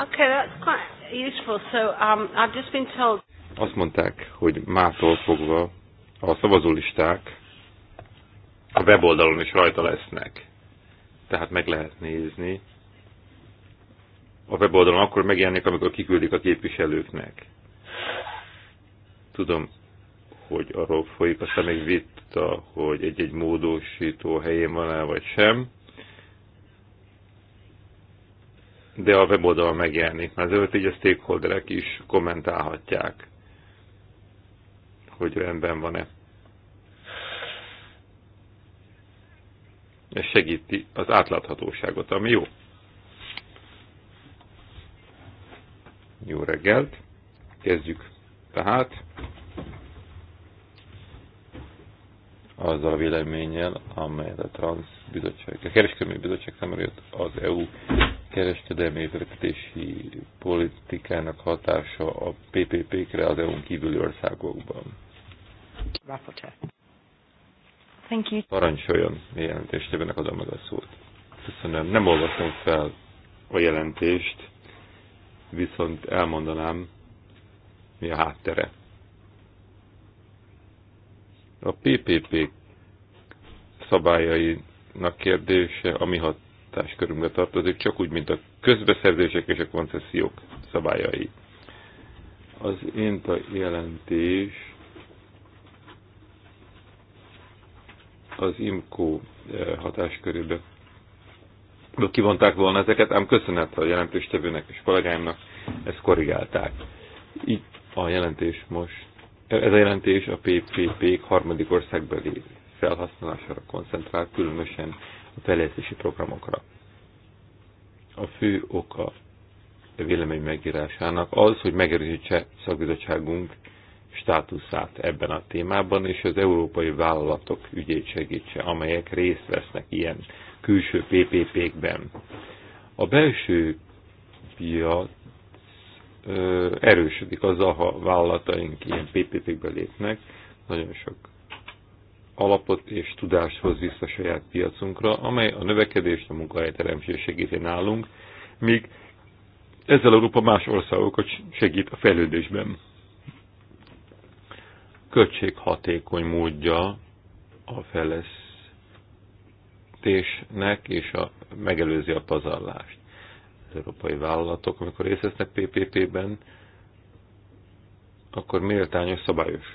Okay, that's quite useful. So um, I've just been told. Azt mondták, hogy mától fogva a szavazólisták a weboldalon is rajta lesznek. Tehát meg lehet nézni. A weboldalon akkor megjelenik, amikor kiküldik a képviselőknek. Tudom, hogy arról folyik a még vita, hogy egy-egy módosító helyén van-e vagy sem. de a weboldal megjelenik, mert azért így a stakeholderek is kommentálhatják, hogy rendben van-e. Ez segíti az átláthatóságot, ami jó. Jó reggelt! Kezdjük tehát azzal a véleménnyel, amelyet a Transz bizottság, a kereskedelmi bizottság számára jött az EU kereskedelmi építési politikának hatása a PPP-kre az EU-n kívüli országokban? Rapporteur. Thank you. Parancsoljon jelentéstevőnek adom meg a szót. Köszönöm. Nem olvastam fel a jelentést, viszont elmondanám, mi a háttere. A PPP szabályainak kérdése, ami hat hatáskörünkbe tartozik, csak úgy, mint a közbeszerzések és a koncesziók szabályai. Az INTA jelentés az IMCO eh, hatáskörébe kivonták volna ezeket, ám köszönet a jelentéstevőnek és kollégáimnak, ezt korrigálták. Így a jelentés most, ez a jelentés a PPP-k harmadik országbeli felhasználására koncentrál, különösen a fejlesztési programokra. A fő oka a vélemény megírásának az, hogy megerősítse szakbizottságunk státuszát ebben a témában, és az európai vállalatok ügyét segítse, amelyek részt vesznek ilyen külső PPP-kben. A belső piac erősödik azzal, ha vállalataink ilyen PPP-kbe lépnek, nagyon sok alapot és tudáshoz vissza saját piacunkra, amely a növekedést, a munkahelyteremtést segíti nálunk, míg ezzel Európa más országokat segít a fejlődésben. Költséghatékony módja a fejlesztésnek és a, megelőzi a pazarlást. Az európai vállalatok, amikor részt vesznek PPP-ben, akkor méltányos szabályos,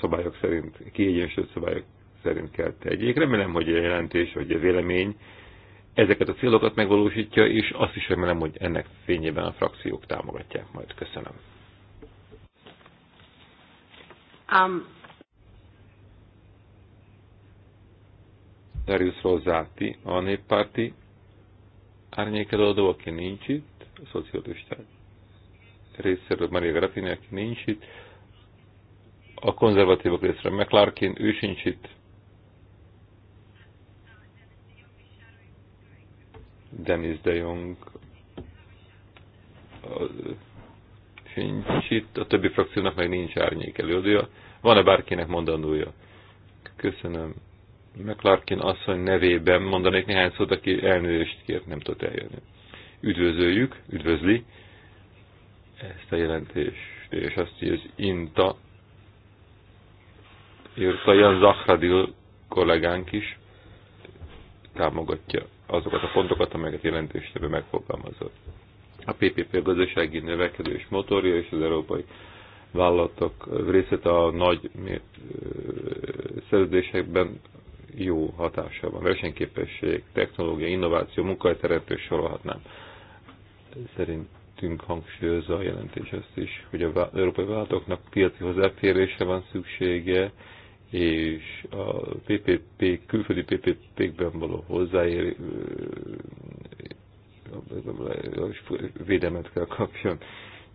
szabályok szerint, kiegyensúlyozott szabályok szerint kell tegyék. Remélem, hogy a jelentés, hogy a vélemény ezeket a célokat megvalósítja, és azt is remélem, hogy ennek fényében a frakciók támogatják majd. Köszönöm. Um. Darius Rozzati, a néppárti árnyékelődő, aki nincs itt, a szocialisták részéről Maria Grafini, aki nincs itt, a konzervatívok részéről McClarkin, ő sincs itt, Dennis de Jong sincs itt, a többi frakciónak meg nincs árnyék előadója. Van-e bárkinek mondandója? Köszönöm. McClarkin asszony nevében mondanék néhány szót, aki elnőést kért, nem tudott eljönni. Üdvözöljük, üdvözli ezt a jelentést, és azt írja, az INTA írta Jan Zahradil kollégánk is támogatja azokat a pontokat, amelyeket jelentéstében megfogalmazott. A PPP gazdasági növekedés motorja és az európai vállalatok részlet a nagy szerződésekben jó hatása van. Versenyképesség, technológia, innováció, munkahelyteremtő sorolhatnám. Szerint szerintünk hangsúlyozza a jelentés azt is, hogy a európai vállalatoknak piaci hozzáférése van szüksége, és a PPP, külföldi PPP-kben való hozzáér védelmet kell kapjon.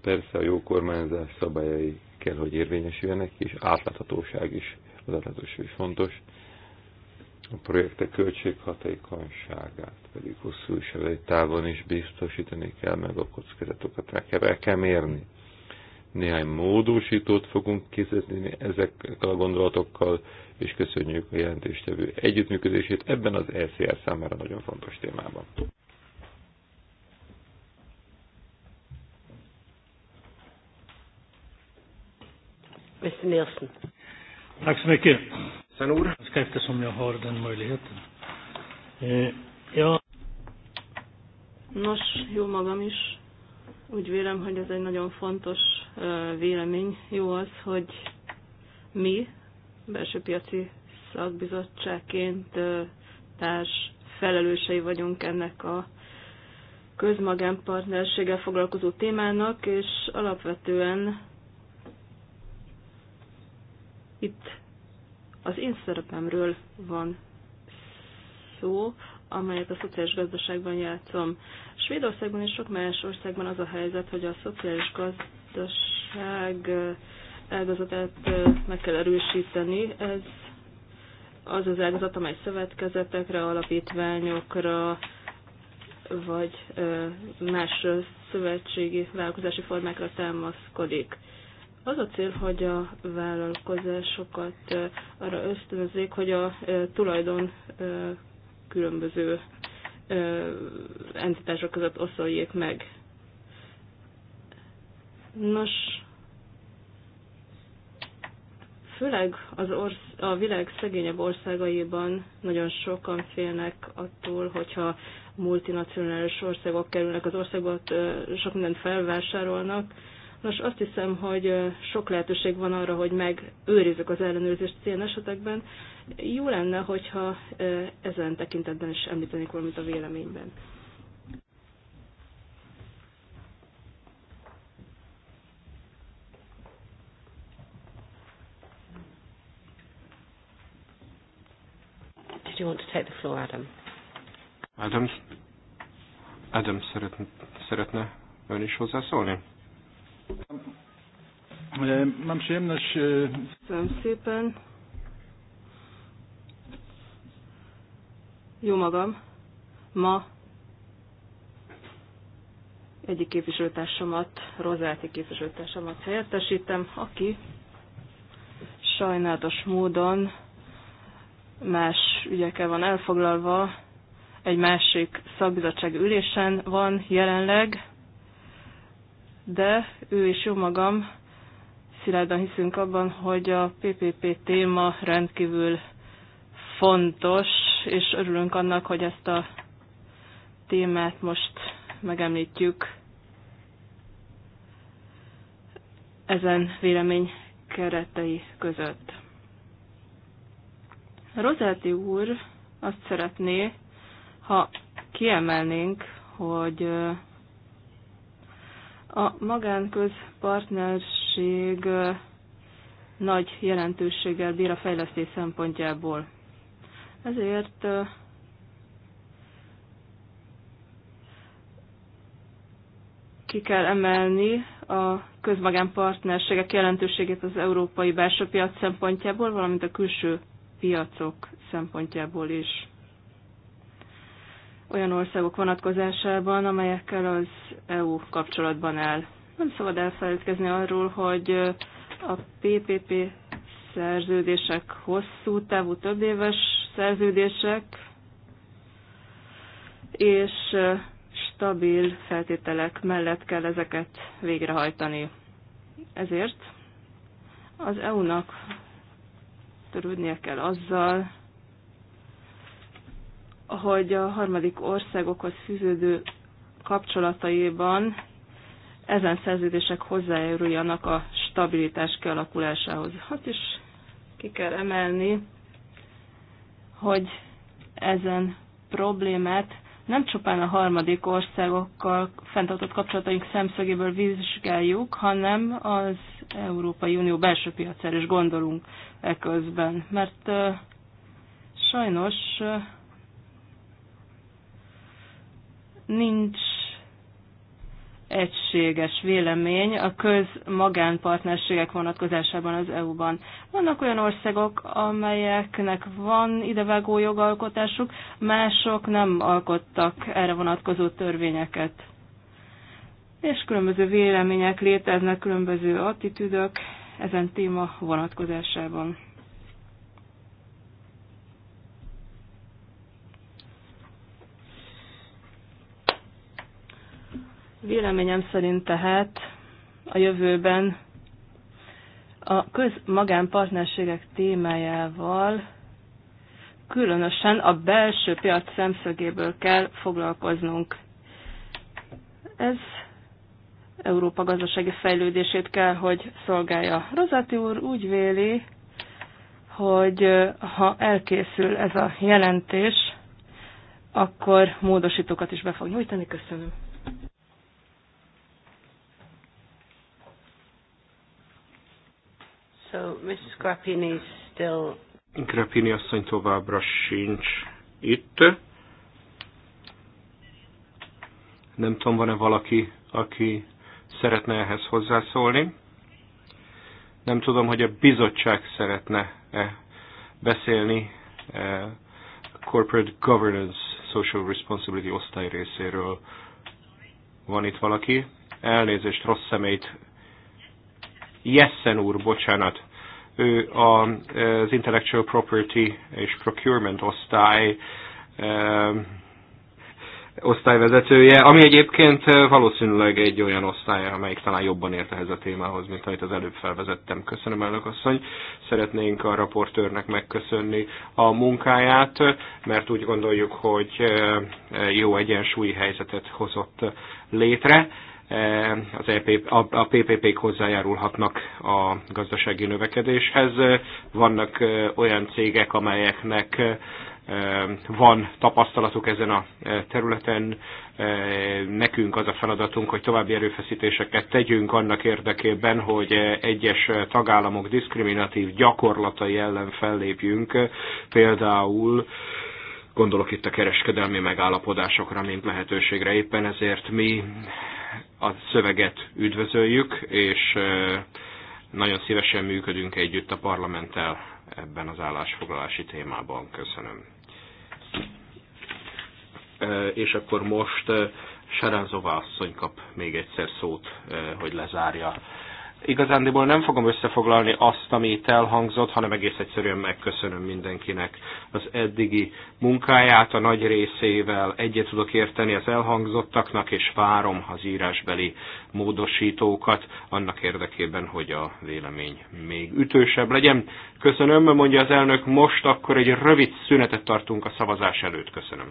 Persze a jó kormányzás szabályai kell, hogy érvényesüljenek, és átláthatóság is, az átláthatóság is fontos a projektek költséghatékonyságát pedig hosszú és távon is biztosítani kell, meg a kockázatokat meg kell, kell mérni. Néhány módosítót fogunk készíteni ezekkel a gondolatokkal, és köszönjük a jelentéstevő együttműködését ebben az ECR számára nagyon fontos témában. Mr. Nielsen. Tack så mycket. Sen ord. Jag ska eftersom jag har den möjligheten. Eh, ja. Nos, jó magam is. Úgy vélem, hogy ez egy nagyon fontos vélemény. Jó az, hogy mi belső piaci szakbizottságként társ felelősei vagyunk ennek a közmagánpartnerséggel foglalkozó témának, és alapvetően itt az én szerepemről van szó, amelyet a szociális gazdaságban játszom. Svédországban és sok más országban az a helyzet, hogy a szociális gazdaság eh, ágazatát eh, meg kell erősíteni. Ez az az ágazat, amely szövetkezetekre, alapítványokra, vagy eh, más szövetségi vállalkozási formákra támaszkodik. Az a cél, hogy a vállalkozásokat arra ösztönözzék, hogy a tulajdon különböző entitások között oszoljék meg. Nos, főleg az orsz- a világ szegényebb országaiban nagyon sokan félnek attól, hogyha multinacionális országok kerülnek az országba, sok mindent felvásárolnak, Nos, azt hiszem, hogy sok lehetőség van arra, hogy megőrizzük az ellenőrzést ilyen esetekben. Jó lenne, hogyha ezen tekintetben is említenék valamit a véleményben. Did you want to take the floor, Adam? Adams, Adam szeretne, szeretne ön is hozzászólni? E, mam przyjemność... Köszönöm e, szépen. Jó magam. Ma egyik képviselőtársamat, Rozáti képviselőtársamat helyettesítem, aki sajnálatos módon más ügyekkel van elfoglalva, egy másik szakbizottság ülésen van jelenleg, de ő és jó magam szilárdan hiszünk abban, hogy a PPP téma rendkívül fontos, és örülünk annak, hogy ezt a témát most megemlítjük ezen vélemény keretei között. Rozáti úr azt szeretné, ha kiemelnénk, hogy a magánközpartnerség nagy jelentőséggel bír a fejlesztés szempontjából. Ezért ki kell emelni a közmagánpartnerségek jelentőségét az európai belső piac szempontjából, valamint a külső piacok szempontjából is olyan országok vonatkozásában, amelyekkel az EU kapcsolatban áll. Nem szabad elfeledkezni arról, hogy a PPP szerződések hosszú távú, több éves szerződések, és stabil feltételek mellett kell ezeket végrehajtani. Ezért az EU-nak törődnie kell azzal, hogy a harmadik országokhoz fűződő kapcsolataiban ezen szerződések hozzájáruljanak a stabilitás kialakulásához. Hát is ki kell emelni, hogy ezen problémát nem csupán a harmadik országokkal fenntartott kapcsolataink szemszögéből vizsgáljuk, hanem az Európai Unió belső piacára is gondolunk e közben, Mert uh, sajnos uh, nincs egységes vélemény a köz-magánpartnerségek vonatkozásában az EU-ban. Vannak olyan országok, amelyeknek van idevágó jogalkotásuk, mások nem alkottak erre vonatkozó törvényeket. És különböző vélemények léteznek, különböző attitűdök ezen téma vonatkozásában. Véleményem szerint tehát a jövőben a közmagánpartnerségek témájával különösen a belső piac szemszögéből kell foglalkoznunk. Ez Európa gazdasági fejlődését kell, hogy szolgálja. Rozati úr úgy véli, hogy ha elkészül ez a jelentés, akkor módosítókat is be fog nyújtani. Köszönöm. So Mrs. Grappini is still... Grappini asszony továbbra sincs itt. Nem tudom, van-e valaki, aki szeretne ehhez hozzászólni. Nem tudom, hogy a bizottság szeretne-e beszélni eh, Corporate Governance Social Responsibility osztály részéről. Van itt valaki? Elnézést, rossz szemét Jessen úr, bocsánat, ő az Intellectual Property és Procurement osztály osztályvezetője, ami egyébként valószínűleg egy olyan osztály, amelyik talán jobban ért ehhez a témához, mint amit az előbb felvezettem. Köszönöm, elnök asszony. Szeretnénk a raportőrnek megköszönni a munkáját, mert úgy gondoljuk, hogy jó egyensúlyi helyzetet hozott létre az EP, a PPP-k hozzájárulhatnak a gazdasági növekedéshez. Vannak olyan cégek, amelyeknek van tapasztalatuk ezen a területen. Nekünk az a feladatunk, hogy további erőfeszítéseket tegyünk annak érdekében, hogy egyes tagállamok diszkriminatív gyakorlatai ellen fellépjünk, például gondolok itt a kereskedelmi megállapodásokra, mint lehetőségre. Éppen ezért mi a szöveget üdvözöljük, és nagyon szívesen működünk együtt a parlamenttel ebben az állásfoglalási témában. Köszönöm. És akkor most Sarán Zová asszony kap még egyszer szót, hogy lezárja igazándiból nem fogom összefoglalni azt, ami itt elhangzott, hanem egész egyszerűen megköszönöm mindenkinek az eddigi munkáját, a nagy részével egyet tudok érteni az elhangzottaknak, és várom az írásbeli módosítókat annak érdekében, hogy a vélemény még ütősebb legyen. Köszönöm, mondja az elnök, most akkor egy rövid szünetet tartunk a szavazás előtt. Köszönöm.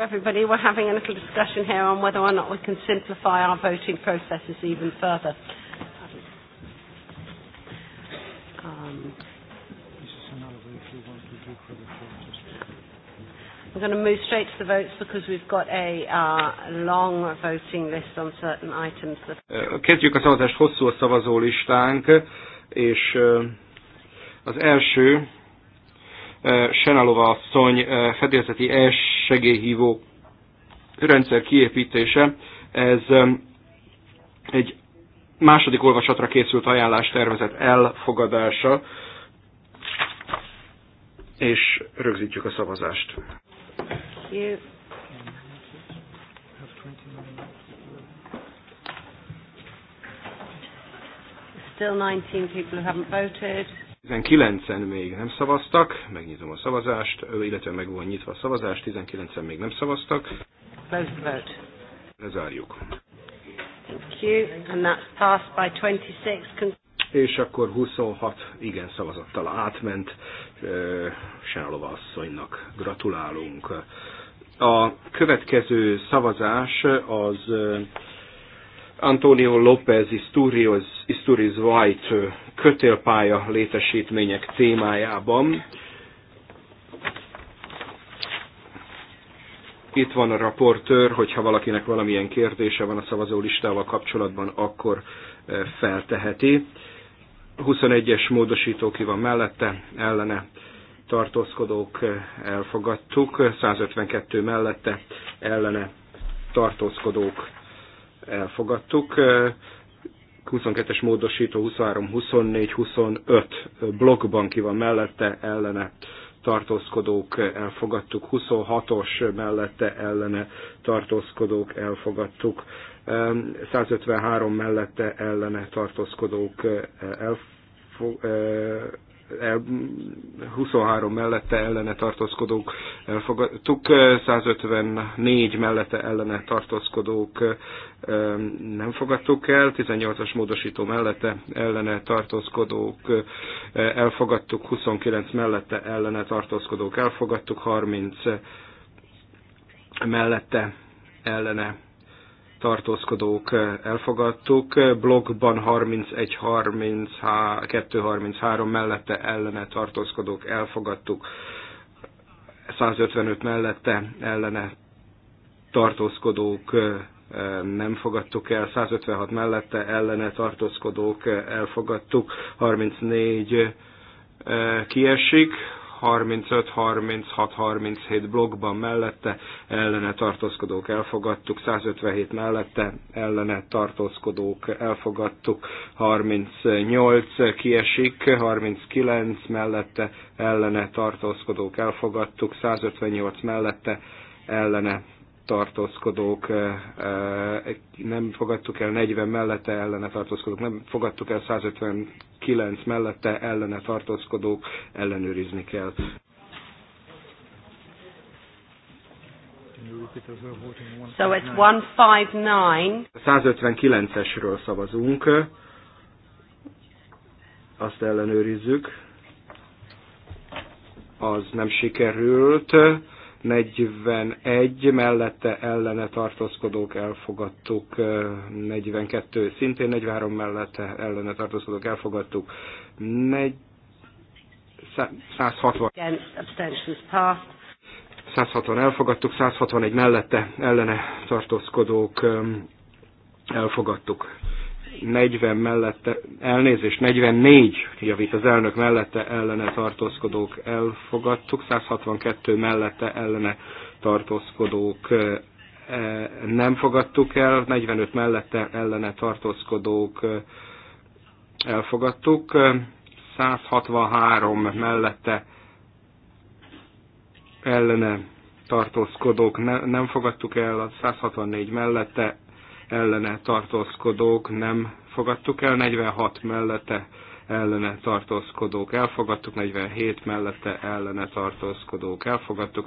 everybody, we're having a little discussion here on whether or not we can simplify our voting processes even further. Um, we're going to move straight to the votes because we've got a uh, long voting list on certain items. Uh, kezdjük a szavazást, hosszú a szavazó listánk, és uh, az első uh, Senalova asszony uh, fedélzeti S segélyhívó rendszer kiépítése, ez egy második olvasatra készült ajánlás tervezet elfogadása, és rögzítjük a szavazást. Still 19 people who haven't voted. 19-en még nem szavaztak, megnyitom a szavazást, illetve meg van nyitva a szavazást, 19-en még nem szavaztak. vote. Lezárjuk. Thank you. And that's passed by 26. És akkor 26 igen szavazattal átment Sánalova asszonynak. Gratulálunk. A következő szavazás az Antonio López Isturiz, Isturiz White kötélpálya létesítmények témájában. Itt van a raportőr, hogyha valakinek valamilyen kérdése van a szavazólistával kapcsolatban, akkor eh, felteheti. 21-es módosító ki van mellette, ellene tartózkodók eh, elfogadtuk, 152 mellette, ellene tartózkodók elfogadtuk. 22-es módosító 23, 24, 25 blokkban ki van mellette, ellene tartózkodók elfogadtuk, 26-os mellette ellene tartózkodók elfogadtuk, 153 mellette ellene tartózkodók elfogadtuk, 23 mellette ellene tartózkodók elfogadtuk, 154 mellette ellene tartózkodók nem fogadtuk el, 18-as módosító mellette ellene tartózkodók elfogadtuk, 29 mellette ellene tartózkodók elfogadtuk, 30 mellette ellene tartózkodók elfogadtuk, blogban 31, 32, 33 mellette ellene tartózkodók elfogadtuk, 155 mellette ellene tartózkodók nem fogadtuk el, 156 mellette ellene tartózkodók elfogadtuk, 34 kiesik, 35, 36, 37 blokkban mellette ellene tartózkodók elfogadtuk, 157 mellette ellene tartózkodók elfogadtuk, 38 kiesik, 39 mellette ellene tartózkodók elfogadtuk, 158 mellette ellene tartózkodók eh, eh, nem fogadtuk el 40 mellette ellene tartózkodók, nem fogadtuk el 159 mellette ellene tartózkodók, ellenőrizni kell. So it's 159. 159-esről szavazunk. Azt ellenőrizzük. Az nem sikerült. 41 mellette ellene tartózkodók elfogadtuk, 42 szintén 43 mellette ellene tartózkodók elfogadtuk, 160. 160 elfogadtuk, 161 mellette ellene tartózkodók elfogadtuk. 40 mellette, elnézés, 44, javít az elnök mellette ellene tartózkodók elfogadtuk, 162 mellette ellene tartózkodók nem fogadtuk el, 45 mellette ellene tartózkodók elfogadtuk, 163 mellette ellene tartózkodók ne, nem fogadtuk el, a 164 mellette ellene tartózkodók nem fogadtuk el, 46 mellette ellene tartózkodók elfogadtuk, 47 mellette ellene tartózkodók elfogadtuk,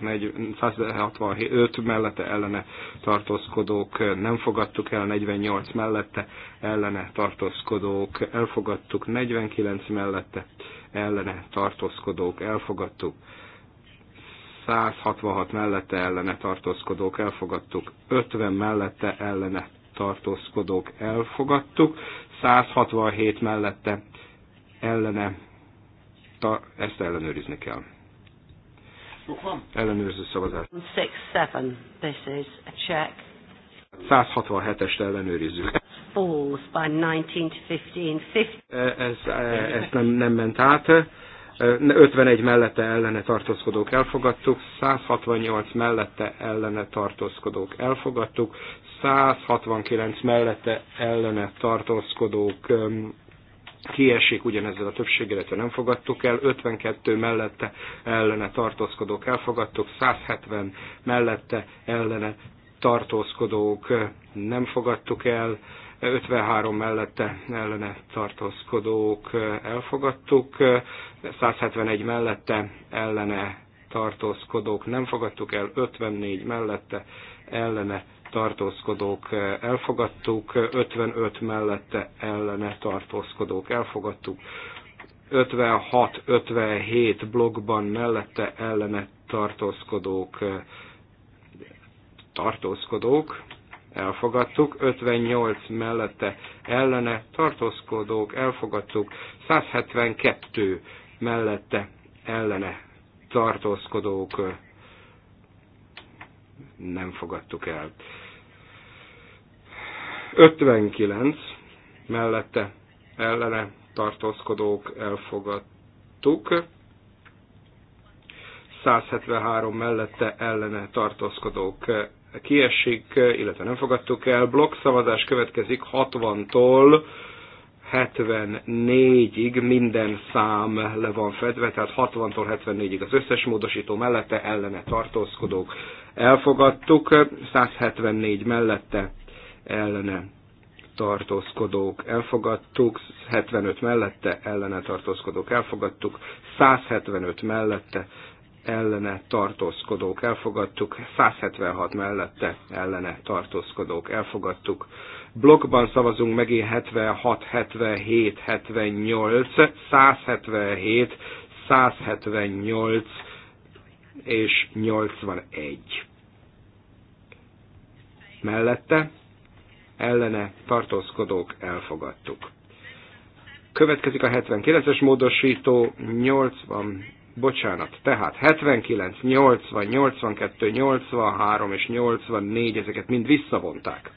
165 mellette ellene tartózkodók nem fogadtuk el, 48 mellette ellene tartózkodók elfogadtuk, 49 mellette ellene tartózkodók elfogadtuk. 166 mellette ellene tartózkodók elfogadtuk, 50 mellette ellene tartózkodók elfogadtuk, 167 mellette ellene, ta, ezt ellenőrizni kell. Ellenőrző szavazás. 167-est ellenőrizzük. Falls by 19 to 15. E, ez, e, ez nem, nem ment át. 51 mellette ellene tartózkodók elfogadtuk, 168 mellette ellene tartózkodók elfogadtuk, 169 mellette ellene tartózkodók kiesik ugyanezzel a többséggel, nem fogadtuk el, 52 mellette ellene tartózkodók elfogadtuk, 170 mellette ellene tartózkodók nem fogadtuk el, 53 mellette ellene tartózkodók elfogadtuk, 171 mellette ellene tartózkodók nem fogadtuk el, 54 mellette ellene tartózkodók elfogadtuk, 55 mellette ellene tartózkodók elfogadtuk, 56-57 blogban mellette ellene tartózkodók tartózkodók elfogadtuk, 58 mellette ellene tartózkodók, elfogadtuk, 172 mellette ellene tartózkodók, nem fogadtuk el. 59 mellette ellene tartózkodók elfogadtuk, 173 mellette ellene tartózkodók kiesik, illetve nem fogadtuk el. Blokk szavazás következik 60-tól 74-ig minden szám le van fedve, tehát 60-tól 74-ig az összes módosító mellette ellene tartózkodók elfogadtuk, 174 mellette ellene tartózkodók elfogadtuk, 75 mellette ellene tartózkodók elfogadtuk, 175 mellette ellene tartózkodók elfogadtuk, 176 mellette ellene tartózkodók elfogadtuk. Blokkban szavazunk megint 76, 77, 78, 177, 178 és 81. Mellette ellene tartózkodók elfogadtuk. Következik a 79-es módosító, 80 bocsánat, tehát 79, 80, 82, 83 és 84, ezeket mind visszavonták.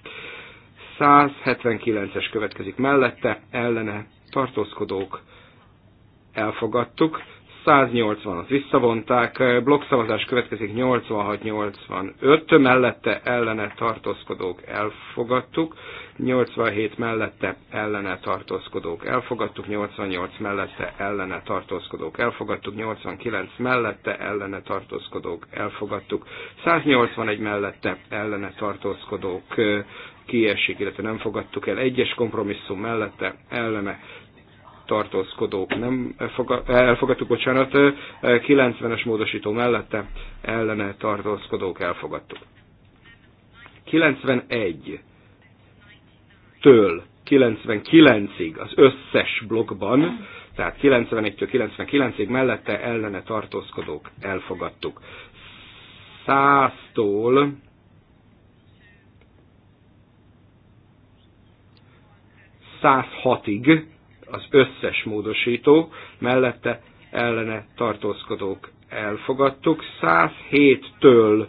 179-es következik mellette, ellene tartózkodók elfogadtuk, 180, azt visszavonták, eh, blokkszavazás következik 86-85, mellette ellene tartózkodók elfogadtuk, 87 mellette ellene tartózkodók elfogadtuk, 88 mellette ellene tartózkodók elfogadtuk, 89 mellette ellene tartózkodók elfogadtuk, 181 mellette ellene tartózkodók eh, kiesik, illetve nem fogadtuk el egyes kompromisszum mellette ellene tartózkodók nem elfogad, elfogadtuk, bocsánat, 90-es módosító mellette ellene tartózkodók elfogadtuk. 91 től 99-ig az összes blokkban, tehát 91-től 99-ig mellette ellene tartózkodók elfogadtuk. 100-tól 106-ig az összes módosító, mellette ellene tartózkodók elfogadtuk. 107-től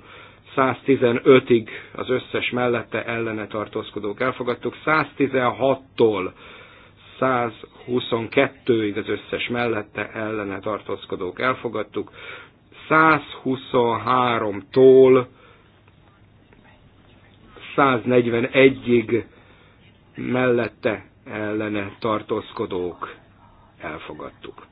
115-ig az összes mellette ellene tartózkodók elfogadtuk. 116-tól 122-ig az összes mellette ellene tartózkodók elfogadtuk. 123-tól 141-ig mellette ellene tartózkodók elfogadtuk.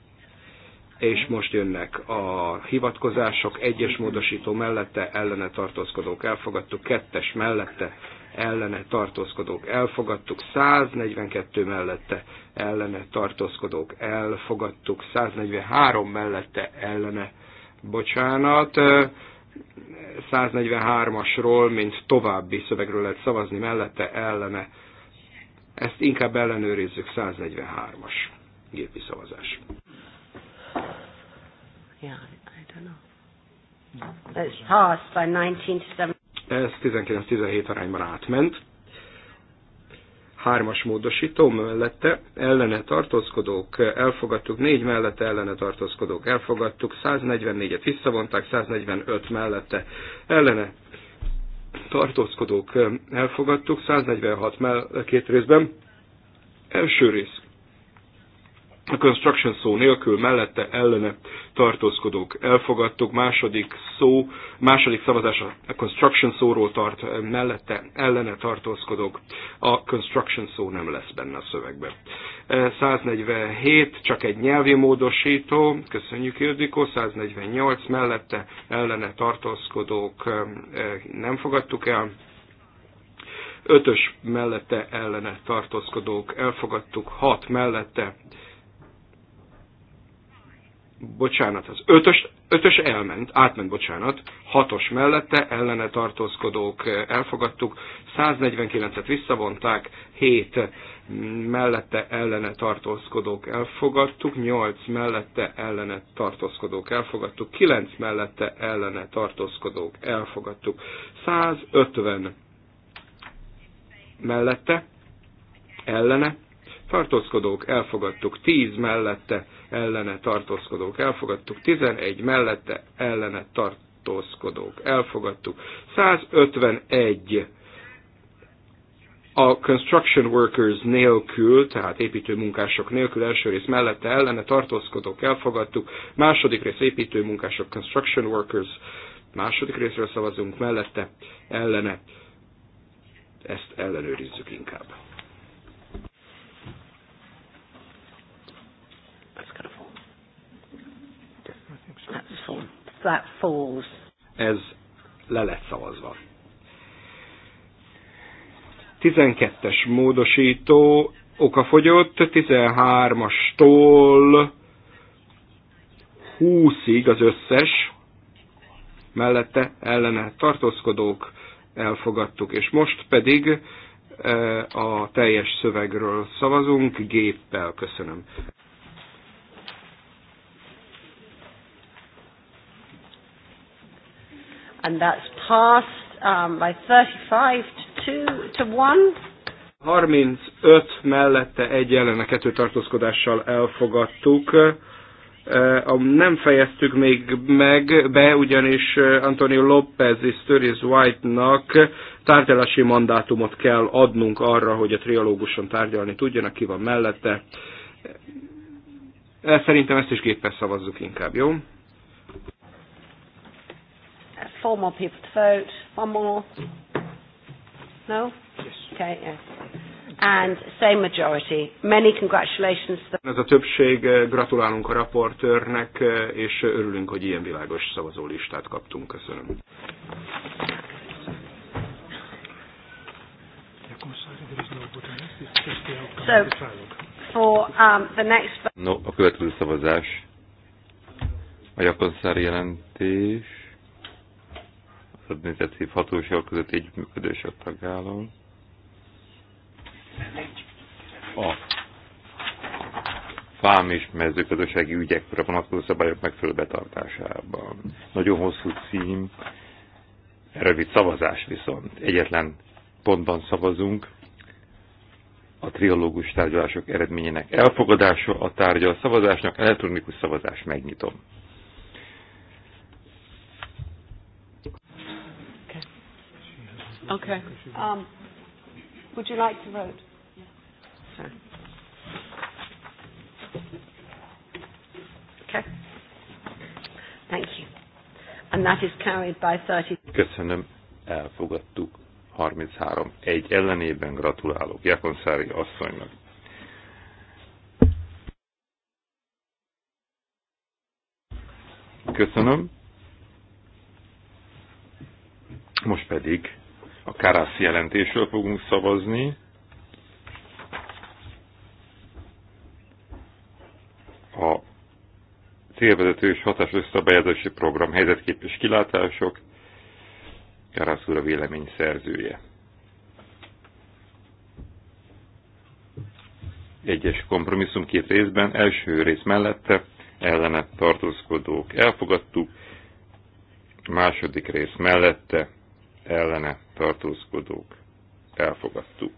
És most jönnek a hivatkozások, egyes módosító mellette ellene tartózkodók elfogadtuk, kettes mellette ellene tartózkodók elfogadtuk, 142 mellette ellene tartózkodók elfogadtuk, 143 mellette ellene, bocsánat, 143-asról, mint további szövegről lehet szavazni mellette ellene ezt inkább ellenőrizzük, 143-as gépi szavazás. Yeah, I don't know. passed by ez 19-17 arányban átment. Hármas módosító mellette ellene tartózkodók elfogadtuk, négy mellette ellene tartózkodók elfogadtuk, 144-et visszavonták, 145 mellette ellene tartózkodók elfogadtuk, 146 mell két részben. Első rész a construction szó nélkül, mellette ellene tartózkodók elfogadtuk, második szó, második szavazás a construction szóról tart, mellette ellene tartózkodók, a construction szó nem lesz benne a szövegben. 147, e, csak egy nyelvi módosító, köszönjük Ildikó, 148 mellette ellene tartózkodók e, nem fogadtuk el, ötös mellette ellene tartózkodók elfogadtuk, hat mellette bocsánat, az ötös, ötös elment, átment, bocsánat, hatos mellette ellene tartózkodók eh, elfogadtuk, 149-et visszavonták, 7 mm, mellette ellene tartózkodók elfogadtuk, 8 mellette ellene tartózkodók elfogadtuk, 9 mellette ellene tartózkodók elfogadtuk, 150 mellette ellene tartózkodók elfogadtuk, 10 mellette ellene tartózkodók elfogadtuk, 11 mellette ellene tartózkodók elfogadtuk, 151 a construction workers nélkül, tehát építőmunkások nélkül első rész mellette ellene tartózkodók elfogadtuk, második rész építőmunkások construction workers, második részről szavazunk mellette ellene, ezt ellenőrizzük inkább. That falls. Ez le lett szavazva. 12-es módosító okafogyott, 13-astól 20-ig az összes, mellette ellene tartózkodók elfogadtuk, és most pedig eh, a teljes szövegről szavazunk géppel. Köszönöm. and that's passed um, by 35 to, to 1. 35 mellette egy ellene kettő tartózkodással elfogadtuk. E, nem fejeztük még meg be, ugyanis e, Antonio López és Sturis White-nak tárgyalási mandátumot kell adnunk arra, hogy a triológuson tárgyalni tudjanak, ki van mellette. E, szerintem ezt is géppel szavazzuk inkább, jó? Four more people to vote. One more. No? Yes. Okay, yes. And same majority. Many congratulations. Ez a többség, eh, gratulálunk a raportőrnek, eh, és örülünk, hogy ilyen világos szavazólistát kaptunk. Köszönöm. So, for, um, the next... No, a következő szavazás. A jakonszári jelentés adminisztratív hatóság között egy a tagállam. A fám és mezőgazdasági ügyekre vonatkozó szabályok megfelelő betartásában. Nagyon hosszú cím, rövid szavazás viszont. Egyetlen pontban szavazunk, a triológus tárgyalások eredményének elfogadása, a tárgyal szavazásnak, elektronikus szavazás megnyitom. Okay. Um, would you like to vote? Yeah. Okay. Thank you. And that is carried by 30. Köszönöm. Elfogadtuk. 33. Egy ellenében gratulálok Jakonszári asszonynak. Köszönöm. Most pedig a Karász jelentésről fogunk szavazni. A célvezető és hatás szabályozási program helyzetkép és kilátások, Karász úr a vélemény szerzője. Egyes kompromisszum két részben, első rész mellette, ellene tartózkodók elfogadtuk, második rész mellette, ellene tartózkodók elfogadtuk.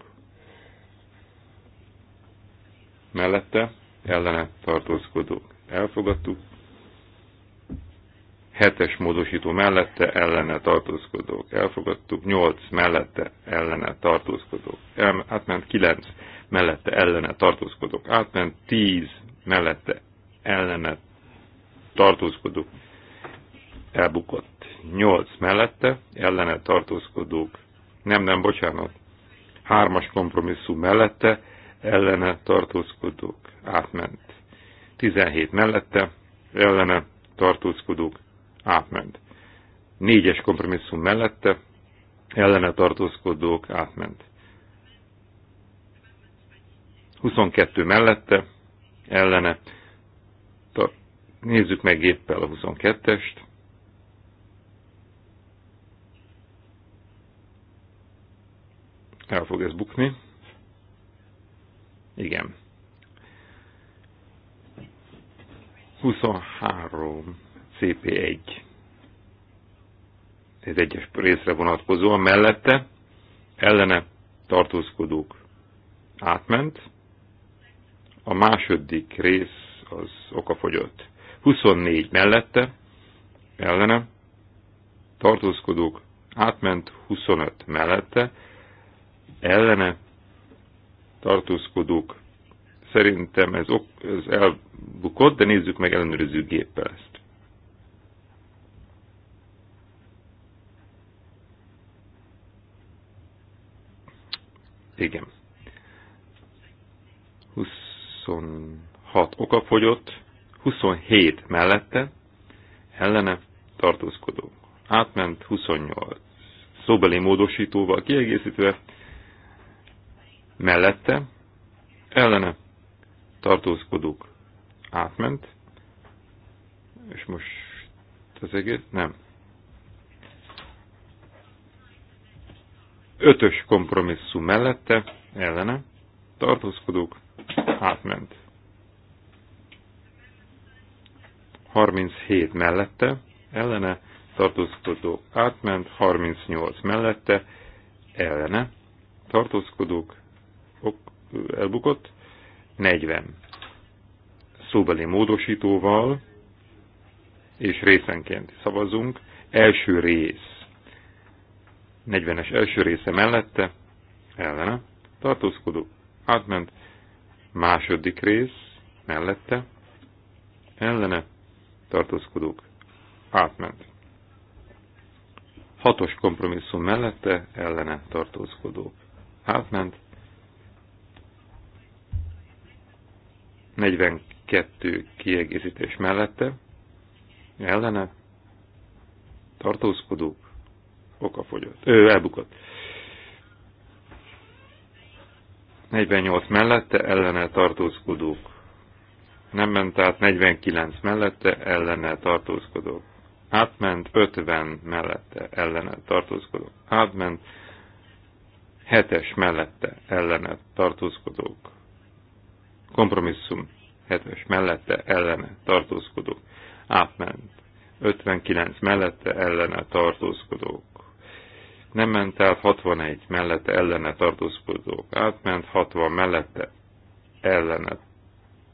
Mellette ellene tartózkodók elfogadtuk. Hetes módosító mellette ellene tartózkodók elfogadtuk. Nyolc mellette ellene tartózkodók El, átment. Kilenc mellette ellene tartózkodók átment. Tíz mellette ellene tartózkodók elbukott. 8 mellette, ellene tartózkodók. Nem, nem, bocsánat. Hármas kompromisszum mellette, ellene tartózkodók. Átment. 17 mellette, ellene tartózkodók. Átment. Négyes kompromisszum mellette, ellene tartózkodók. Átment. 22 mellette, ellene. Nézzük meg géppel a 22-est. El fog ez bukni. Igen. 23 CP1. Ez egyes részre a mellette ellene tartózkodók átment. A második rész az okafogyott. 24 mellette ellene tartózkodók átment 25 mellette, ellene tartózkodók. Szerintem ez, ok, ez elbukott, de nézzük meg ellenőrző géppel ezt. Igen. 26 oka fogyott, 27 mellette, ellene tartózkodó. Átment 28. Szóbeli módosítóval kiegészítve mellette, ellene tartózkodók átment, és most az egész nem. Ötös kompromisszum mellette, ellene tartózkodók átment. 37 mellette, ellene tartózkodók átment, 38 mellette, ellene tartózkodók ok, elbukott, 40. Szóbeli módosítóval és részenként szavazunk. Első rész. 40-es első része mellette, ellene, tartózkodó, átment. Második rész, mellette, ellene, tartózkodók, átment hatos kompromisszum mellette ellene tartózkodók. Átment 42 kiegészítés mellette, ellene, tartózkodók, okafogyott, Ő elbukott. 48 mellette, ellene tartózkodók. Nem ment át 49 mellette, ellene tartózkodók. Átment 50 mellette, ellene tartózkodók. Átment 7-es mellette, ellene tartózkodók kompromisszum 7 mellette ellene tartózkodók átment. 59 mellette ellene tartózkodók. Nem ment el 61 mellette ellene tartózkodók. Átment 60 mellette ellene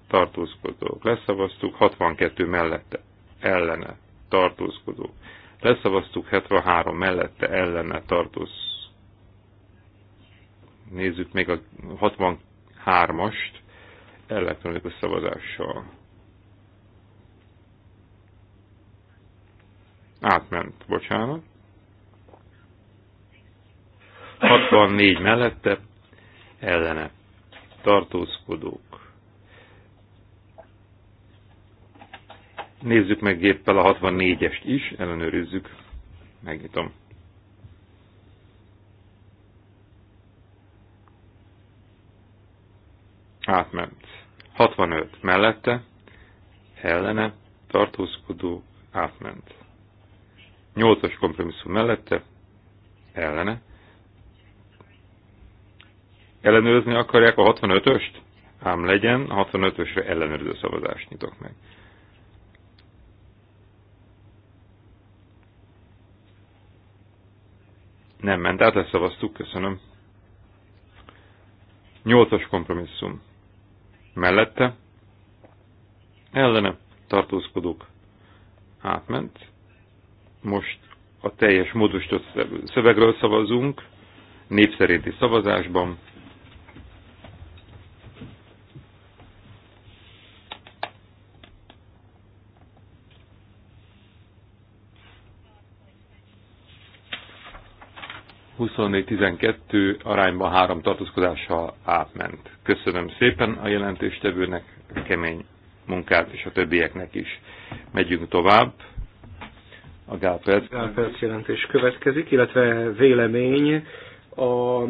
tartózkodók. Leszavaztuk 62 mellette ellene tartózkodók. Leszavaztuk 73 mellette ellene tartózkodók. Nézzük még a 63-ast elektronikus szavazással. Átment, bocsánat. 64 mellette ellene tartózkodók. Nézzük meg géppel a 64-est is, ellenőrizzük. Megnyitom. Átment. 65 mellette, ellene, tartózkodó, átment. 8-as kompromisszum mellette, ellene. Ellenőrizni akarják a 65-öst? Ám legyen, a 65-ösre ellenőrző szavazást nyitok meg. Nem ment, át ezt szavaztuk, köszönöm. Nyolcas kompromisszum mellette, ellene tartózkodók átment. Most a teljes módosított szövegről szavazunk, népszerinti szavazásban. 24-12 arányban három tartózkodással átment. Köszönöm szépen a jelentéstevőnek, a kemény munkát és a többieknek is. Megyünk tovább. A Gálperc. Gálperc jelentés következik, illetve vélemény a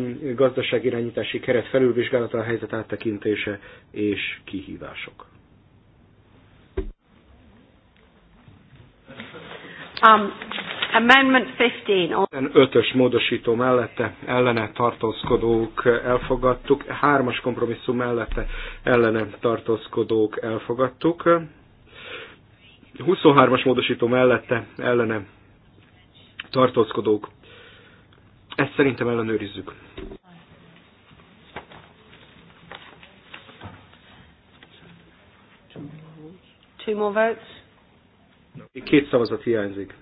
irányítási keret felülvizsgálata, a helyzet áttekintése és kihívások. Um, Amendment 15. 5-ös módosító mellette ellene tartózkodók elfogadtuk, 3-as kompromisszum mellette ellene tartózkodók elfogadtuk, 23-as módosító mellette ellene tartózkodók. Ezt szerintem ellenőrizzük. Two more votes. Két szavazat hiányzik.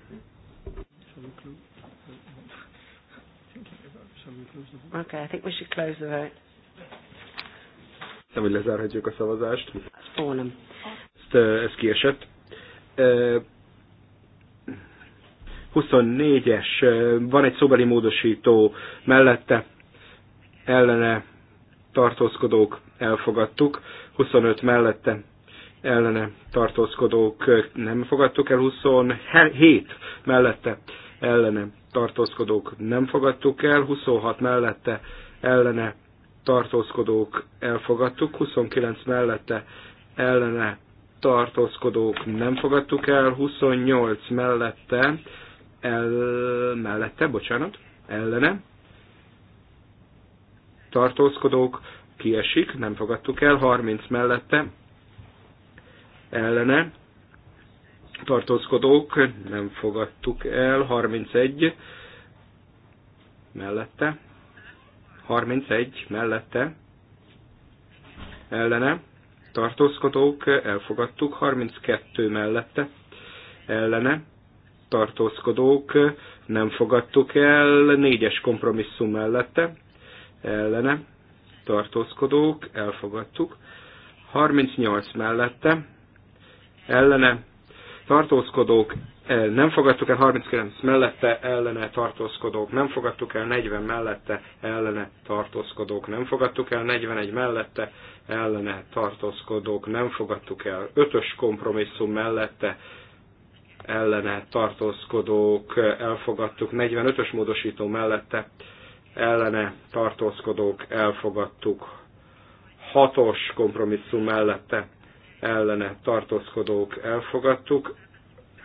Okay, I think we should close the vote. Nem, hogy lezárhatjuk a szavazást. Fónum. Ezt, ez kiesett. 24-es, van egy szobeli módosító mellette, ellene tartózkodók elfogadtuk, 25 mellette ellene tartózkodók nem fogadtuk el, 27 mellette ellene tartózkodók nem fogadtuk el, 26 mellette ellene tartózkodók elfogadtuk, 29 mellette ellene tartózkodók nem fogadtuk el, 28 mellette, el, mellette, bocsánat, ellene tartózkodók kiesik, nem fogadtuk el, 30 mellette ellene tartózkodók, nem fogadtuk el, 31 mellette, 31 mellette, ellene, tartózkodók, elfogadtuk, 32 mellette, ellene, tartózkodók, nem fogadtuk el, négyes kompromisszum mellette, ellene, tartózkodók, elfogadtuk, 38 mellette, ellene, tartózkodók el, nem fogadtuk el 39 mellette ellene tartózkodók, nem fogadtuk el 40 mellette ellene tartózkodók, nem fogadtuk el 41 mellette ellene tartózkodók, nem fogadtuk el 5-ös kompromisszum mellette ellene tartózkodók, elfogadtuk 45-ös módosító mellette ellene tartózkodók, elfogadtuk 6-os kompromisszum mellette ellene tartózkodók elfogadtuk,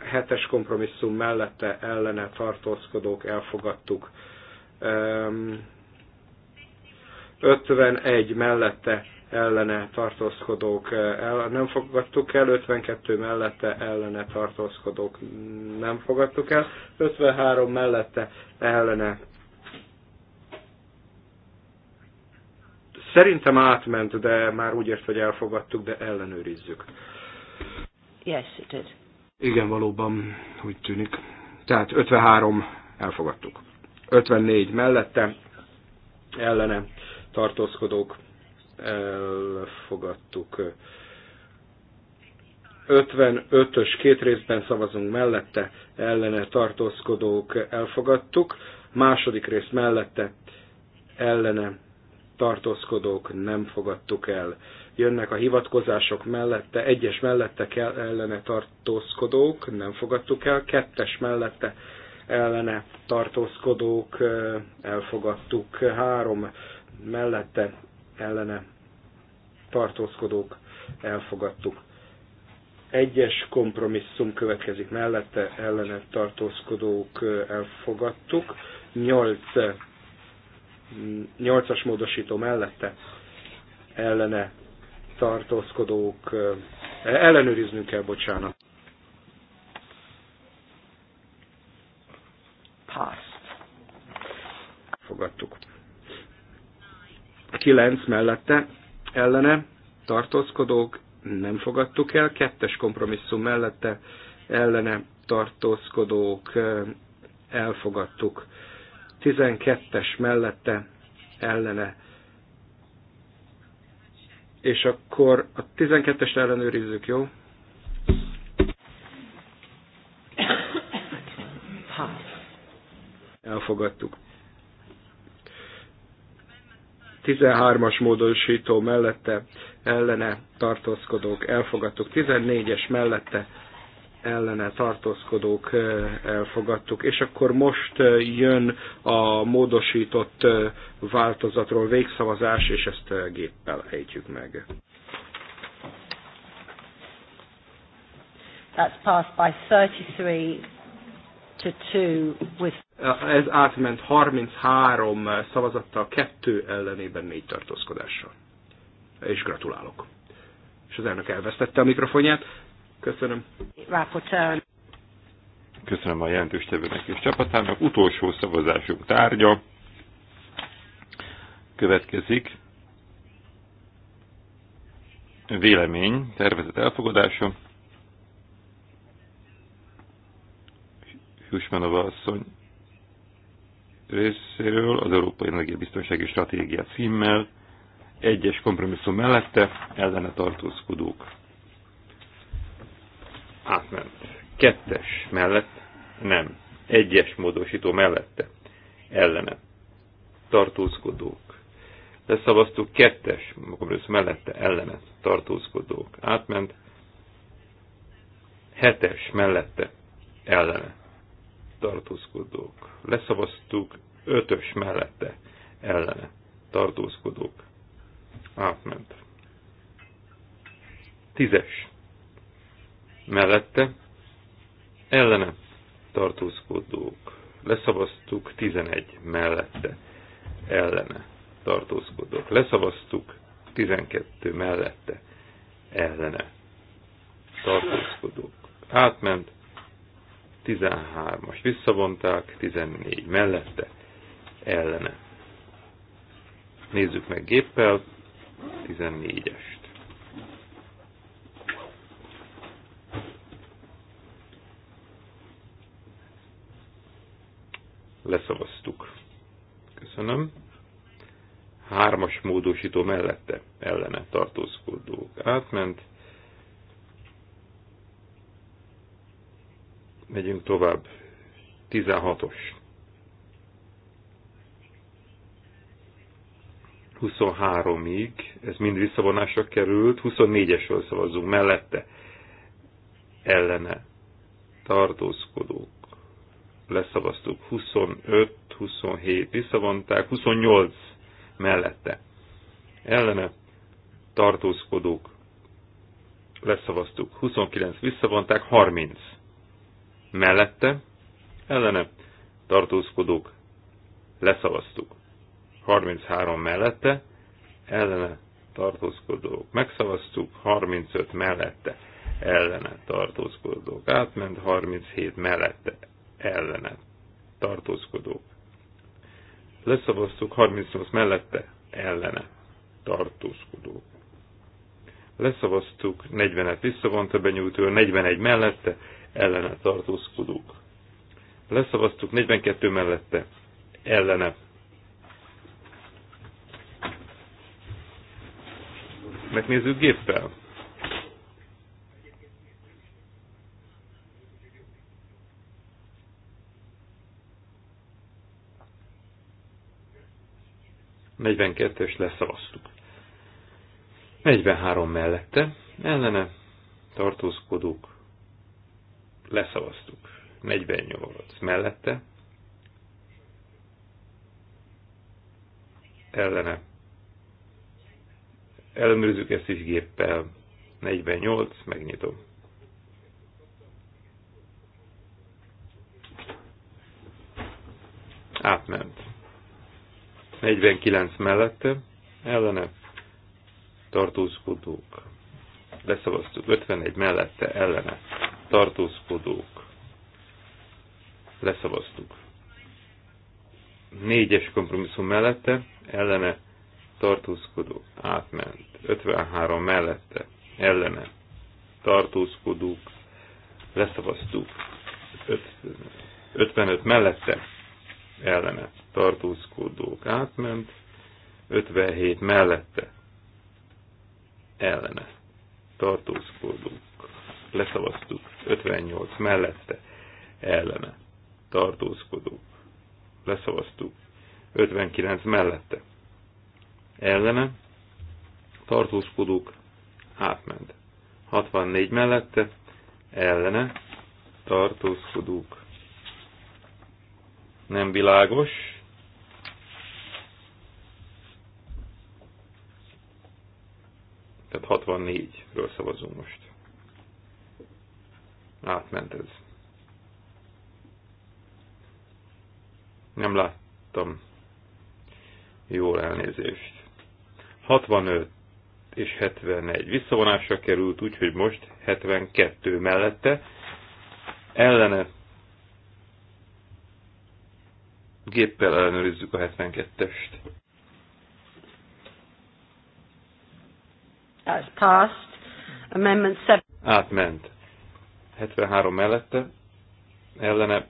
hetes kompromisszum mellette ellene tartózkodók elfogadtuk, 51 mellette ellene tartózkodók eh, el, nem fogadtuk el, 52 mellette ellene tartózkodók mm, nem fogadtuk el, 53 mellette ellene Szerintem átment, de már úgy ért, hogy elfogadtuk, de ellenőrizzük. Yes, it did. Igen, valóban úgy tűnik. Tehát 53 elfogadtuk. 54 mellette ellene tartózkodók elfogadtuk. 55-ös két részben szavazunk mellette, ellene tartózkodók elfogadtuk, második rész mellette, ellene tartózkodók nem fogadtuk el. Jönnek a hivatkozások mellette, egyes mellette ellene tartózkodók, nem fogadtuk el, kettes mellette ellene tartózkodók, elfogadtuk, három mellette ellene tartózkodók, elfogadtuk. Egyes kompromisszum következik mellette, ellene tartózkodók, elfogadtuk. Nyolc Nyolcas módosító mellette ellene tartózkodók, ellenőriznünk kell, bocsánat. Pass. Fogadtuk. Kilenc mellette ellene tartózkodók, nem fogadtuk el, kettes kompromisszum mellette ellene tartózkodók, elfogadtuk. 12-es mellette ellene. És akkor a 12 es ellenőrizzük, jó? Elfogadtuk. 13-as módosító mellette ellene tartózkodók elfogadtuk, 14-es mellette ellene tartózkodók elfogadtuk. És akkor most jön a módosított változatról végszavazás, és ezt géppel ejtjük meg. That's passed by 33 to 2 with... Ez átment 33 szavazattal, kettő ellenében négy tartózkodással. És gratulálok. És az elnök elvesztette a mikrofonját. Köszönöm. Rápocsán. Köszönöm a jelentős tevőnek és csapatának. Utolsó szavazásunk tárgya következik. Vélemény, tervezet elfogadása. Jusmanova asszony részéről az Európai Energiabiztonsági Stratégia címmel, egyes kompromisszum mellette ellene tartózkodók átment. Kettes mellett nem. Egyes módosító mellette ellene. Tartózkodók. Leszavaztuk kettes, Makomrősz mellette ellene. Tartózkodók. Átment. Hetes mellette ellene. Tartózkodók. Leszavaztuk ötös mellette ellene. Tartózkodók. Átment. Tízes mellette ellene tartózkodók. Leszavaztuk 11 mellette ellene tartózkodók. Leszavaztuk 12 mellette ellene tartózkodók. Átment 13-as visszavonták, 14 mellette ellene. Nézzük meg géppel, 14-est. leszavaztuk. Köszönöm. Hármas módosító mellette ellene tartózkodó átment. Megyünk tovább. 16-os. 23-ig, ez mind visszavonásra került, 24-esről szavazunk mellette, ellene tartózkodók leszavaztuk, 25, 27 visszavonták, 28 mellette. Ellene tartózkodók leszavaztuk, 29 visszavonták, 30 mellette. Ellene tartózkodók leszavaztuk, 33 mellette. Ellene tartózkodók megszavaztuk, 35 mellette ellene tartózkodók átment, 37 mellette ellene tartózkodók. Leszavaztuk 38 mellette ellene tartózkodók. Leszavaztuk 40-et visszavonta benyújtó, 41 mellette ellene tartózkodók. Leszavaztuk 42 mellette ellene. Megnézzük géppel. 42-es leszavaztuk. 43 mellette, ellene tartózkodók leszavaztuk. 48 mellette, ellene ellenőrzük ezt is géppel. 48, megnyitom. Átment. 49 mellette, ellene tartózkodók. Leszavaztuk 51 mellette, ellene tartózkodók. Leszavaztuk. 4-es kompromisszum mellette, ellene tartózkodók. Átment. 53 mellette, ellene tartózkodók. Leszavaztuk. 55 mellette, ellene tartózkodók átment, 57 mellette ellene tartózkodók leszavaztuk, 58 mellette ellene tartózkodók leszavaztuk, 59 mellette ellene tartózkodók átment, 64 mellette ellene tartózkodók nem világos, Tehát 64-ről szavazunk most. Átment ez. Nem láttam. Jól elnézést. 65 és 71. Visszavonásra került, úgyhogy most 72 mellette. Ellene géppel ellenőrizzük a 72-est. That's passed. Amendment 7. Átment. 73 mellette. Ellene.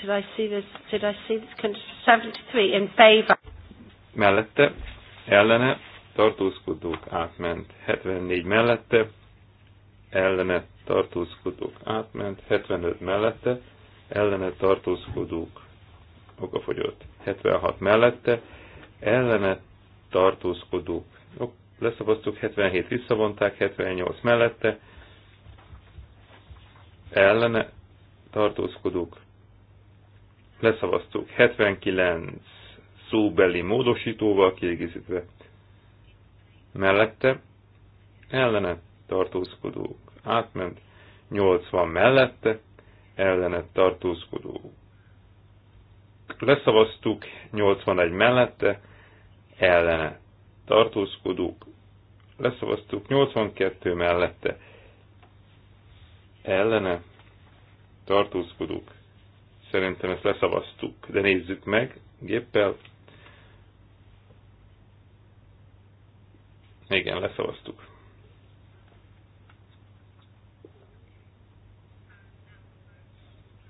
Did I see this? Did I see this? 73 in favor. Mellette. Ellene. Tartózkodók átment. 74 mellette. Ellene. Tartózkodók átment. 75 mellette. Ellene tartózkodók okafogyott. 76 mellette, ellene tartózkodók. Leszavaztuk 77, visszavonták 78 mellette, ellene tartózkodók. Leszavaztuk 79 szóbeli módosítóval kiegészítve mellette, ellene tartózkodók. Átment 80 mellette, ellene tartózkodók. Leszavaztuk 81 mellette, ellene tartózkodók, leszavaztuk 82 mellette ellene tartózkodók. Szerintem ezt leszavaztuk, de nézzük meg géppel. Igen, leszavaztuk.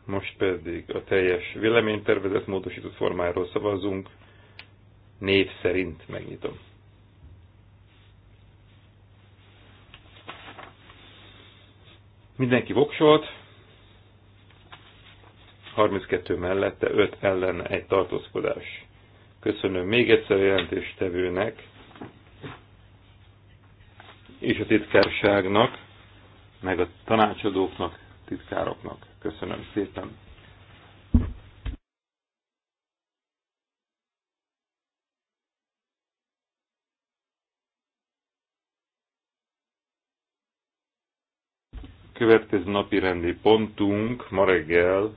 Most pedig a teljes véleménytervezet módosított formáról szavazunk név szerint megnyitom. Mindenki voksolt, 32 mellette, 5 ellen egy tartózkodás. Köszönöm még egyszer a jelentéstevőnek és a titkárságnak, meg a tanácsadóknak, titkároknak. Köszönöm szépen. következő napi rendi pontunk ma reggel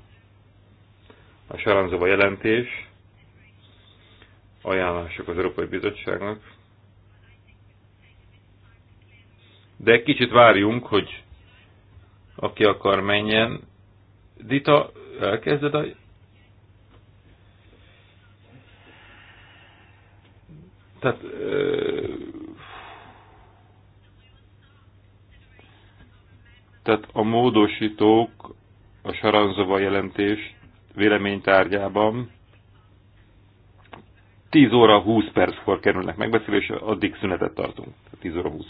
a Saranzova jelentés, ajánlások az Európai Bizottságnak. De kicsit várjunk, hogy aki akar menjen. Dita, elkezded a... Tehát Tehát a módosítók a Saranzova jelentés véleménytárgyában 10 óra 20 perckor kerülnek megbeszélésre, addig szünetet tartunk. 10 óra 20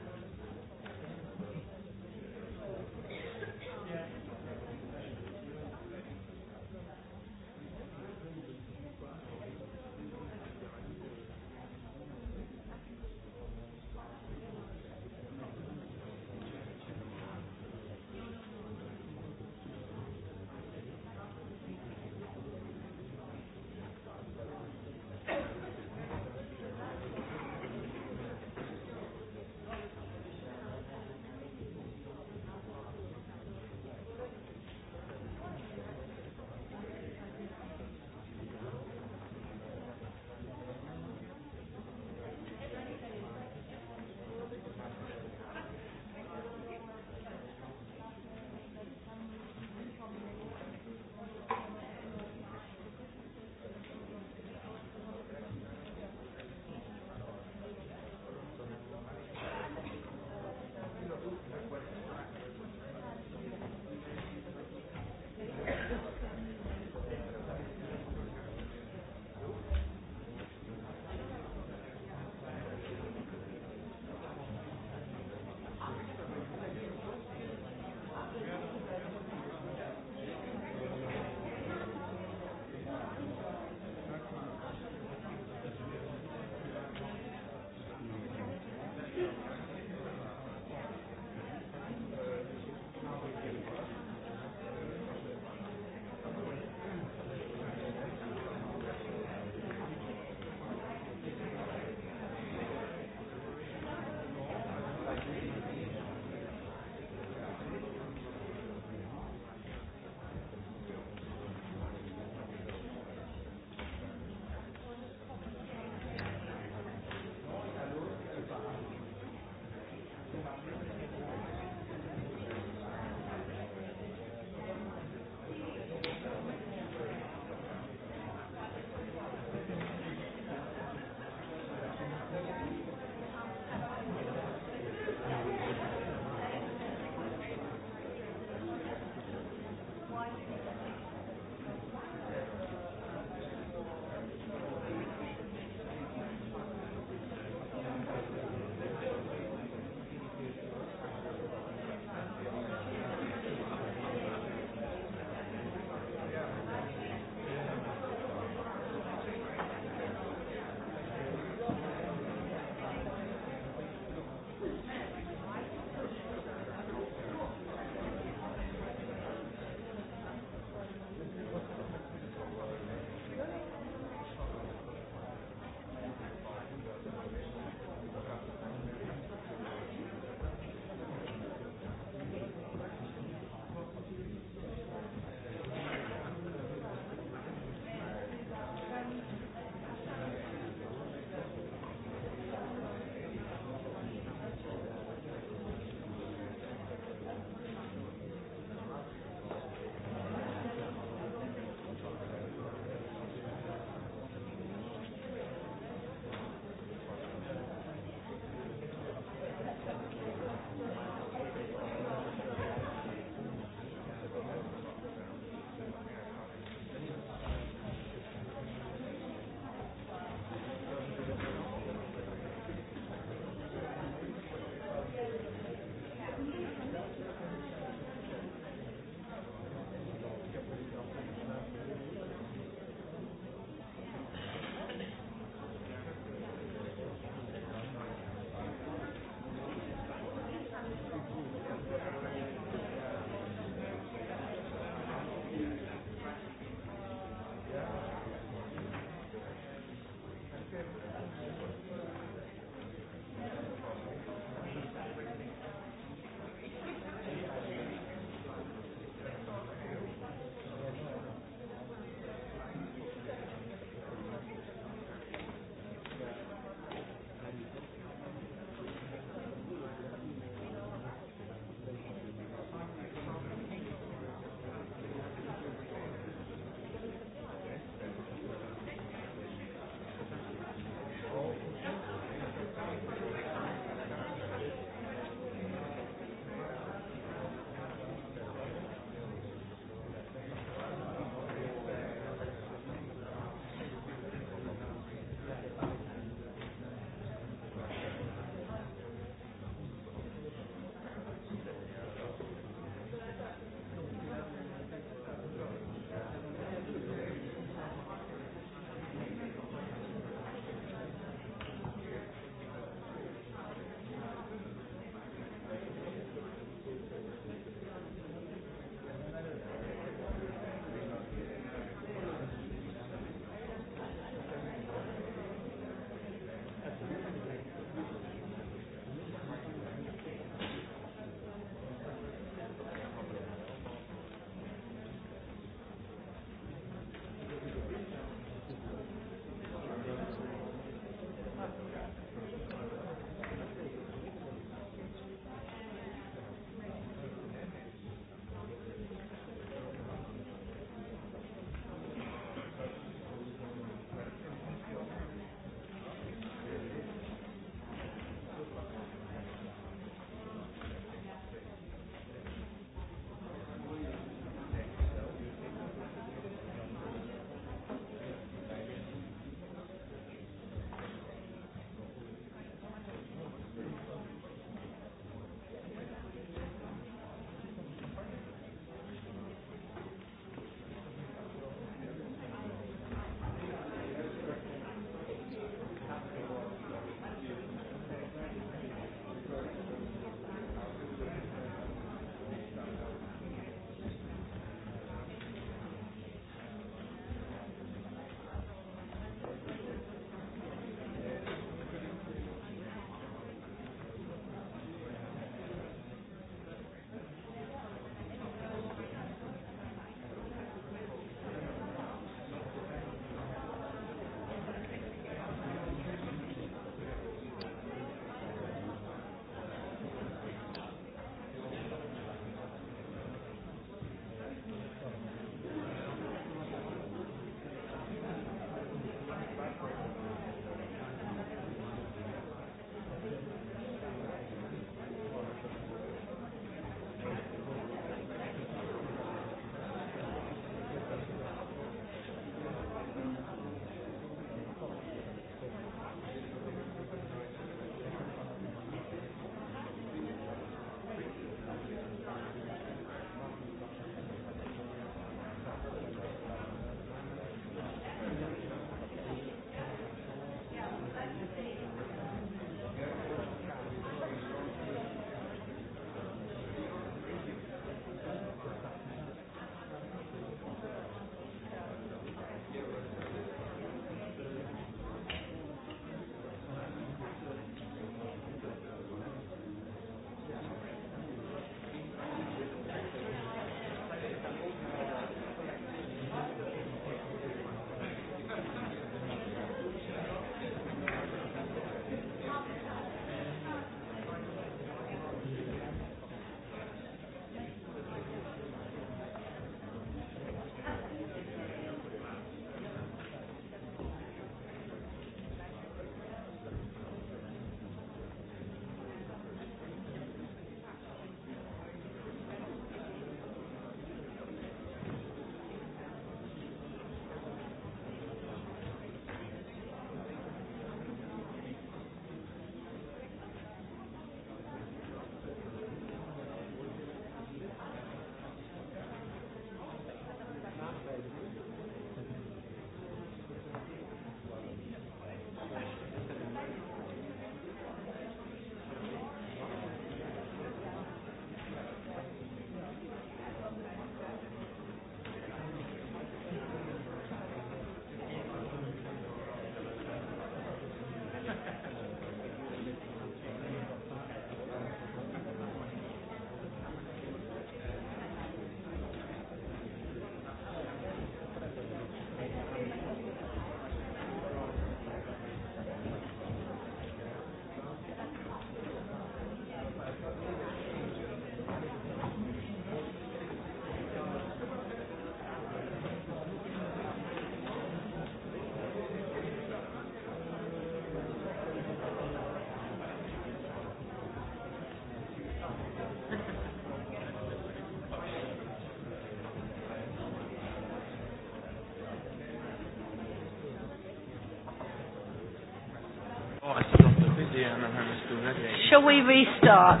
Shall we restart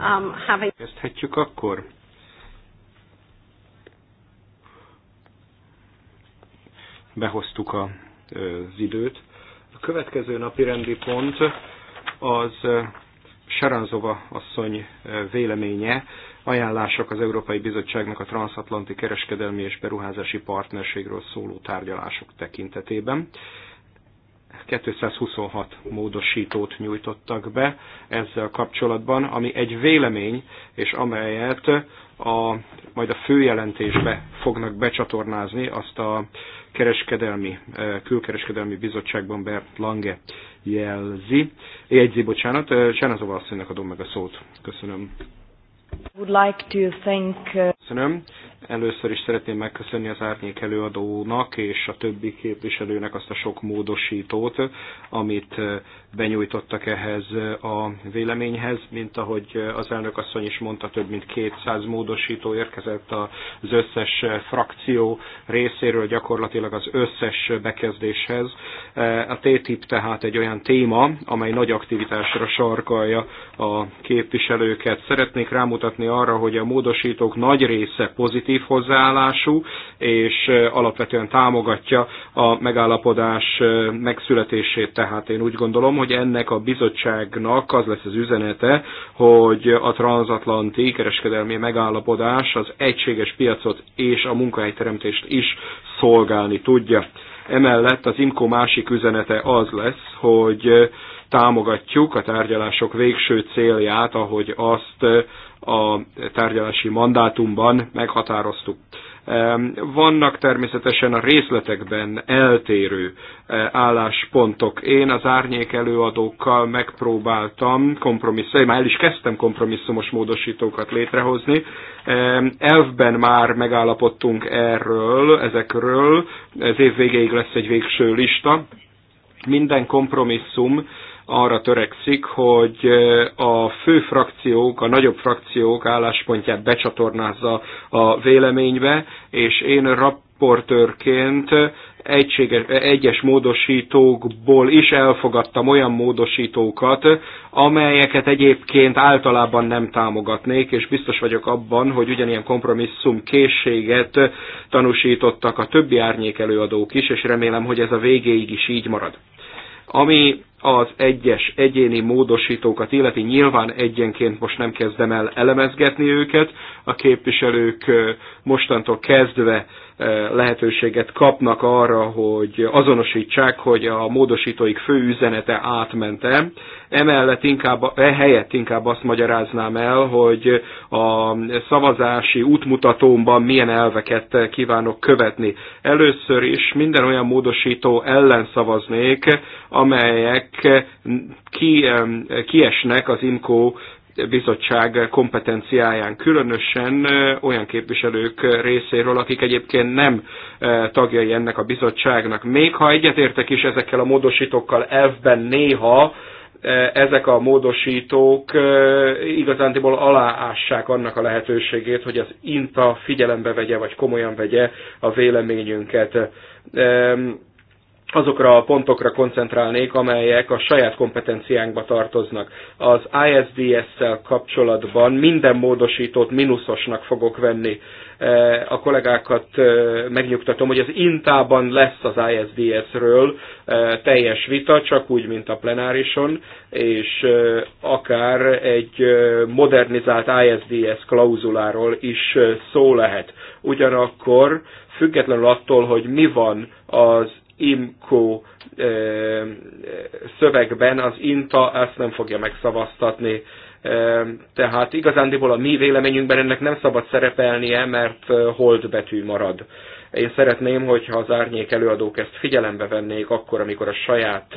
um, having... Kezdhetjük akkor? Behoztuk a, az időt. A következő napi rendi pont az Saranzova asszony véleménye, ajánlások az Európai Bizottságnak a transatlanti kereskedelmi és beruházási partnerségről szóló tárgyalások tekintetében. 226 módosítót nyújtottak be ezzel kapcsolatban, ami egy vélemény, és amelyet a, majd a főjelentésbe fognak becsatornázni, azt a kereskedelmi, eh, külkereskedelmi bizottságban Bert Lange jelzi. Jegyzi, bocsánat, Csánazova eh, asszonynak adom meg a szót. Köszönöm. Uh, Köszönöm. Először is szeretném megköszönni az árnyék előadónak és a többi képviselőnek azt a sok módosítót, amit uh, benyújtottak ehhez uh, a véleményhez. Mint ahogy az elnök asszony is mondta, több mint 200 módosító érkezett az összes frakció részéről, gyakorlatilag az összes bekezdéshez. A TTIP tehát egy olyan téma, amely nagy aktivitásra sarkalja a képviselőket. Szeretnék rámutatni, rámutatni arra, hogy a módosítók nagy része pozitív hozzáállású, és alapvetően támogatja a megállapodás megszületését. Tehát én úgy gondolom, hogy ennek a bizottságnak az lesz az üzenete, hogy a transatlanti kereskedelmi megállapodás az egységes piacot és a munkahelyteremtést is szolgálni tudja. Emellett az IMCO másik üzenete az lesz, hogy támogatjuk a tárgyalások végső célját, ahogy azt a tárgyalási mandátumban meghatároztuk. Vannak természetesen a részletekben eltérő eh, álláspontok. Én az árnyék előadókkal megpróbáltam kompromisszum, már el is kezdtem kompromisszumos módosítókat létrehozni. Elfben már megállapodtunk erről, ezekről, ez év végéig lesz egy végső lista. Minden kompromisszum arra törekszik, hogy eh, a fő frakciók, a nagyobb frakciók álláspontját becsatornázza a véleménybe, és én raportőrként egységes, egyes módosítókból is elfogadtam olyan módosítókat, amelyeket egyébként általában nem támogatnék, és biztos vagyok abban, hogy ugyanilyen kompromisszum készséget tanúsítottak a többi árnyék előadók is, és remélem, hogy ez a végéig is így marad. Ami az egyes egyéni módosítókat illeti, nyilván egyenként most nem kezdem el elemezgetni őket, a képviselők mostantól kezdve lehetőséget kapnak arra, hogy azonosítsák, hogy a módosítóik fő üzenete átmente. Emellett inkább, e helyett inkább azt magyaráznám el, hogy a szavazási útmutatómban milyen elveket kívánok követni. Először is minden olyan módosító ellen szavaznék, amelyek Eh, ki, kiesnek az IMCO bizottság kompetenciáján, különösen eh, olyan képviselők részéről, akik egyébként nem eh, tagjai ennek a bizottságnak. Még ha egyetértek is ezekkel a módosítókkal elfben néha, ezek a módosítók igazándiból aláássák annak a lehetőségét, hogy az INTA figyelembe vegye, vagy komolyan vegye a véleményünket azokra a pontokra koncentrálnék, amelyek a saját kompetenciánkba tartoznak. Az ISDS-szel kapcsolatban minden módosítót mínuszosnak fogok venni. E, a kollégákat e, megnyugtatom, hogy az Intában lesz az ISDS-ről e, teljes vita, csak úgy, mint a plenárison, és akár egy modernizált ISDS klauzuláról is szó lehet. Ugyanakkor függetlenül attól, hogy mi van az IMCO szövegben az INTA ezt nem fogja megszavaztatni. Tehát igazándiból a mi véleményünkben ennek nem szabad szerepelnie, mert hold betű marad. Én szeretném, hogyha az árnyék előadók ezt figyelembe vennék akkor, amikor a saját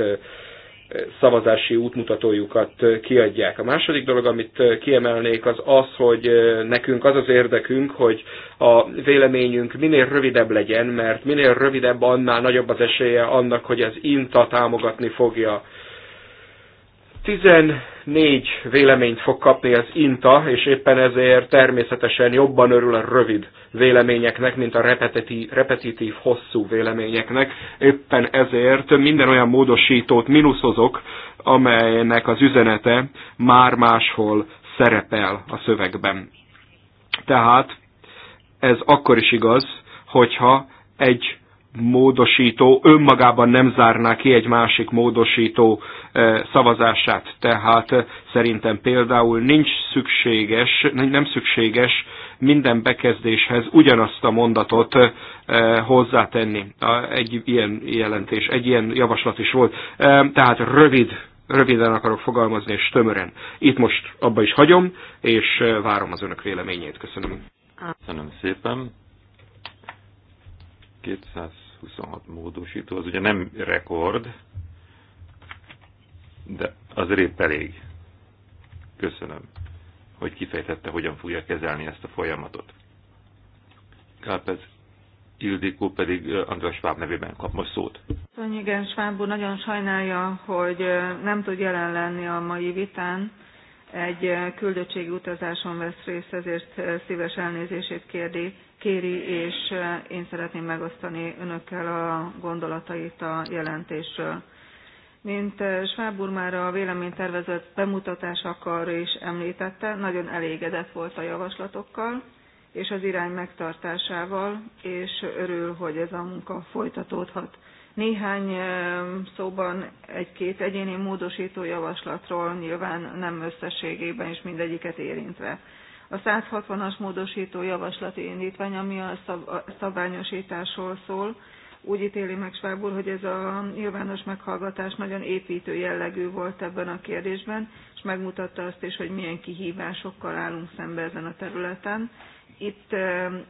szavazási útmutatójukat kiadják. A második dolog, amit kiemelnék, az az, hogy nekünk az az érdekünk, hogy a véleményünk minél rövidebb legyen, mert minél rövidebb, annál nagyobb az esélye annak, hogy az INTA támogatni fogja 14 véleményt fog kapni az INTA, és éppen ezért természetesen jobban örül a rövid véleményeknek, mint a repetitív, repetitív hosszú véleményeknek. Éppen ezért minden olyan módosítót minuszozok, amelynek az üzenete már máshol szerepel a szövegben. Tehát ez akkor is igaz, hogyha egy módosító önmagában nem zárná ki egy másik módosító eh, szavazását. Tehát eh, szerintem például nincs szükséges, nem szükséges minden bekezdéshez ugyanazt a mondatot eh, hozzátenni. Egy ilyen jelentés, egy ilyen javaslat is volt. Tehát rövid röviden akarok fogalmazni, és tömören. Itt most abba is hagyom, és várom az önök véleményét. Köszönöm. Köszönöm szépen. 200 26 módosító, az ugye nem rekord, de azért épp elég. Köszönöm, hogy kifejtette, hogyan fogja kezelni ezt a folyamatot. Kápez Ildikó pedig András Schwab nevében kap most szót. Igen, Schwab úr nagyon sajnálja, hogy nem tud jelen lenni a mai vitán egy küldöttségi utazáson vesz részt, ezért szíves elnézését kérdi, kéri, és én szeretném megosztani önökkel a gondolatait a jelentésről. Mint Schwab úr már a véleménytervezet bemutatásakkal is említette, nagyon elégedett volt a javaslatokkal és az irány megtartásával, és örül, hogy ez a munka folytatódhat. Néhány szóban egy-két egyéni módosító javaslatról nyilván nem összességében is mindegyiket érintve. A 160-as módosító javaslati indítvány, ami a szabványosításról szól, úgy ítéli meg Schwab úr, hogy ez a nyilvános meghallgatás nagyon építő jellegű volt ebben a kérdésben, és megmutatta azt is, hogy milyen kihívásokkal állunk szembe ezen a területen itt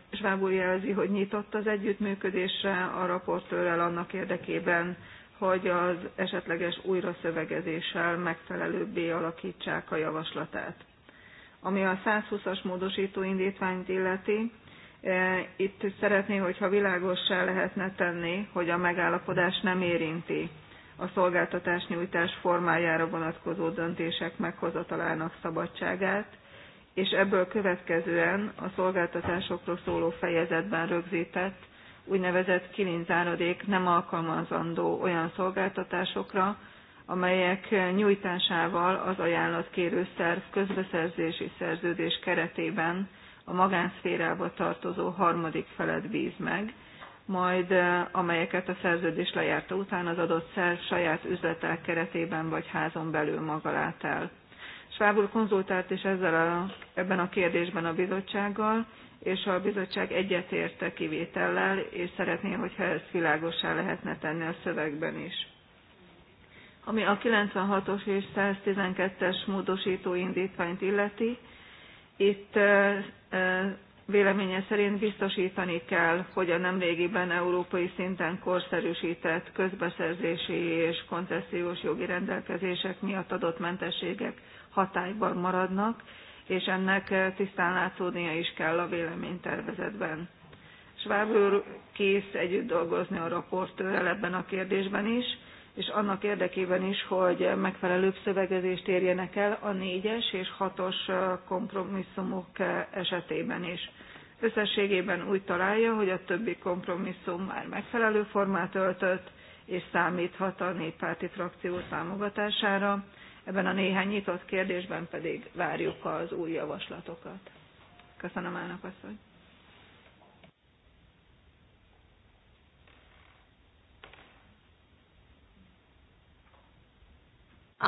Schwab úr jelzi, hogy nyitott az együttműködésre a raportőrrel annak érdekében, hogy az esetleges újraszövegezéssel megfelelőbbé alakítsák a javaslatát. Ami a 120-as módosító indítványt illeti, itt szeretné, hogyha világossá lehetne tenni, hogy a megállapodás nem érinti a szolgáltatás nyújtás formájára vonatkozó döntések meghozatalának szabadságát, és ebből következően a szolgáltatásokról szóló fejezetben rögzített úgynevezett kilinzáradék nem alkalmazandó olyan szolgáltatásokra, amelyek nyújtásával az ajánlatkérő szerv közbeszerzési szerződés keretében a magánszférába tartozó harmadik felet bíz meg, majd eh, amelyeket a szerződés lejárta után az adott szerv saját üzletel keretében vagy házon belül maga lát el. Schwabul konzultált is ezzel a, ebben a kérdésben a bizottsággal, és a bizottság egyetérte a kivétellel, és szeretné, hogyha ezt világosá lehetne tenni a szövegben is. Ami a 96-os és 112-es módosító indítványt illeti, itt véleménye szerint biztosítani kell, hogy a nemrégiben európai szinten korszerűsített közbeszerzési és koncesziós jogi rendelkezések miatt adott mentességek hatályban maradnak és ennek eh, tisztán látszódnia is kell a véleménytervezetben. schwab úr kész együtt dolgozni a raportőrrel ebben a kérdésben is és annak érdekében is hogy megfelelőbb szövegezést érjenek el a négyes és hatos eh, kompromisszumok eh, esetében is. összességében úgy találja hogy a többi kompromisszum már megfelelő formát öltött és számíthat a néppárti frakció támogatására ebben a néhány nyitott kérdésben pedig várjuk az új javaslatokat. Köszönöm, elnök asszony!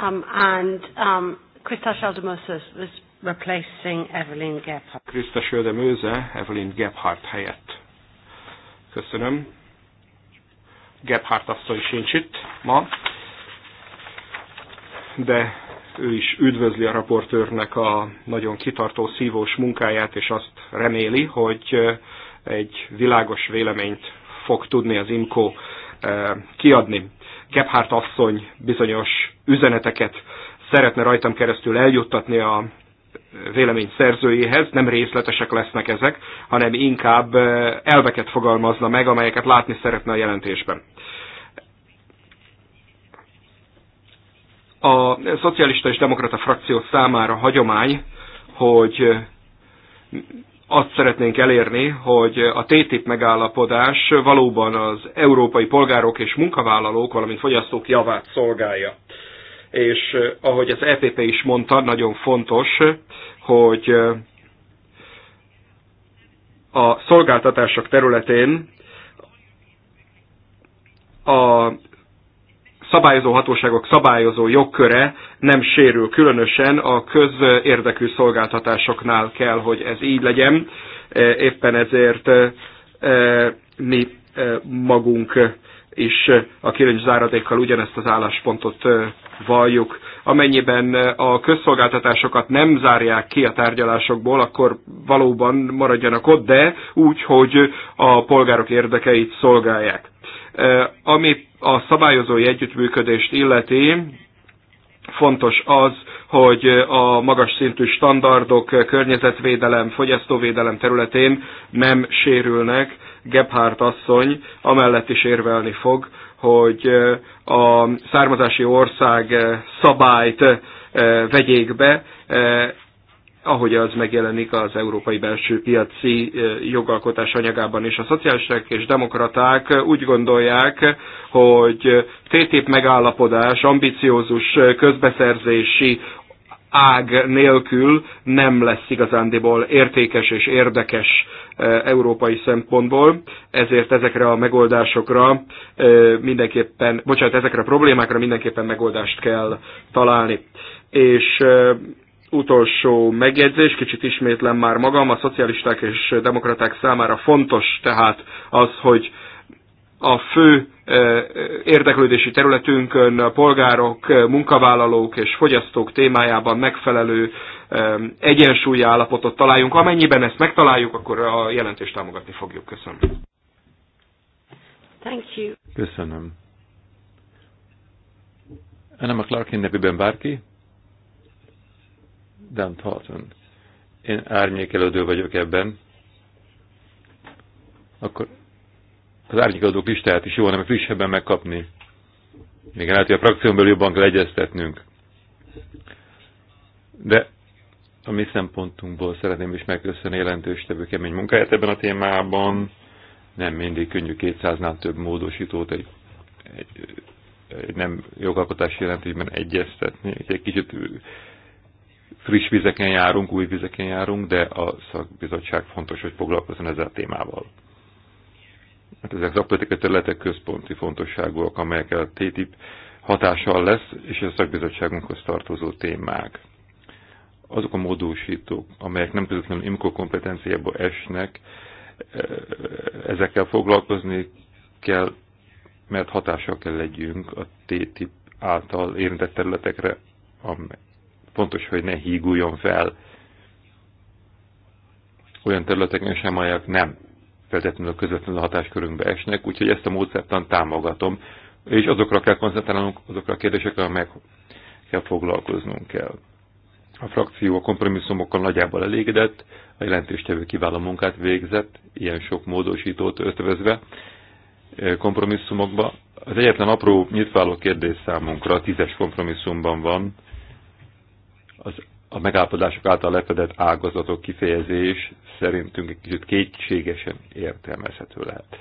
Um, and um, Krista Schaldemose was replacing Evelyn Gebhardt. Krista Schaldemose, Evelyn Gebhardt helyett. Köszönöm. Gebhardt asszony sincs itt ma de ő is üdvözli a raportőrnek a nagyon kitartó, szívós munkáját, és azt reméli, hogy egy világos véleményt fog tudni az IMCO kiadni. Gebhardt asszony bizonyos üzeneteket szeretne rajtam keresztül eljuttatni a vélemény szerzőjéhez, nem részletesek lesznek ezek, hanem inkább elveket fogalmazna meg, amelyeket látni szeretne a jelentésben. A szocialista és demokrata frakció számára hagyomány, hogy azt szeretnénk elérni, hogy a TTIP megállapodás valóban az európai polgárok és munkavállalók, valamint fogyasztók javát szolgálja. És ahogy az EPP is mondta, nagyon fontos, hogy a szolgáltatások területén a szabályozó hatóságok szabályozó jogköre nem sérül, különösen a közérdekű szolgáltatásoknál kell, hogy ez így legyen. E, éppen ezért e, e, mi magunk is a kilenc záradékkal ugyanezt az álláspontot valljuk. Amennyiben a közszolgáltatásokat nem zárják ki a tárgyalásokból, akkor valóban maradjanak ott, de úgy, hogy a polgárok érdekeit szolgálják. Ami a szabályozói együttműködést illeti, fontos az, hogy a magas szintű standardok környezetvédelem, fogyasztóvédelem területén nem sérülnek. Gebhardt asszony amellett is érvelni fog, hogy a származási ország szabályt vegyék be, ahogy az megjelenik az európai belső piaci eh, jogalkotás anyagában is. A szociálisták és demokraták eh, úgy gondolják, hogy eh, TTIP megállapodás ambiciózus közbeszerzési ág nélkül nem lesz igazándiból értékes és érdekes európai szempontból, ezért ezekre a megoldásokra mindenképpen, bocsánat, ezekre a problémákra mindenképpen megoldást kell találni. És utolsó megjegyzés, kicsit ismétlem már magam, a szocialisták és demokraták számára fontos tehát az, hogy a fő eh, érdeklődési területünkön a polgárok, eh, munkavállalók és fogyasztók témájában megfelelő eh, egyensúlyi állapotot találjunk. Amennyiben ezt megtaláljuk, akkor a jelentést támogatni fogjuk. Köszönöm. Thank you. Köszönöm. Anna McClarkin nevében bárki? Dan Parton. Én árnyékelődő vagyok ebben. Akkor az árnyékelődők listáját is jó hanem frissebben megkapni. Még lehet, hogy a frakción belül jobban kell egyeztetnünk. De a mi szempontunkból szeretném is megköszönni jelentős tevő kemény munkáját ebben a témában. Nem mindig könnyű 200-nál több módosítót egy, egy, egy nem jogalkotási jelentésben egyeztetni. Egy kicsit friss vizeken járunk, új vizeken járunk, de a szakbizottság fontos, hogy foglalkozzon ezzel a témával. Hát ezek az politikai területek központi fontosságúak, amelyek a TTIP hatással lesz, és a szakbizottságunkhoz tartozó témák. Azok a módosítók, amelyek nem közvetlenül IMCO kompetenciába esnek, eh, ezekkel foglalkozni kell, mert hatással kell legyünk a TTIP által érintett területekre, fontos, hogy ne híguljon fel olyan területeken sem, amelyek nem feltétlenül közvetlenül a hatáskörünkbe esnek, úgyhogy ezt a módszertan támogatom, és azokra kell koncentrálnunk, azokra a kérdésekre, amelyek kell foglalkoznunk kell. A frakció a kompromisszumokkal nagyjából elégedett, a jelentéstevő kiváló munkát végzett, ilyen sok módosítót ötvözve eh, kompromisszumokba. Az egyetlen apró nyitváló kérdés számunkra a tízes kompromisszumban van, az, a megállapodások által lefedett ágazatok kifejezés szerintünk egy kicsit kétségesen értelmezhető lehet.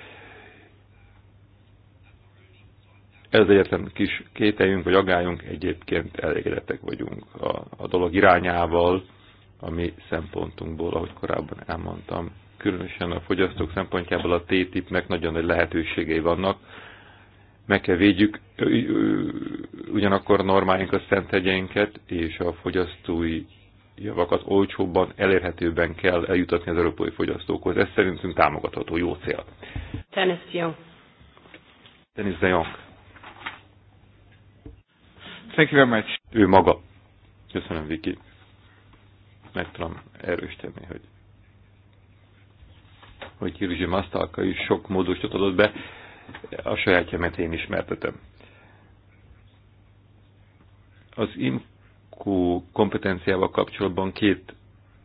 Ez egyetlen kis kételjünk vagy agályunk, egyébként elégedettek vagyunk a, a dolog irányával, ami szempontunkból, ahogy korábban elmondtam, különösen a fogyasztók szempontjából a TTIP-nek nagyon nagy lehetőségei vannak, meg kell védjük ugyanakkor normáinkat, szent hegyeinket és a fogyasztói javakat olcsóbban, elérhetőben kell eljutatni az európai fogyasztókhoz. Ez szerintünk támogatható, jó cél. Dennis Young. Dennis de Jong. Thank you very much. Ő maga. Köszönöm, Viki. Meg tudom erősíteni, hogy hogy Hirzsi Masztalka is sok módosítót adott be a sajátjaimat én ismertetem. Az IMCO kompetenciával kapcsolatban két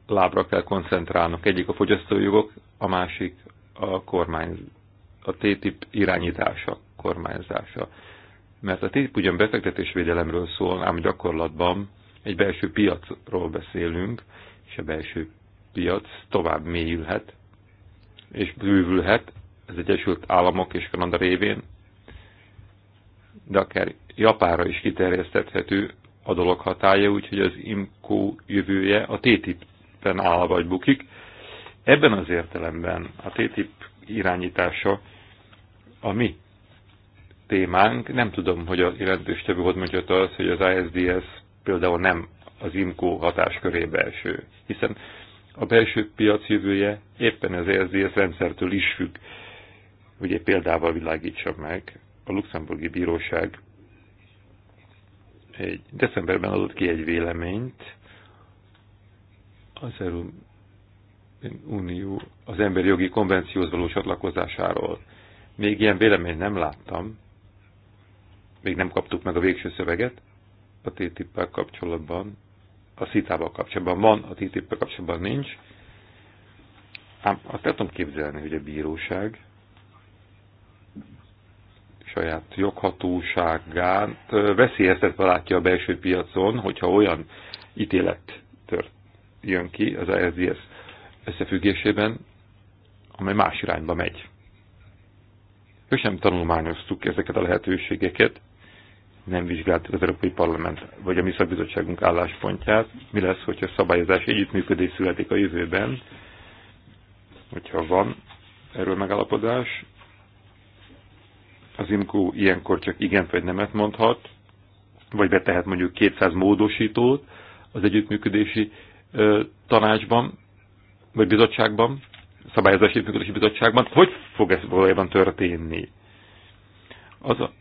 lábra kell koncentrálnunk. Egyik a fogyasztói jogok, a másik a kormány, a TTIP irányítása, kormányzása. Mert a TTIP ugyan befektetésvédelemről szól, ám gyakorlatban egy belső piacról beszélünk, és a belső piac tovább mélyülhet, és bővülhet, az Egyesült Államok és Kanada révén, de akár Japára is kiterjeszthető a dolog hatája, úgyhogy az IMCO jövője a TTIP-ben áll vagy bukik. Ebben az értelemben a TTIP irányítása a mi témánk. Nem tudom, hogy a jelentős tevő hogy mondja az, hogy az ISDS például nem az IMCO hatáskörébe eső, hiszen a belső piac jövője éppen az ISDS rendszertől is függ hogy egy példával világítsa meg, a luxemburgi bíróság egy decemberben adott ki egy véleményt az Unió az emberi jogi konvencióhoz való csatlakozásáról. Még ilyen véleményt nem láttam, még nem kaptuk meg a végső szöveget a ttip kapcsolatban, a szitával kapcsolatban van, a ttip kapcsolatban nincs. Ám azt el tudom képzelni, hogy a bíróság saját joghatóságát veszélyeztetve látja a belső piacon, hogyha olyan ítélet tört, jön ki az ISDS összefüggésében, amely más irányba megy. Ő sem tanulmányoztuk ezeket a lehetőségeket, nem vizsgáltuk az Európai Parlament vagy a mi szakbizottságunk álláspontját. Mi lesz, hogyha szabályozás együttműködés születik a jövőben, hogyha van erről megállapodás, az imkó ilyenkor csak igent vagy nemet mondhat, vagy betehet mondjuk 200 módosítót az együttműködési tanácsban, vagy bizottságban, szabályozási együttműködési bizottságban. Hogy fog ez valójában történni? Az, a,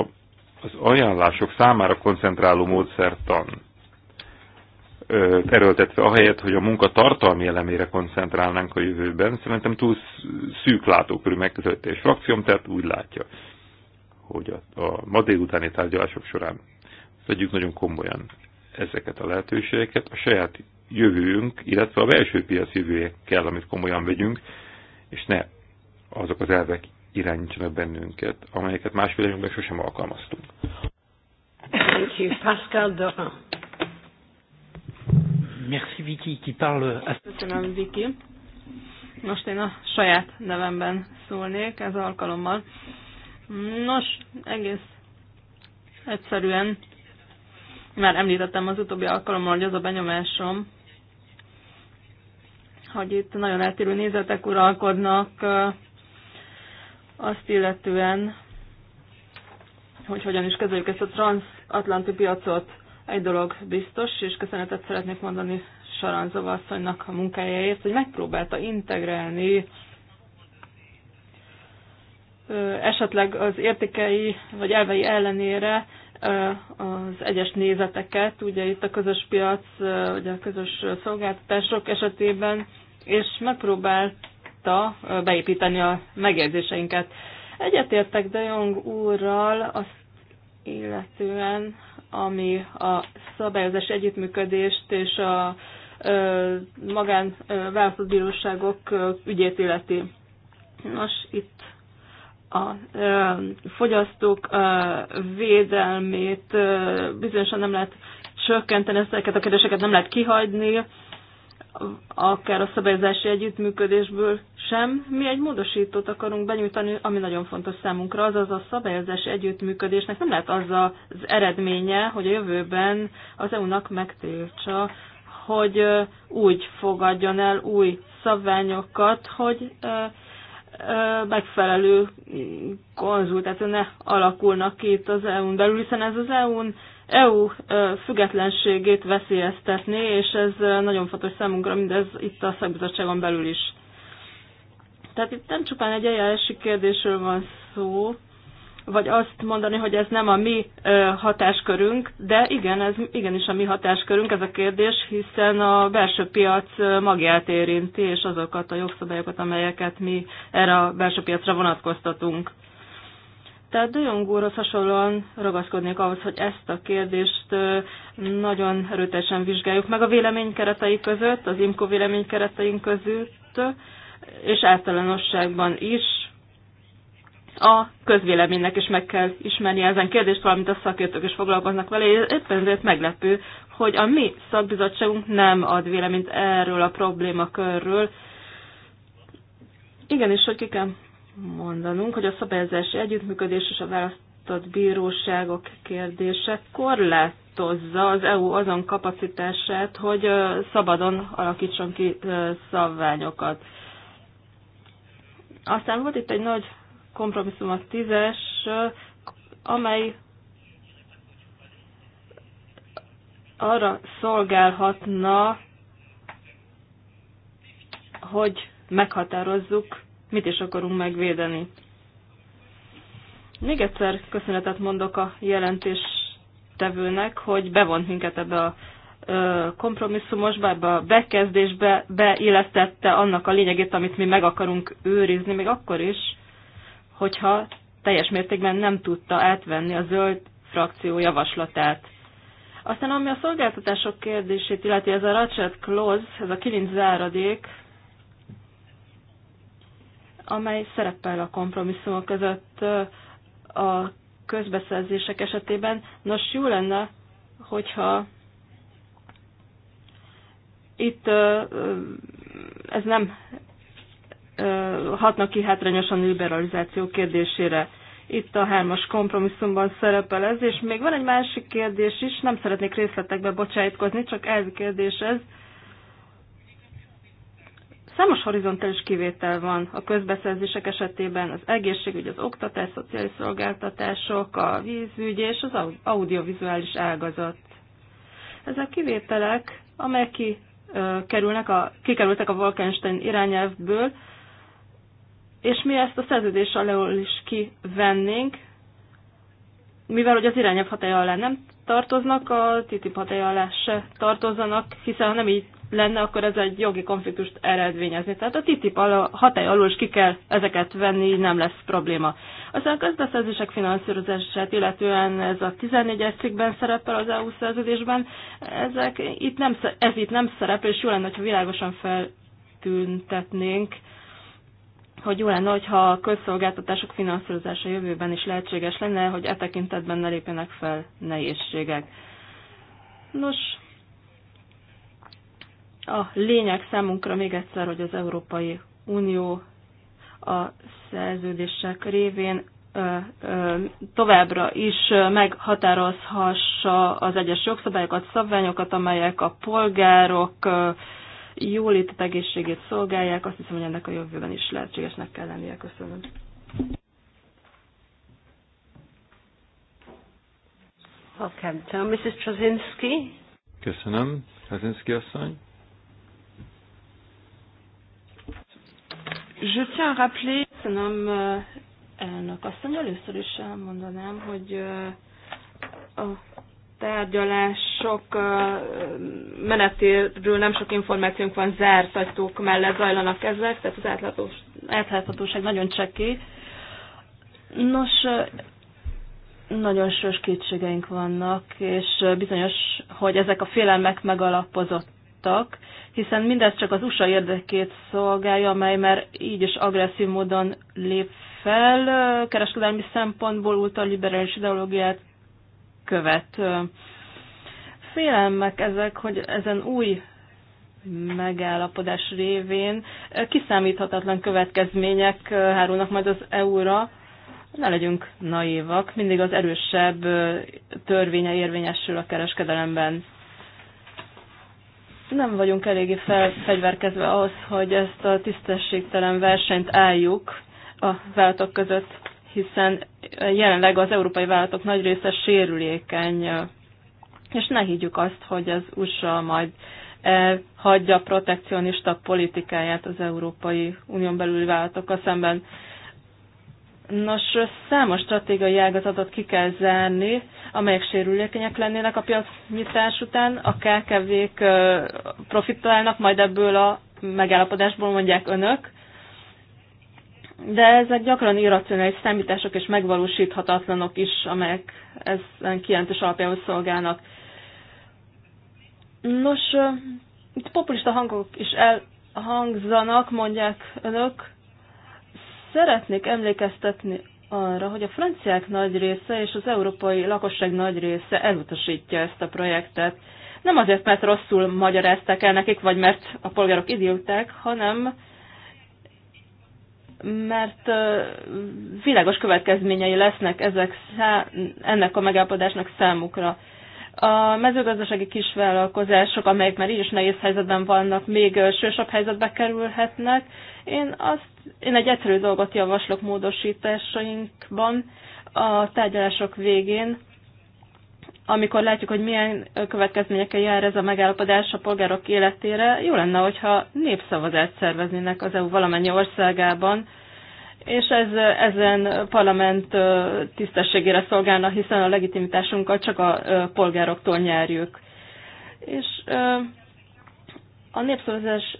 a, az ajánlások számára koncentráló módszertan erőltetve, ahelyett, hogy a munka tartalmi elemére koncentrálnánk a jövőben, szerintem túl szűk látókörű megközelítés. Frakcióm tehát úgy látja, hogy a, a ma délutáni tárgyalások során vegyük nagyon komolyan ezeket a lehetőségeket, a saját jövőnk, illetve a belső piac jövője kell, amit komolyan vegyünk, és ne azok az elvek irányítsanak bennünket, amelyeket más világunkban sosem alkalmaztunk. Thank you, Pascal Doran. Merci Vicky, qui parle. Köszönöm Vicky. Most én a saját nevemben szólnék ez alkalommal. Nos, egész egyszerűen már említettem az utóbbi alkalommal, hogy az a benyomásom, hogy itt nagyon eltérő nézetek uralkodnak azt illetően, hogy hogyan is kezeljük ezt a transatlanti piacot. Egy dolog biztos, és köszönetet szeretnék mondani Saranzova asszonynak a munkájáért, hogy megpróbálta integrálni esetleg az értékei vagy elvei ellenére az egyes nézeteket, ugye itt a közös piac, vagy a közös szolgáltatások esetében, és megpróbálta beépíteni a megjegyzéseinket. Egyetértek De Jong úrral azt illetően, ami a szabályozás együttműködést és a magán bíróságok ügyét illeti. Nos, itt a fogyasztók védelmét bizonyosan nem lehet csökkenteni, ezeket a kérdéseket nem lehet kihagyni, akár a szabályozási együttműködésből sem. Mi egy módosítót akarunk benyújtani, ami nagyon fontos számunkra, azaz a szabályozási együttműködésnek nem lehet az az eredménye, hogy a jövőben az EU-nak megtiltsa, hogy úgy fogadjon el új szabványokat, hogy megfelelő konzultáció ne alakulnak ki itt az EU-n belül, hiszen ez az EU-n EU függetlenségét veszélyeztetné, és ez nagyon fontos számunkra mindez itt a szakbizottságon belül is. Tehát itt nem csupán egy eljárási kérdésről van szó, vagy azt mondani, hogy ez nem a mi hatáskörünk, de igen, ez igenis a mi hatáskörünk ez a kérdés, hiszen a belső piac magját érinti, és azokat a jogszabályokat, amelyeket mi erre a belső piacra vonatkoztatunk. Tehát Dujong hasonlóan ragaszkodnék ahhoz, hogy ezt a kérdést nagyon erőteljesen vizsgáljuk meg a vélemény keretei között, az IMCO vélemény kereteink között, és általánosságban is, a közvéleménynek is meg kell ismerni ezen kérdést, valamint a szakértők is foglalkoznak vele. Éppen ezért meglepő, hogy a mi szakbizottságunk nem ad véleményt erről a problémakörről. Igenis, hogy ki kell mondanunk, hogy a szabályozási együttműködés és a választott bíróságok kérdése korlátozza az EU azon kapacitását, hogy szabadon alakítson ki szabványokat. Aztán volt itt egy nagy kompromisszum a tízes, amely arra szolgálhatna, hogy meghatározzuk, mit is akarunk megvédeni. Még egyszer köszönetet mondok a jelentéstevőnek, hogy bevont minket ebbe a kompromisszumosba, ebbe a bekezdésbe beillesztette annak a lényegét, amit mi meg akarunk őrizni, még akkor is, hogyha teljes mértékben nem tudta átvenni a zöld frakció javaslatát. Aztán ami a szolgáltatások kérdését illeti, ez a ratchet close, ez a kilinc záradék, amely szerepel a kompromisszumok között a közbeszerzések esetében. Nos, jó lenne, hogyha itt ez nem hatnak ki hátrányosan liberalizáció kérdésére. Itt a hármas kompromisszumban szerepel ez, és még van egy másik kérdés is, nem szeretnék részletekbe bocsájtkozni, csak ez a kérdés ez. Számos horizontális kivétel van a közbeszerzések esetében, az egészségügy, az oktatás, szociális szolgáltatások, a vízügy és az audiovizuális ágazat. Ezek a kivételek, amelyek ki, kerülnek a, kikerültek a Wolkenstein irányelvből, és mi ezt a szerződés alól is kivennénk, mivel hogy az irányabb hatája alá nem tartoznak, a TTIP hatája alá se tartozzanak, hiszen ha nem így lenne, akkor ez egy jogi konfliktust eredményezni. Tehát a TTIP hatája alól is ki kell ezeket venni, így nem lesz probléma. Aztán a közbeszerzések finanszírozását, illetően ez a 14-es cikkben szerepel az EU szerződésben, ezek itt nem, ez itt nem szerepel, és jó lenne, ha világosan feltüntetnénk, hogy jó lenne, hogyha a közszolgáltatások finanszírozása jövőben is lehetséges lenne, hogy e tekintetben ne lépjenek fel nehézségek. Nos, a lényeg számunkra még egyszer, hogy az Európai Unió a szerződések révén továbbra is meghatározhassa az egyes jogszabályokat, szabványokat, amelyek a polgárok jólétet, egészségét szolgálják. Azt hiszem, hogy ennek a jövőben is lehetségesnek kell lennie. Köszönöm. Köszönöm, Trzynski asszony. Je tiens à rappeler, köszönöm elnök asszony, először is elmondanám, hogy a tárgyalások menetéről nem sok információnk van, zárt ajtók mellett zajlanak ezek, tehát az átláthatóság nagyon cseki. Nos, nagyon sős kétségeink vannak, és bizonyos, hogy ezek a félelmek megalapozottak, hiszen mindez csak az USA érdekét szolgálja, amely már így is agresszív módon lép fel, kereskedelmi szempontból ultraliberális ideológiát követ. Félelmek ezek, hogy ezen új megállapodás révén kiszámíthatatlan következmények hárulnak majd az EU-ra. Ne legyünk naívak, mindig az erősebb törvénye érvényesül a kereskedelemben. Nem vagyunk eléggé felfegyverkezve ahhoz, hogy ezt a tisztességtelen versenyt álljuk a váltok között hiszen jelenleg az európai vállalatok nagy része sérülékeny, és ne higgyük azt, hogy az USA majd hagyja protekcionista politikáját az Európai Unión belüli vállalatokkal szemben. Nos, számos stratégiai ágazatot ki kell zárni, amelyek sérülékenyek lennének a piac nyitás után. A KKV-k profitálnak majd ebből a megállapodásból, mondják önök. De ezek gyakran irracionális számítások és megvalósíthatatlanok is, amelyek ezen kijelentés alapjához szolgálnak. Nos, itt populista hangok is elhangzanak, mondják önök. Szeretnék emlékeztetni arra, hogy a franciák nagy része és az európai lakosság nagy része elutasítja ezt a projektet. Nem azért, mert rosszul magyarázták el nekik, vagy mert a polgárok idióták, hanem mert világos következményei lesznek ezek ennek a megállapodásnak számukra. A mezőgazdasági kisvállalkozások, amelyek már így is nehéz helyzetben vannak, még sősabb helyzetbe kerülhetnek. Én, azt, én egy egyszerű dolgot javaslok módosításainkban a tárgyalások végén, amikor látjuk, hogy milyen következményekkel jár ez a megállapodás a polgárok életére, jó lenne, hogyha népszavazást szerveznének az EU valamennyi országában, és ez ezen parlament tisztességére szolgálna, hiszen a legitimitásunkat csak a polgároktól nyerjük. És a népszavazás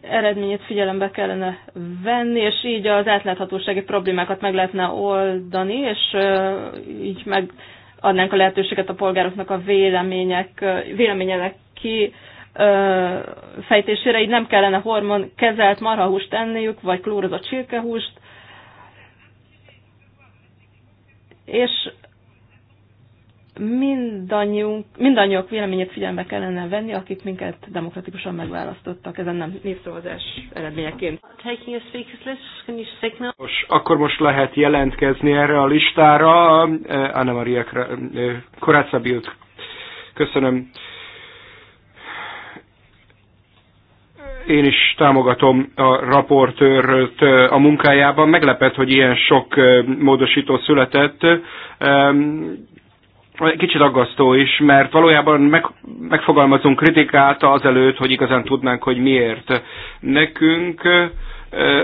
eredményét figyelembe kellene venni, és így az átláthatósági problémákat meg lehetne oldani, és így meg adnánk a lehetőséget a polgároknak a vélemények, véleményenek ki fejtésére, így nem kellene hormon kezelt marhahúst enniük, vagy klórozott csirkehúst, és mindannyiunk, mindannyiunk véleményét figyelme kellene venni, akik minket demokratikusan megválasztottak ezen nem népszavazás eredményeként. Most, akkor most lehet jelentkezni erre a listára. Anna Maria Korácabilt. Köszönöm. Én is támogatom a raportőrt a munkájában. Meglepett, hogy ilyen sok módosító született kicsit aggasztó is, mert valójában meg, megfogalmazunk kritikát azelőtt, hogy igazán tudnánk, hogy miért. Nekünk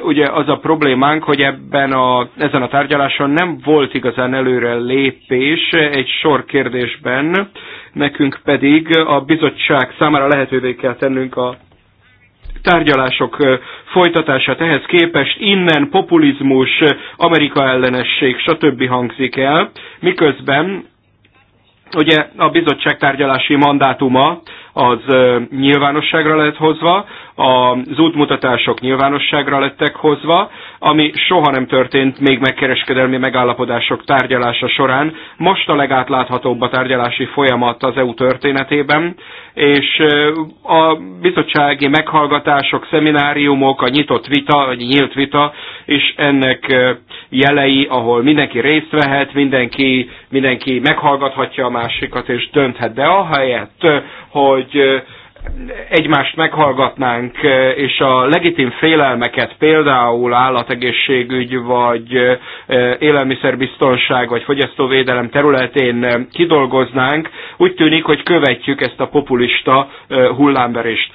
ugye az a problémánk, hogy ebben a, ezen a tárgyaláson nem volt igazán előre lépés egy sor kérdésben, nekünk pedig a bizottság számára lehetővé kell tennünk a tárgyalások folytatását ehhez képest innen populizmus, Amerika ellenesség, stb. hangzik el, miközben Ugye a bizottság tárgyalási mandátuma az nyilvánosságra lett hozva, az útmutatások nyilvánosságra lettek hozva, ami soha nem történt még megkereskedelmi megállapodások tárgyalása során. Most a legátláthatóbb a tárgyalási folyamat az EU történetében, és a bizottsági meghallgatások, szemináriumok, a nyitott vita, vagy nyílt vita és ennek jelei, ahol mindenki részt vehet, mindenki, mindenki meghallgathatja a másikat és dönthet. De ahelyett, hogy egymást meghallgatnánk, eh, és a legitim félelmeket, például állategészségügy, vagy eh, élelmiszerbiztonság, vagy fogyasztóvédelem területén eh, kidolgoznánk, úgy tűnik, hogy követjük ezt a populista hullámverést.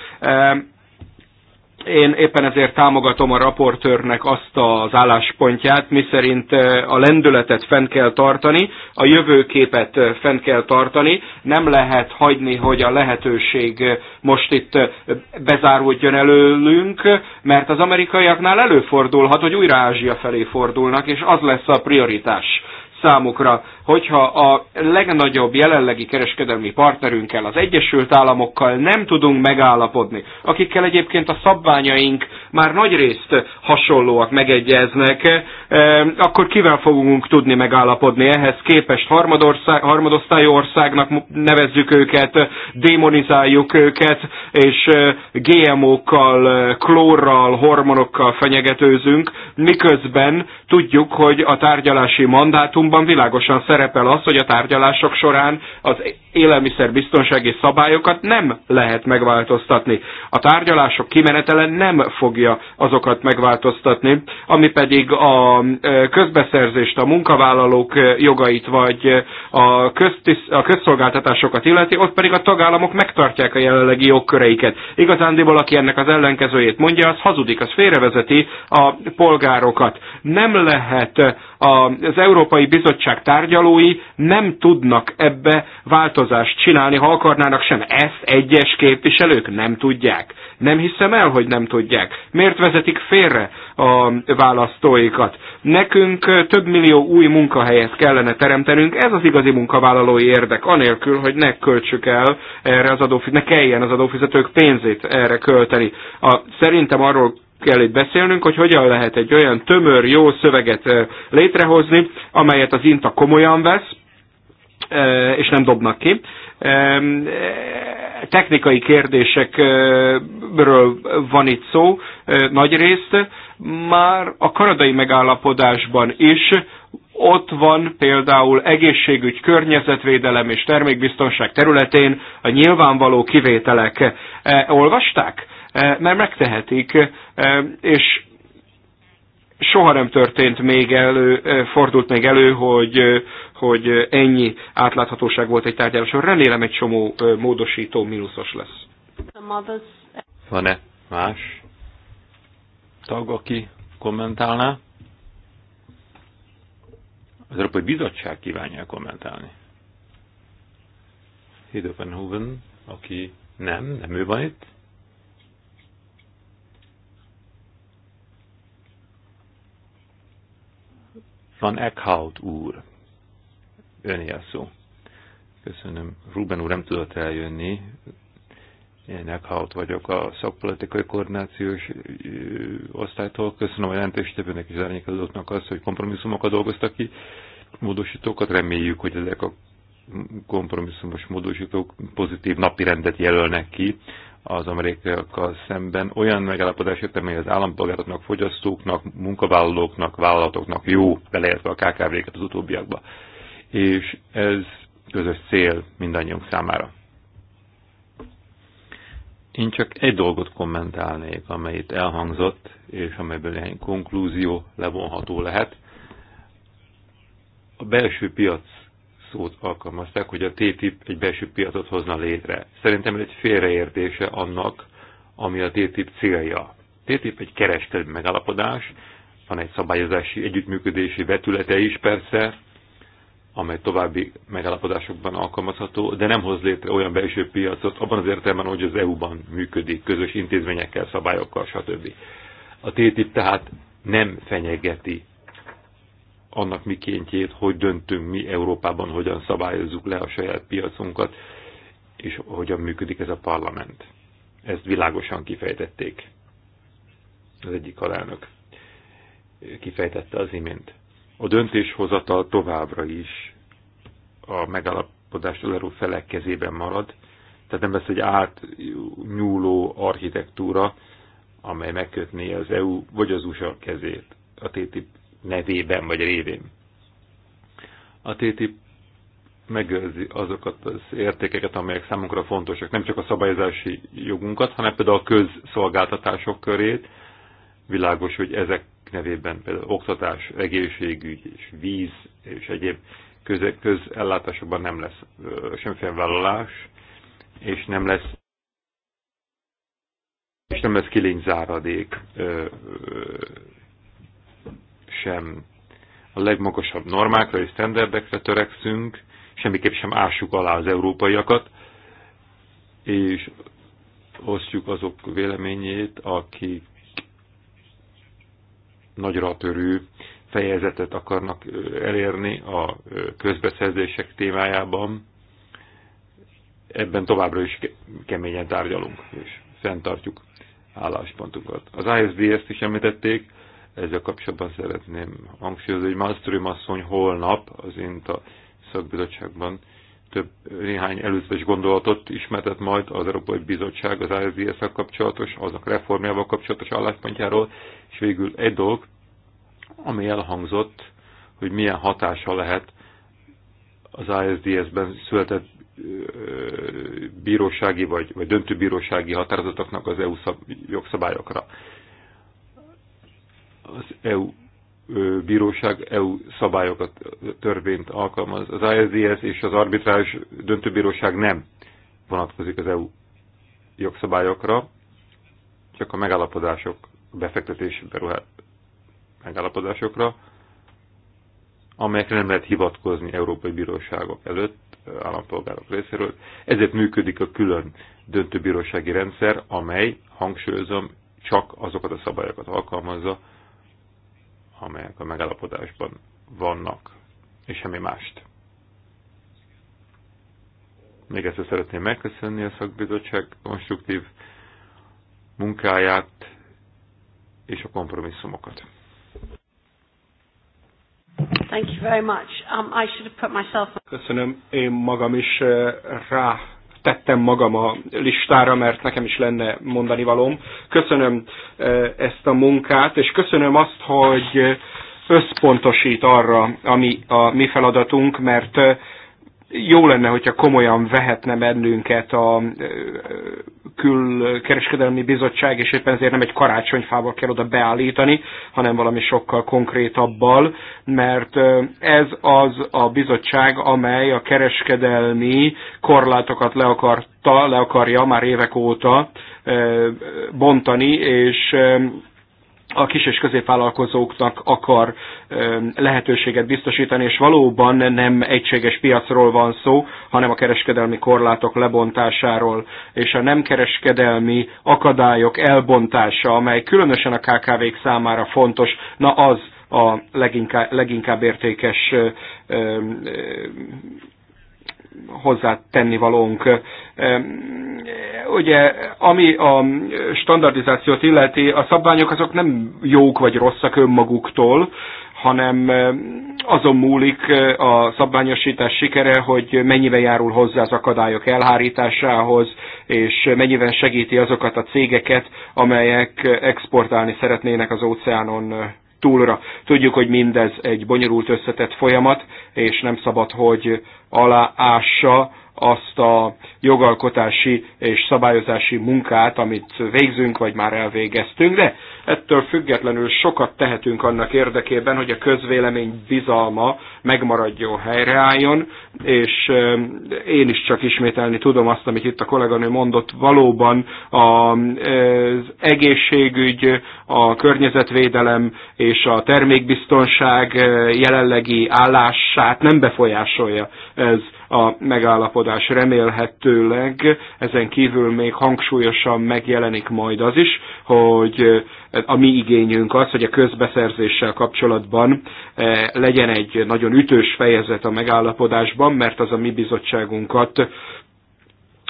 Én éppen ezért támogatom a raportőrnek azt az álláspontját, miszerint eh, a lendületet fent kell tartani, a jövőképet eh, fent kell tartani. Nem lehet hagyni, hogy a lehetőség eh, most itt bezáruljon előlünk, mert az amerikaiaknál előfordulhat, hogy újra Ázsia felé fordulnak, és az lesz a prioritás számukra hogyha a legnagyobb jelenlegi kereskedelmi partnerünkkel, az Egyesült Államokkal nem tudunk megállapodni, akikkel egyébként a szabványaink már nagyrészt hasonlóak megegyeznek, eh, akkor kivel fogunk tudni megállapodni ehhez képest harmadország, harmadosztályú országnak nevezzük őket, démonizáljuk őket, és eh, GMO-kkal, klórral, hormonokkal fenyegetőzünk, miközben tudjuk, hogy a tárgyalási mandátumban világosan szeretnénk szerepel az, hogy a tárgyalások során az élelmiszerbiztonsági szabályokat nem lehet megváltoztatni. A tárgyalások kimenetele nem fogja azokat megváltoztatni, ami pedig a közbeszerzést, a munkavállalók jogait vagy a, köztis, a közszolgáltatásokat illeti, ott pedig a tagállamok megtartják a jelenlegi jogköreiket. Igazándiból, aki ennek az ellenkezőjét mondja, az hazudik, az félrevezeti a polgárokat. Nem lehet az Európai Bizottság tárgyalói nem tudnak ebbe változást csinálni, ha akarnának sem. Ezt egyes képviselők nem tudják. Nem hiszem el, hogy nem tudják. Miért vezetik félre a választóikat? Nekünk több millió új munkahelyet kellene teremtenünk, ez az igazi munkavállalói érdek, anélkül, hogy ne költsük el erre az adófizetők, ne kelljen az adófizetők pénzét erre költeni. A, szerintem arról kell itt beszélnünk, hogy hogyan lehet egy olyan tömör, jó szöveget létrehozni, amelyet az INTA komolyan vesz, és nem dobnak ki. Technikai kérdésekről van itt szó nagy részt. Már a karadai megállapodásban is ott van például egészségügy, környezetvédelem és termékbiztonság területén a nyilvánvaló kivételek. Olvasták? Mert megtehetik és soha nem történt még elő, fordult még elő, hogy, hogy ennyi átláthatóság volt egy tárgyaláson. Remélem egy csomó módosító mínuszos lesz. Van-e más tag, aki kommentálná? Az Európai Bizottság kívánja kommentálni. Hidopenhoven, aki nem, nem ő van itt. Van Eckhout úr. Öné a szó. Köszönöm. Ruben úr nem tudott eljönni. Én Eckhout vagyok a szakpolitikai koordinációs osztálytól. Köszönöm a jelentéstevőnek és az árnyékadóknak azt, hogy kompromisszumokat dolgoztak ki, módosítókat. Reméljük, hogy ezek a kompromisszumos módosítók pozitív napi rendet jelölnek ki az amerikaiakkal szemben olyan megállapodás jött, amely az állampolgároknak, fogyasztóknak, munkavállalóknak, vállalatoknak jó, beleértve a KKV-ket az utóbbiakba. És ez közös cél mindannyiunk számára. Én csak egy dolgot kommentálnék, amelyet elhangzott, és amelyből néhány konklúzió levonható lehet. A belső piac szót alkalmazták, hogy a TTIP egy belső piacot hozna létre. Szerintem ez egy félreértése annak, ami a TTIP célja. TTIP egy kereskedelmi megállapodás, van egy szabályozási együttműködési vetülete is persze, amely további megállapodásokban alkalmazható, de nem hoz létre olyan belső piacot abban az értelemben, hogy az EU-ban működik, közös intézményekkel, szabályokkal, stb. A TTIP tehát nem fenyegeti annak mikéntjét, hogy döntünk mi Európában, hogyan szabályozzuk le a saját piacunkat, és hogyan működik ez a parlament. Ezt világosan kifejtették. Az egyik alelnök kifejtette az imént. A döntéshozatal továbbra is a megállapodást alerő felek kezében marad, tehát nem lesz egy átnyúló architektúra, amely megkötné az EU vagy az USA kezét a TTIP nevében vagy révén. A TTIP megőrzi azokat az értékeket, amelyek számunkra fontosak, nem csak a szabályozási jogunkat, hanem például a közszolgáltatások körét. Világos, hogy ezek nevében például oktatás, egészségügy és víz és egyéb közellátásokban nem lesz semmilyen vállalás, és nem lesz és nem lesz záradék sem a legmagasabb normákra és sztenderdekre törekszünk, semmiképp sem ássuk alá az európaiakat, és osztjuk azok véleményét, akik nagyra törő fejezetet akarnak elérni a közbeszerzések témájában. Ebben továbbra is keményen tárgyalunk, és fenntartjuk álláspontunkat. Az ISDS-t is említették, ezzel kapcsolatban szeretném hangsúlyozni, hogy Malmström asszony holnap az INTA szakbizottságban több néhány előzetes gondolatot ismertet majd az Európai Bizottság az isds kapcsolatos, aznak reformjával kapcsolatos álláspontjáról, és végül egy dolog, ami elhangzott, hogy milyen hatása lehet az ISDS-ben született bírósági vagy, vagy döntőbírósági határozatoknak az EU jogszabályokra az EU bíróság EU szabályokat, törvényt alkalmaz. Az ISDS és az arbitrás döntőbíróság nem vonatkozik az EU jogszabályokra, csak a megállapodások, befektetési beruhát megállapodásokra, amelyekre nem lehet hivatkozni európai bíróságok előtt, állampolgárok részéről. Ezért működik a külön döntőbírósági rendszer, amely, hangsúlyozom, csak azokat a szabályokat alkalmazza, amelyek a megállapodásban vannak, és semmi mást. Még egyszer szeretném megköszönni a szakbizottság konstruktív munkáját és a kompromisszumokat. Thank you very much. Um, I should have put myself... Köszönöm, én magam is eh, rá tettem magam a listára, mert nekem is lenne mondani valóm. Köszönöm eh, ezt a munkát, és köszönöm azt, hogy eh, összpontosít arra, ami a mi feladatunk, mert eh, jó lenne, hogyha komolyan vehetne bennünket a külkereskedelmi bizottság, és éppen ezért nem egy karácsonyfával kell oda beállítani, hanem valami sokkal konkrétabbal, mert ez az a bizottság, amely a kereskedelmi korlátokat le akarta, le akarja már évek óta bontani, és a kis és középvállalkozóknak akar lehetőséget biztosítani, és valóban nem egységes piacról van szó, hanem a kereskedelmi korlátok lebontásáról, és a nem kereskedelmi akadályok elbontása, amely különösen a KKV-k számára fontos, na az a leginkább, leginkább értékes hozzá tennivalónk. Ugye, ami a standardizációt illeti, a szabványok azok nem jók vagy rosszak önmaguktól, hanem azon múlik eh, a szabványosítás sikere, hogy mennyiben járul hozzá az akadályok elhárításához, és mennyiben segíti azokat a cégeket, amelyek exportálni szeretnének az óceánon eh, túlra. Tudjuk, hogy mindez egy bonyolult összetett folyamat, és nem szabad, hogy aláássa azt a jogalkotási és szabályozási munkát, amit végzünk, vagy már elvégeztünk, de ettől függetlenül sokat tehetünk annak érdekében, hogy a közvélemény bizalma megmaradjon, helyreálljon, és eh, én is csak ismételni tudom azt, amit itt a kolléganő mondott, valóban eh, az egészségügy, a környezetvédelem és a termékbiztonság eh, jelenlegi állását nem befolyásolja ez a megállapodás remélhetőleg. Ezen kívül még hangsúlyosan megjelenik majd az is, hogy eh, a mi igényünk az, hogy a közbeszerzéssel kapcsolatban eh, legyen egy nagyon ütős fejezet a megállapodásban, mert az a mi bizottságunkat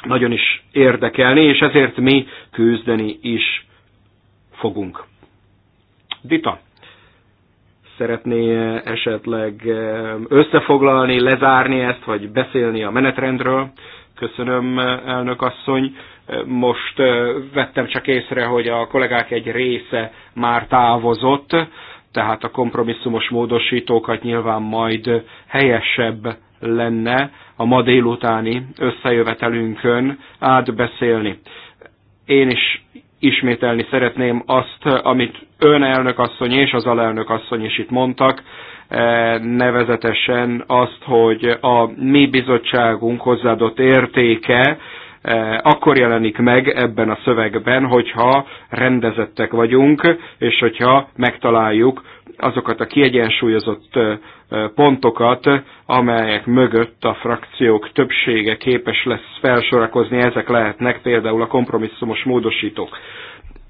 nagyon is érdekelni, és ezért mi küzdeni is fogunk. Dita szeretné eh, esetleg eh, összefoglalni, lezárni ezt, vagy beszélni a menetrendről. Köszönöm, eh, elnök asszony. Most vettem csak észre, hogy a kollégák egy része már távozott, tehát a kompromisszumos módosítókat nyilván majd helyesebb lenne a ma délutáni összejövetelünkön átbeszélni. Én is ismételni szeretném azt, amit ön elnök asszony és az alelnök asszony is itt mondtak, eh, nevezetesen azt, hogy a mi bizottságunk hozzáadott értéke eh, akkor jelenik meg ebben a szövegben, hogyha rendezettek vagyunk, és hogyha megtaláljuk azokat a kiegyensúlyozott pontokat, amelyek mögött a frakciók többsége képes lesz felsorakozni, ezek lehetnek például a kompromisszumos módosítók.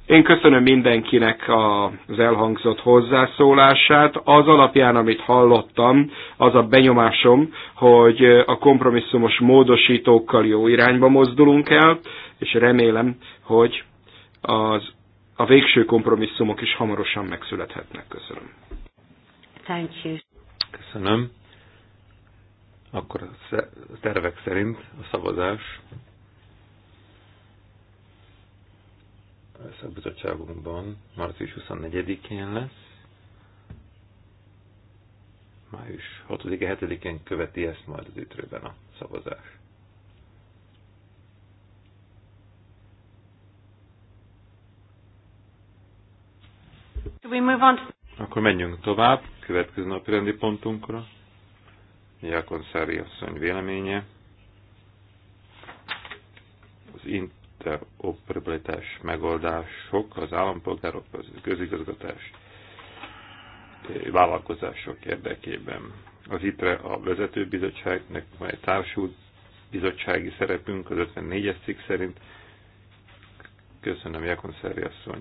Én köszönöm mindenkinek az elhangzott hozzászólását. Az alapján, amit hallottam, az a benyomásom, hogy a kompromisszumos módosítókkal jó irányba mozdulunk el, és remélem, hogy az a végső kompromisszumok is hamarosan megszülethetnek. Köszönöm. Thank you. Köszönöm. Akkor a tervek szerint a szavazás a bizottságunkban március 24-én lesz. Május 6-7-én követi ezt majd az ütrőben a szavazás. Akkor menjünk tovább, következő napi rendi pontunkra. Jákon Szári asszony véleménye. Az interoperabilitás megoldások az állampolgárok, az közigazgatás eh, vállalkozások érdekében. Az ITRE a vezetőbizottságnak, egy társult bizottsági szerepünk az 54-es cikk szerint. Köszönöm Jákon Szári asszony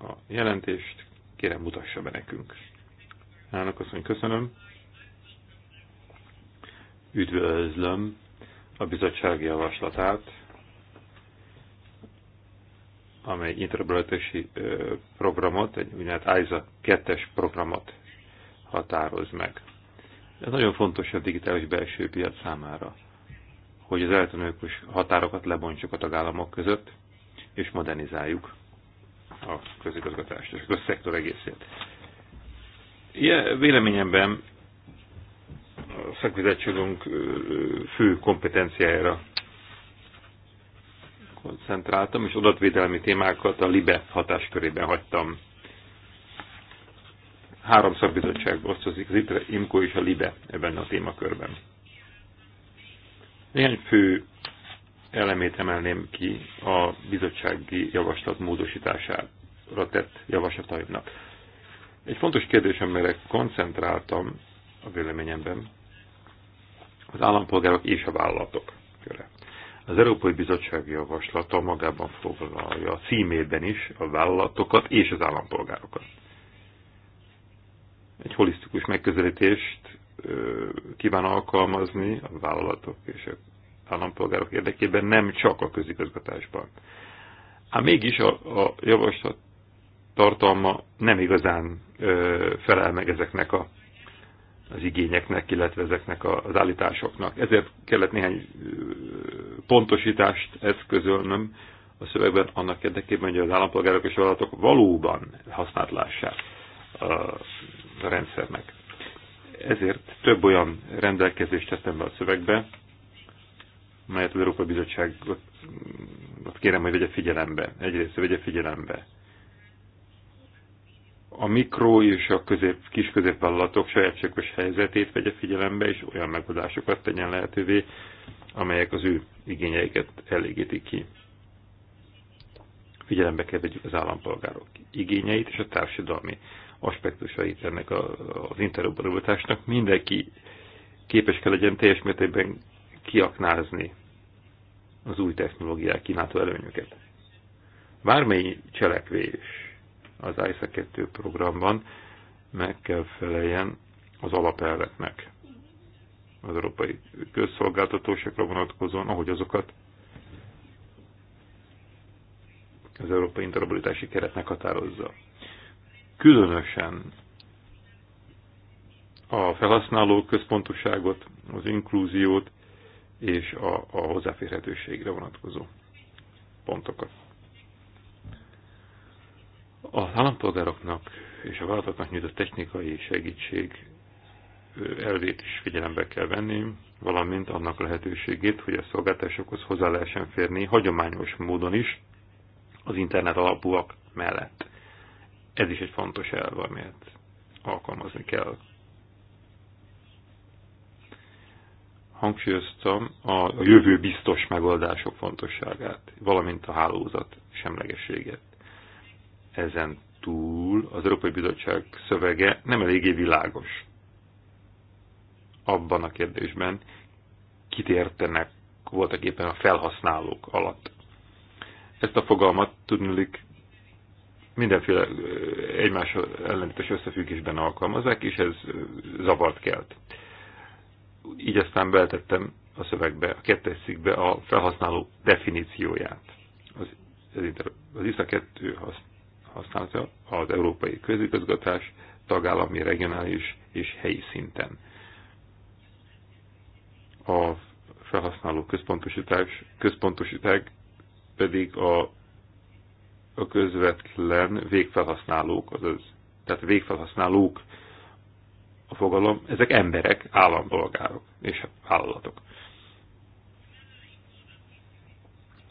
a jelentést, Kérem, mutassa be nekünk. Állnak azt, mondja, köszönöm. Üdvözlöm a bizottság javaslatát, amely interoperabilitási programot, egy úgynevezett ISA 2-es programot határoz meg. Ez nagyon fontos a digitális belső piac számára, hogy az elektronikus határokat lebontsuk a tagállamok között, és modernizáljuk a közigazgatást és a közszektor egészét. Ilyen véleményemben a szakvizetségünk fő kompetenciájára koncentráltam, és adatvédelmi témákat a LIBE hatáskörében hagytam. Három szakbizottság osztozik, az IMCO és a LIBE ebben a témakörben. Néhány fő elemét emelném ki a bizottsági javaslat módosítására tett javaslataimnak. Egy fontos kérdés, amire koncentráltam a véleményemben, az állampolgárok és a vállalatok köre. Az Európai Bizottság javaslata magában foglalja a címében is a vállalatokat és az állampolgárokat. Egy holisztikus megközelítést kíván alkalmazni a vállalatok és a állampolgárok érdekében, nem csak a közigazgatásban. Ám mégis a, a javaslat tartalma nem igazán ö, felel meg ezeknek a, az igényeknek, illetve ezeknek a, az állításoknak. Ezért kellett néhány ö, pontosítást eszközölnöm a szövegben annak érdekében, hogy az állampolgárok és vállalatok valóban használt lássák a rendszernek. Ezért több olyan rendelkezést tettem be a szövegbe, melyet az Európai Bizottság ott kérem, hogy vegye figyelembe. Egyrészt vegye figyelembe. A mikro és a közép, kis középvállalatok sajátságos helyzetét vegye figyelembe, és olyan megoldásokat tegyen lehetővé, amelyek az ő igényeiket elégítik ki. Figyelembe kell vegyük az állampolgárok igényeit és a társadalmi aspektusait ennek az interoperabilitásnak. Mindenki képes kell legyen teljes mértékben kiaknázni az új technológiák kínáló előnyöket. Bármely cselekvés az ISA 2 programban meg kell feleljen az alapelveknek az európai közszolgáltatósokra vonatkozóan, ahogy azokat az európai interoperabilitási keretnek határozza. Különösen a felhasználó központoságot, az inkluziót és a, a hozzáférhetőségre vonatkozó pontokat. Az állampolgároknak és a vállalatoknak nyújtott technikai segítség elvét is figyelembe kell venni, valamint annak lehetőségét, hogy a szolgáltásokhoz hozzá lehessen férni hagyományos módon is az internet alapúak mellett. Ez is egy fontos elv, amelyet alkalmazni kell hangsúlyoztam a jövő biztos megoldások fontosságát, valamint a hálózat semlegességet. Ezen túl az Európai Bizottság szövege nem eléggé világos. Abban a kérdésben kit értenek voltak éppen a felhasználók alatt. Ezt a fogalmat tudnulik mindenféle egymás ellentétes összefüggésben alkalmazzák, és ez zavart kelt így aztán beletettem a szövegbe, a kettes szikbe a felhasználó definícióját. Az, az ISA 2 használata az európai közigazgatás tagállami, regionális és helyi szinten. A felhasználó központosítás, központosítás pedig a, a közvetlen végfelhasználók, azaz, tehát végfelhasználók a fogalom, ezek emberek, állampolgárok és vállalatok.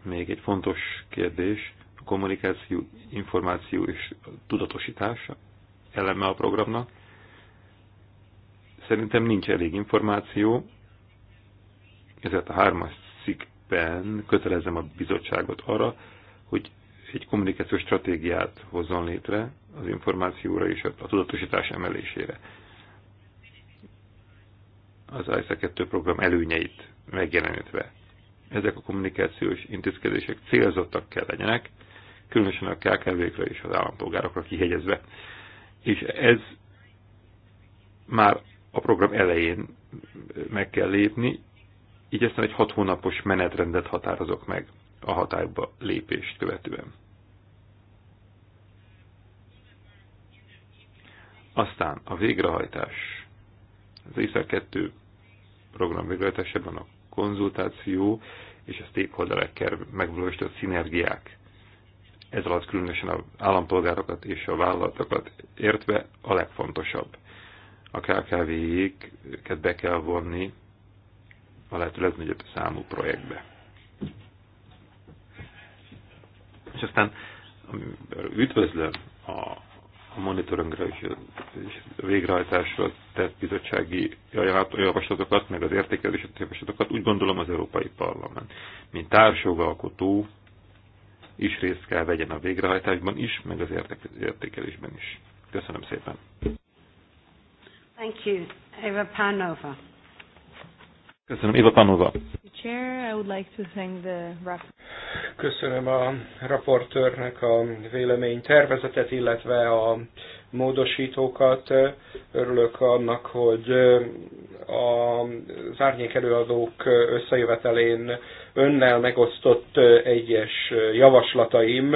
Még egy fontos kérdés, a kommunikáció, információ és tudatosítása eleme a programnak. Szerintem nincs elég információ, ezért a hármas cikkben kötelezem a bizottságot arra, hogy egy kommunikációs stratégiát hozzon létre az információra és a tudatosítás emelésére az ISA 2 program előnyeit megjelenítve. Ezek a kommunikációs intézkedések célzottak kell legyenek, különösen a kkv és az állampolgárokra kihegyezve. És ez már a program elején meg kell lépni, így aztán egy hat hónapos menetrendet határozok meg a hatályba lépést követően. Aztán a végrehajtás. Az észak 2 program végrehajtásában a konzultáció és a stakeholderekkel megvalósított szinergiák. Ez alatt különösen az állampolgárokat és a vállalatokat értve a legfontosabb. A KKV-éket be kell vonni a lehető legnagyobb számú projektbe. És aztán üdvözlöm a a monitoringra és a végrehajtásra tett bizottsági javaslatokat, meg az értékelési javaslatokat úgy gondolom az Európai Parlament, mint társjogalkotó is részt kell vegyen a végrehajtásban is, meg az értékelésben is. Köszönöm szépen. Thank you. Eva Panova. Köszönöm, Eva Panova. Chair. I would like to thank the Köszönöm a raportőrnek a vélemény tervezetet, illetve a módosítókat. Örülök annak, hogy az árnyék előadók összejövetelén önnel megosztott egyes javaslataim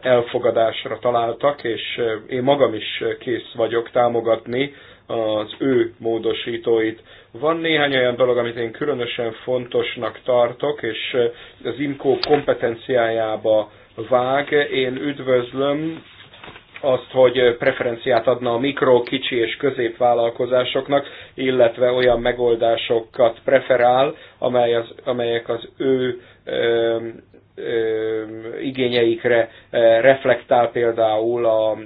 elfogadásra találtak, és én magam is kész vagyok támogatni az ő módosítóit. Van néhány olyan dolog, amit én különösen fontosnak tartok, és az IMCO kompetenciájába vág. Én üdvözlöm azt, hogy preferenciát adna a mikro, kicsi és középvállalkozásoknak, illetve olyan megoldásokat preferál, amely az, amelyek az ő igényeikre reflektál például a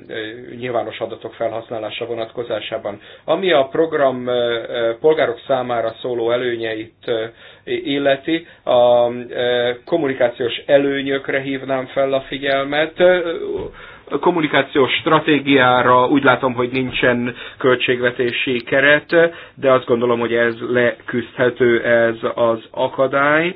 nyilvános adatok felhasználása vonatkozásában. Ami a program polgárok számára szóló előnyeit illeti, a kommunikációs előnyökre hívnám fel a figyelmet. A kommunikációs stratégiára úgy látom, hogy nincsen költségvetési keret, de azt gondolom, hogy ez leküzdhető ez az akadály.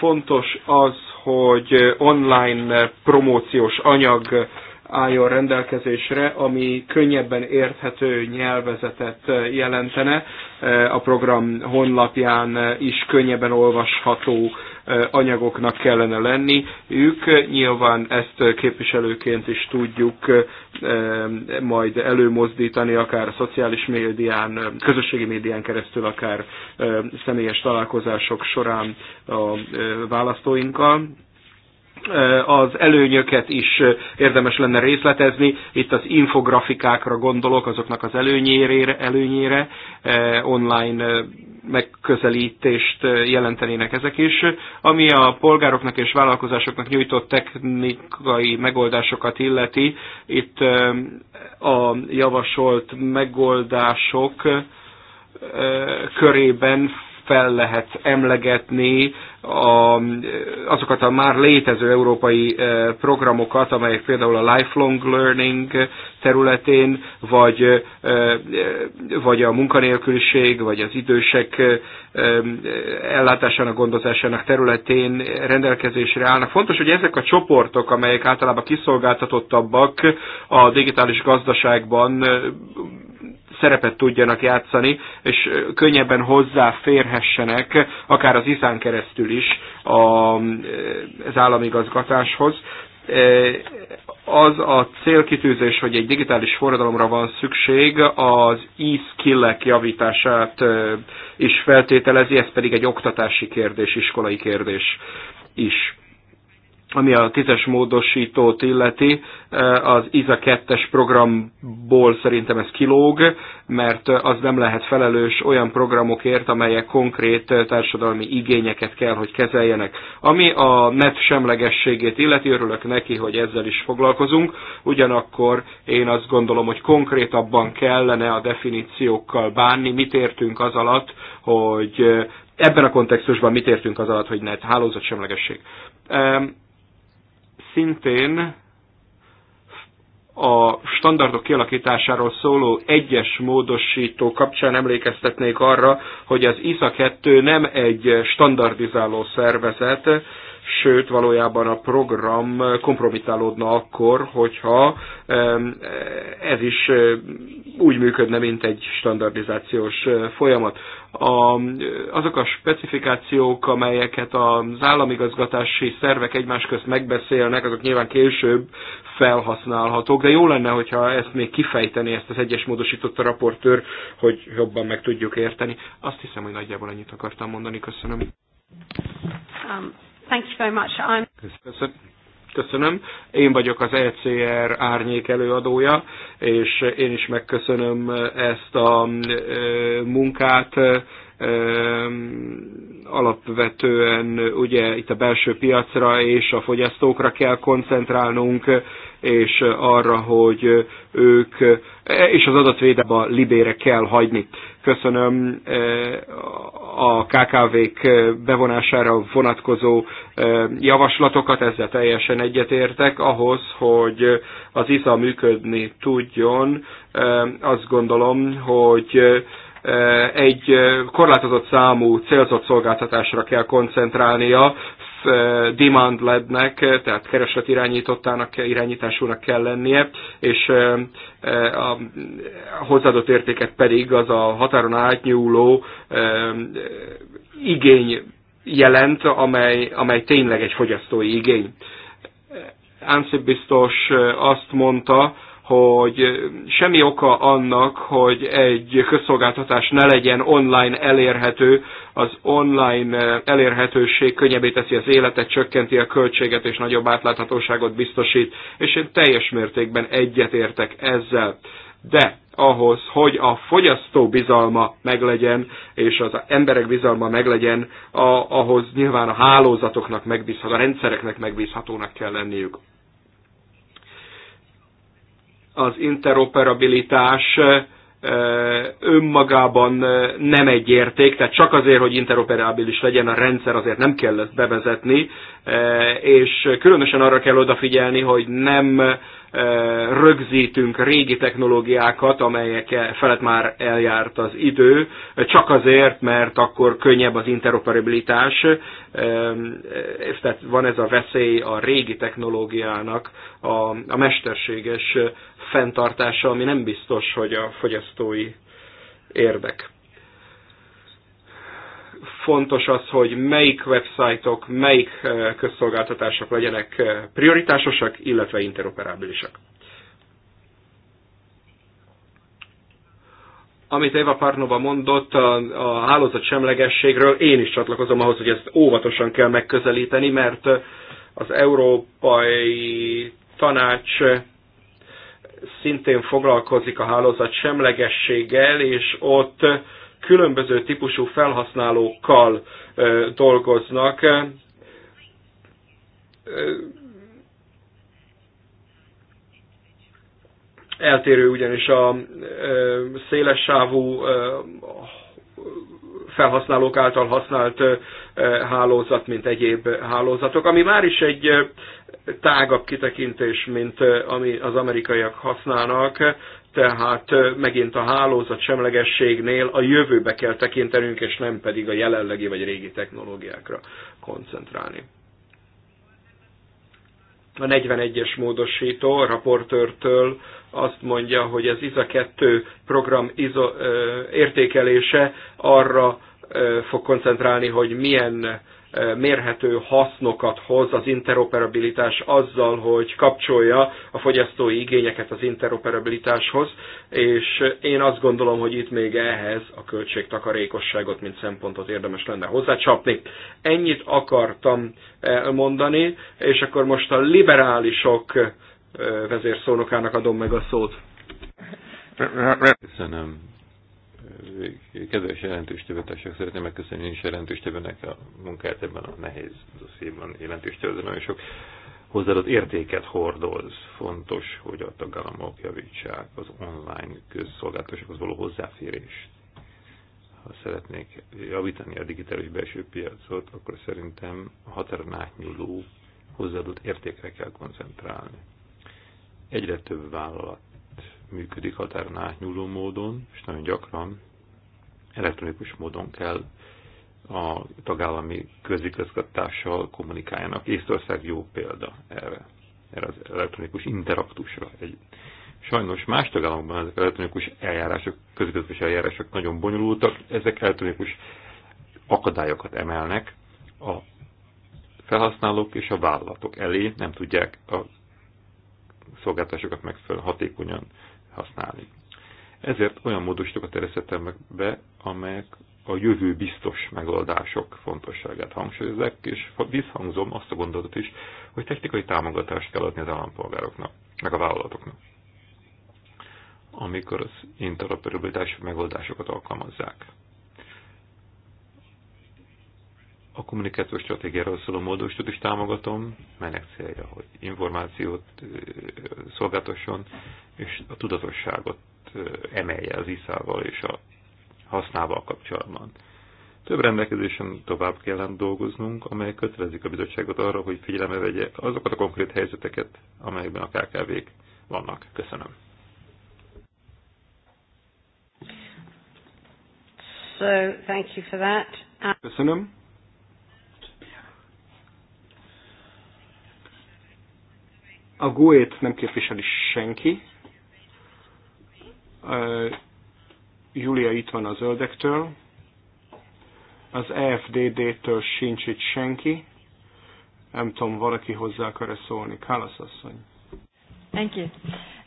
Fontos az, hogy online promóciós anyag álljon rendelkezésre, ami könnyebben érthető nyelvezetet jelentene. Eh, a program honlapján is könnyebben olvasható eh, anyagoknak kellene lenni. Ők nyilván ezt képviselőként is tudjuk eh, majd előmozdítani, akár a szociális médián, közösségi médián keresztül, akár személyes találkozások során a választóinkkal. Eh, az előnyöket is eh, érdemes lenne részletezni. Itt az infografikákra gondolok, azoknak az előnyére, előnyére eh, online megközelítést jelentenének ezek is. Ami a polgároknak és vállalkozásoknak nyújtott technikai megoldásokat illeti, itt a javasolt megoldások körében fel lehet emlegetni a, azokat a már létező európai eh, programokat, amelyek például a lifelong learning területén, vagy, eh, eh, vagy a munkanélküliség, vagy az idősek ellátásának, gondozásának területén rendelkezésre állnak. Fontos, hogy ezek a csoportok, amelyek általában kiszolgáltatottabbak a digitális gazdaságban, szerepet tudjanak játszani, és könnyebben hozzáférhessenek, akár az ISZÁN keresztül is az államigazgatáshoz az a célkitűzés, hogy egy digitális forradalomra van szükség, az e-skillek javítását is feltételezi, ez pedig egy oktatási kérdés, iskolai kérdés is ami a tízes módosítót illeti, e, az ISA 2-es programból szerintem ez kilóg, mert az nem lehet felelős olyan programokért, amelyek konkrét társadalmi igényeket kell, hogy kezeljenek. Ami a net semlegességét illeti, örülök neki, hogy ezzel is foglalkozunk, ugyanakkor én azt gondolom, hogy konkrétabban kellene a definíciókkal bánni, mit értünk az alatt, hogy ebben a kontextusban mit értünk az alatt, hogy net hálózat semlegesség szintén a standardok kialakításáról szóló egyes módosító kapcsán emlékeztetnék arra, hogy az ISA 2 nem egy standardizáló szervezet, sőt valójában a program kompromitálódna akkor, hogyha ez is úgy működne, mint egy standardizációs folyamat. A, azok a specifikációk, amelyeket az államigazgatási szervek egymás közt megbeszélnek, azok nyilván később felhasználhatók, de jó lenne, hogyha ezt még kifejteni, ezt az egyes módosított a raportőr, hogy jobban meg tudjuk érteni. Azt hiszem, hogy nagyjából ennyit akartam mondani. Köszönöm. Um. Thank you very much. I'm... Köszönöm. Én vagyok az ECR árnyék előadója, és én is megköszönöm ezt a munkát. Alapvetően ugye itt a belső piacra és a fogyasztókra kell koncentrálnunk, és arra, hogy ők, és az adatvédelme libére kell hagyni. Köszönöm a KKV-k bevonására vonatkozó javaslatokat, ezzel teljesen egyetértek, ahhoz, hogy az ISA működni tudjon, azt gondolom, hogy egy korlátozott számú célzott szolgáltatásra kell koncentrálnia, Eh, demand lednek, eh, tehát kereslet irányítottának, irányításúnak kell lennie, és eh, a hozzáadott értéket pedig az a határon átnyúló igény jelent, amely, amely tényleg egy fogyasztói igény. Ansip biztos azt mondta, hogy semmi oka annak, hogy egy közszolgáltatás ne legyen online elérhető, az online elérhetőség könnyebbé teszi az életet, csökkenti a költséget és nagyobb átláthatóságot biztosít, és én teljes mértékben egyetértek ezzel. De ahhoz, hogy a fogyasztó bizalma meglegyen, és az emberek bizalma meglegyen, ahhoz nyilván a hálózatoknak megbízható, a rendszereknek megbízhatónak kell lenniük az interoperabilitás önmagában nem egy érték, tehát csak azért, hogy interoperabilis legyen a rendszer, azért nem kell ezt bevezetni, és különösen arra kell odafigyelni, hogy nem rögzítünk régi technológiákat, amelyek e, felett már eljárt az idő, csak azért, mert akkor könnyebb az interoperabilitás, tehát van ez a veszély a régi technológiának, a, a mesterséges fenntartása, ami nem biztos, hogy a fogyasztói érdek. Fontos az, hogy melyik websájtok, melyik eh, közszolgáltatások legyenek eh, prioritásosak, illetve interoperábilisak. amit Eva Parnova mondott a, a hálózat semlegességről, én is csatlakozom ahhoz, hogy ezt óvatosan kell megközelíteni, mert az Európai Tanács szintén foglalkozik a hálózat semlegességgel, és ott különböző típusú felhasználókkal dolgoznak. Eltérő ugyanis a szélessávú felhasználók által használt hálózat, mint egyéb hálózatok, ami már is egy tágabb kitekintés, mint ami az amerikaiak használnak, tehát megint a hálózat semlegességnél a jövőbe kell tekintenünk, és nem pedig a jelenlegi vagy régi technológiákra koncentrálni. A 41-es módosító a raportőrtől azt mondja, hogy az ISA 2 program ISO, ö, értékelése arra ö, fog koncentrálni, hogy milyen mérhető hasznokat hoz az interoperabilitás azzal, hogy kapcsolja a fogyasztói igényeket az interoperabilitáshoz, és én azt gondolom, hogy itt még ehhez a költségtakarékosságot, mint szempontot érdemes lenne hozzácsapni. Ennyit akartam mondani, és akkor most a liberálisok vezérszónokának adom meg a szót. Köszönöm kedves jelentőstövőtársak, szeretném megköszönni én is jelentőstövőnek a munkát ebben a nehéz jelentős Jelentőstövő nagyon sok hozzáadott értéket hordoz. Fontos, hogy a tagállamok javítsák az online közszolgáltatásokhoz való hozzáférést. Ha szeretnék javítani a digitális belső piacot, akkor szerintem a határon átnyúló hozzáadott értékre kell koncentrálni. Egyre több vállalat működik határon átnyúló módon, és nagyon gyakran elektronikus módon kell a tagállami közigazgatással kommunikáljanak. Észtország jó példa erre, erre az elektronikus interaktusra. Egy, sajnos más tagállamokban ezek elektronikus eljárások, közigazgatási eljárások nagyon bonyolultak, ezek elektronikus akadályokat emelnek a felhasználók és a vállalatok elé, nem tudják a szolgáltatásokat megfelelően hatékonyan használni. Ezért olyan módosítókat terjesztettem be, amelyek a jövő biztos megoldások fontosságát hangsúlyozzák, és visszhangzom azt a gondolatot is, hogy technikai támogatást kell adni az állampolgároknak, meg a vállalatoknak, amikor az interoperabilitási megoldásokat alkalmazzák. A kommunikációs stratégiáról szóló módosítót is támogatom, melynek célja, hogy információt szolgáltasson, és a tudatosságot emelje az iszával és a használval kapcsolatban. Több rendelkezésen tovább kellene dolgoznunk, amely kötelezik a bizottságot arra, hogy figyelembe vegye azokat a konkrét helyzeteket, amelyekben a kkv vannak. Köszönöm. So, thank you for that. Köszönöm. A GUE-t nem képviseli senki. Julia itt van a zöldektől. Az EFDD-től sincs itt senki. Nem tudom, valaki hozzá akar-e szólni. Kálasz asszony. Thank you.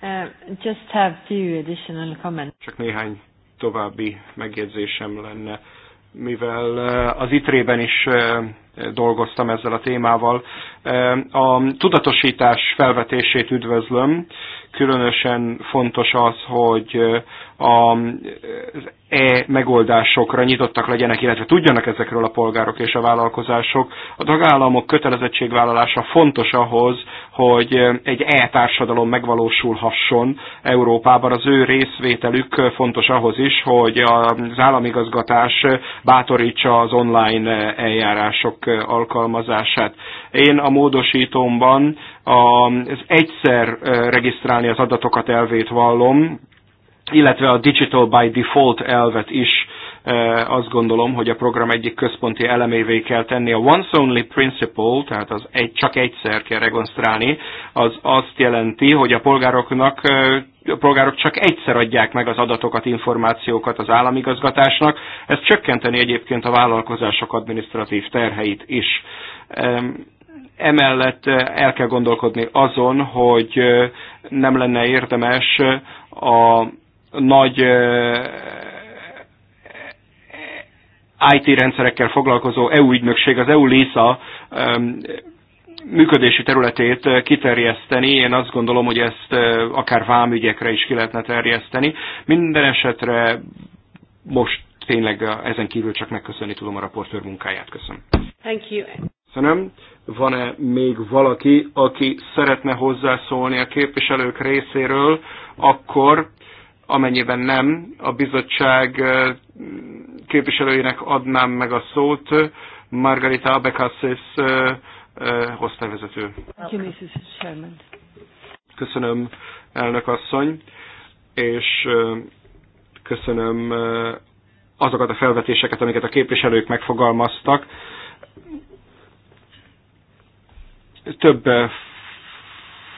Uh, just have few additional comments. Csak néhány további megjegyzésem lenne, mivel uh, az itrében is uh, dolgoztam ezzel a témával. A tudatosítás felvetését üdvözlöm, különösen fontos az, hogy az e-megoldásokra nyitottak legyenek, illetve tudjanak ezekről a polgárok és a vállalkozások. A tagállamok kötelezettségvállalása fontos ahhoz, hogy egy e-társadalom megvalósulhasson Európában. Az ő részvételük fontos ahhoz is, hogy az államigazgatás bátorítsa az online eljárások szabályok eh, alkalmazását. Én a módosítomban az egyszer eh, regisztrálni az adatokat elvét vallom, illetve a Digital by Default elvet is eh, azt gondolom, hogy a program egyik központi elemévé kell tenni. A once only principle, tehát az egy, csak egyszer kell regonstrálni, az azt jelenti, hogy a polgároknak a polgárok csak egyszer adják meg az adatokat, információkat az államigazgatásnak. Ez csökkenteni egyébként a vállalkozások adminisztratív terheit is. Emellett eh, el kell gondolkodni azon, hogy eh, nem lenne érdemes eh, a nagy IT rendszerekkel foglalkozó EU ügynökség, az EU LISA működési területét eh, kiterjeszteni. Én azt gondolom, hogy ezt eh, akár vámügyekre is ki lehetne terjeszteni. Minden esetre most tényleg eh, ezen kívül csak megköszönni tudom a raportőr munkáját. Köszönöm. Thank you. Köszönöm. Van-e még valaki, aki szeretne hozzászólni a képviselők részéről, akkor amennyiben nem, a bizottság képviselőinek adnám meg a szót. Margarita Abekassis osztályvezető. Köszönöm, elnök asszony, és köszönöm azokat a felvetéseket, amiket a képviselők megfogalmaztak. Több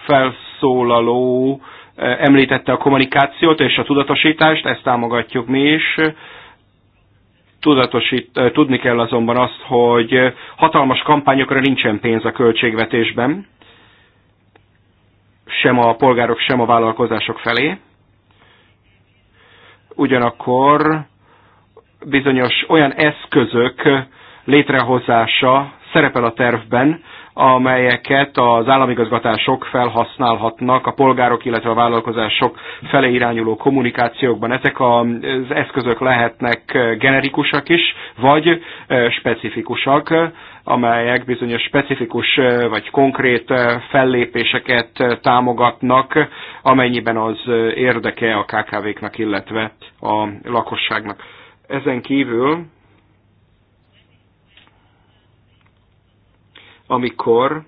felszólaló említette a kommunikációt és a tudatosítást, ezt támogatjuk mi is. Tudatosít, tudni kell azonban azt, hogy hatalmas kampányokra nincsen pénz a költségvetésben, sem a polgárok, sem a vállalkozások felé. Ugyanakkor bizonyos olyan eszközök létrehozása szerepel a tervben, amelyeket az államigazgatások felhasználhatnak a polgárok, illetve a vállalkozások felé irányuló kommunikációkban. Ezek az eszközök lehetnek generikusak is, vagy specifikusak, amelyek bizonyos specifikus vagy konkrét fellépéseket támogatnak, amennyiben az érdeke a KKV-knak, illetve a lakosságnak. Ezen kívül amikor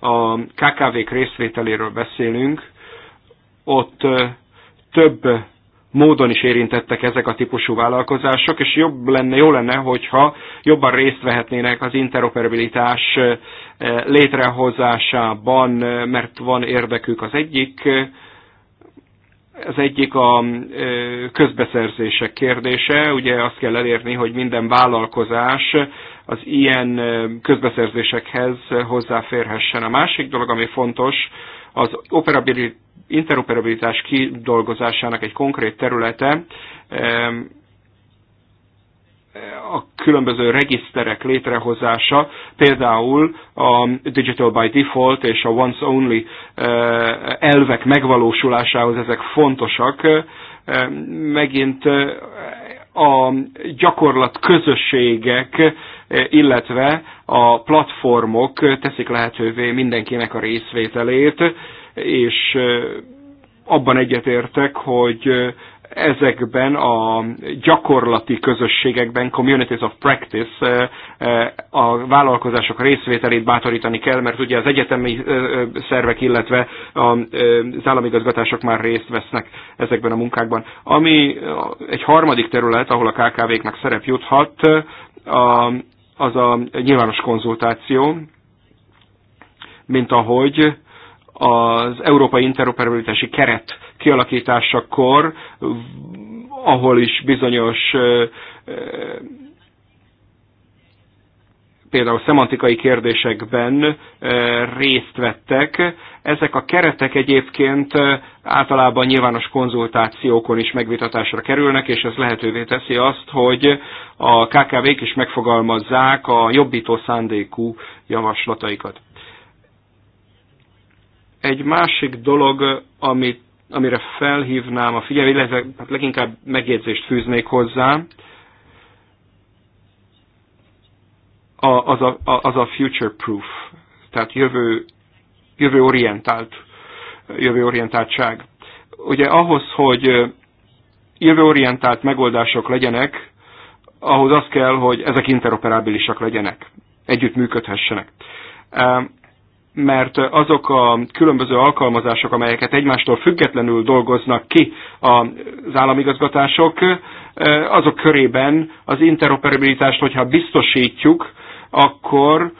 a KKV-k részvételéről beszélünk, ott több módon is érintettek ezek a típusú vállalkozások, és jobb lenne, jó lenne, hogyha jobban részt vehetnének az interoperabilitás létrehozásában, mert van érdekük az egyik az egyik a közbeszerzések kérdése. Ugye azt kell elérni, hogy minden vállalkozás az ilyen közbeszerzésekhez hozzáférhessen. A másik dolog, ami fontos, az interoperabilitás kidolgozásának egy konkrét területe, a különböző regiszterek létrehozása, például a Digital by Default és a Once Only eh, elvek megvalósulásához ezek fontosak. Eh, megint eh, a gyakorlat közösségek, illetve a platformok teszik lehetővé mindenkinek a részvételét, és abban egyetértek, hogy ezekben a gyakorlati közösségekben, communities of practice, a vállalkozások részvételét bátorítani kell, mert ugye az egyetemi szervek, illetve az államigazgatások már részt vesznek ezekben a munkákban. Ami egy harmadik terület, ahol a KKV-knak szerep juthat, az a nyilvános konzultáció, mint ahogy az Európai Interoperabilitási Keret kialakításakor, ahol is bizonyos például szemantikai kérdésekben részt vettek. Ezek a keretek egyébként általában nyilvános konzultációkon is megvitatásra kerülnek, és ez lehetővé teszi azt, hogy a KKV-k is megfogalmazzák a jobbító szándékú javaslataikat. Egy másik dolog, amit amire felhívnám a figyelmet, illetve hát leginkább megjegyzést fűznék hozzá, a, az, a, az a future proof, tehát jövő, jövő orientált, jövő orientáltság. Ugye ahhoz, hogy jövő orientált megoldások legyenek, ahhoz az kell, hogy ezek interoperábilisak legyenek, együtt működhessenek mert azok a különböző alkalmazások, amelyeket egymástól függetlenül dolgoznak ki az államigazgatások, azok körében az interoperabilitást, hogyha biztosítjuk, akkor,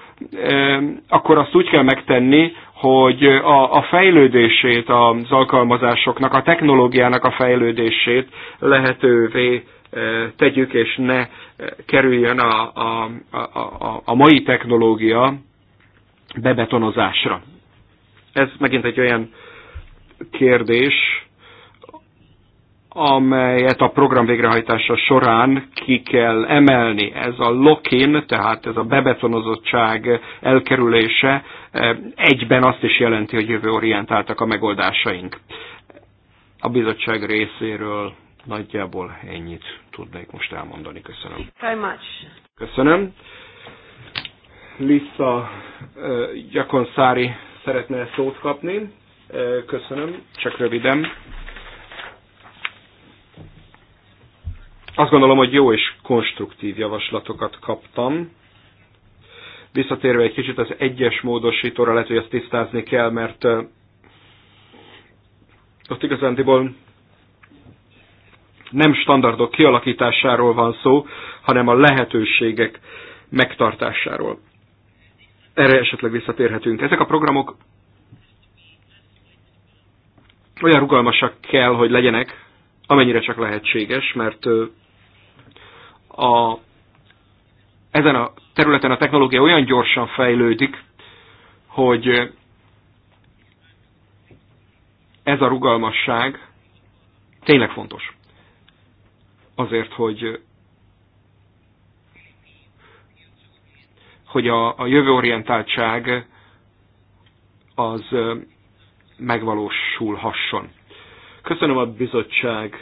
akkor azt úgy kell megtenni, hogy a, a fejlődését az alkalmazásoknak, a technológiának a fejlődését lehetővé e, tegyük, és ne kerüljön a, a, a, a mai technológia bebetonozásra. Ez megint egy olyan kérdés, amelyet a program végrehajtása során ki kell emelni. Ez a lock-in, tehát ez a bebetonozottság elkerülése eh, egyben azt is jelenti, hogy jövőorientáltak a megoldásaink. A bizottság részéről nagyjából ennyit tudnék most elmondani. Köszönöm. Köszönöm. Lissa Gyakonszári szeretne szót kapni. Köszönöm, csak röviden. Azt gondolom, hogy jó és konstruktív javaslatokat kaptam. Visszatérve egy kicsit az egyes módosítóra, lehet, hogy ezt tisztázni kell, mert ott igazándiból nem standardok kialakításáról van szó, hanem a lehetőségek megtartásáról. Erre esetleg visszatérhetünk. Ezek a programok olyan rugalmasak kell, hogy legyenek, amennyire csak lehetséges, mert a, ezen a területen a technológia olyan gyorsan fejlődik, hogy ez a rugalmasság tényleg fontos. Azért, hogy hogy a, a jövőorientáltság az megvalósulhasson. Köszönöm a bizottságnak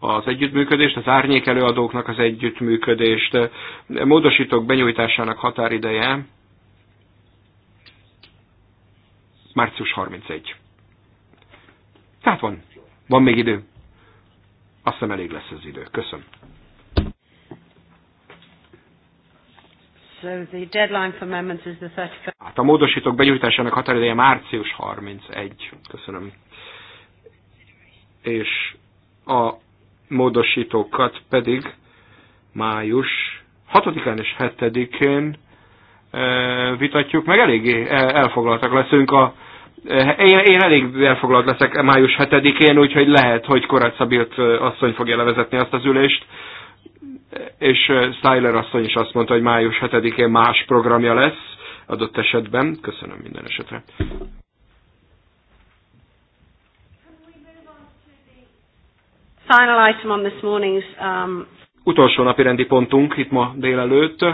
az együttműködést, az árnyék előadóknak az együttműködést. Módosítók benyújtásának határideje március 31. Tehát van, van még idő. Azt hiszem elég lesz az idő. Köszönöm. So the deadline for amendments is the 31 Hát a módosítók benyújtásának határideje március 31. Köszönöm. És a módosítókat pedig május 6-án és 7-én e, vitatjuk, meg eléggé elfoglaltak leszünk a e, én, én elég elfoglalt leszek május 7-én, úgyhogy lehet, hogy Korát Szabilt e, asszony fogja levezetni azt az ülést és Styler asszony is azt mondta, hogy május 7-én más programja lesz adott esetben. Köszönöm minden esetre. Final item on this morning's, um... Utolsó napi rendi pontunk itt ma délelőtt.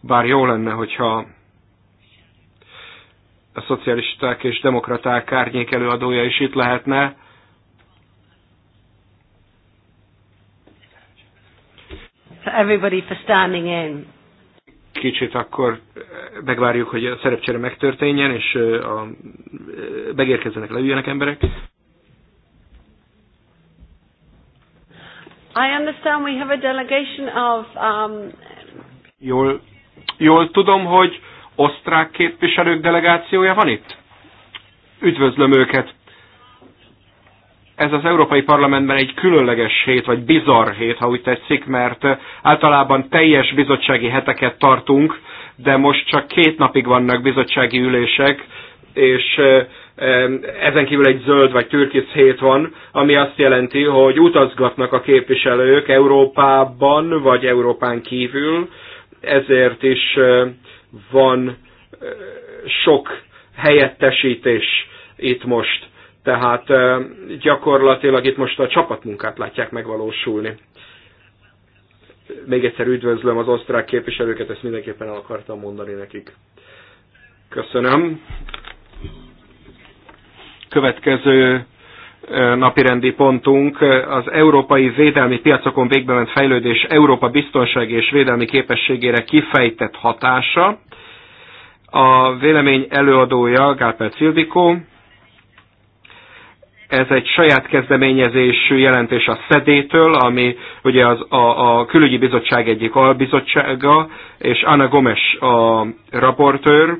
Bár jó lenne, hogyha a szocialisták és demokraták árnyék előadója is itt lehetne. Everybody for standing in. Kicsit akkor megvárjuk, hogy a szerepcsere megtörténjen, és a, megérkezzenek, leüljenek emberek. I understand we have a delegation of... Um... Jól, jól tudom, hogy osztrák képviselők delegációja van itt? Üdvözlöm őket! Ez az Európai Parlamentben egy különleges hét, vagy bizarr hét, ha úgy tetszik, mert eh, általában teljes bizottsági heteket tartunk, de most csak két napig vannak bizottsági ülések, és eh, ezen kívül egy zöld vagy türkisz hét van, ami azt jelenti, hogy utazgatnak a képviselők Európában vagy Európán kívül, ezért is eh, van eh, sok helyettesítés itt most. Tehát eh, gyakorlatilag itt most a csapatmunkát látják megvalósulni. Még egyszer üdvözlöm az osztrák képviselőket, ezt mindenképpen el akartam mondani nekik. Köszönöm. Következő napirendi pontunk az európai védelmi piacokon ment fejlődés Európa biztonsági és védelmi képességére kifejtett hatása. A vélemény előadója Gálper Cildikó. Ez egy saját kezdeményezésű jelentés a szedétől, ami ugye az, a, a külügyi bizottság egyik albizottsága, és Anna Gomes a raportőr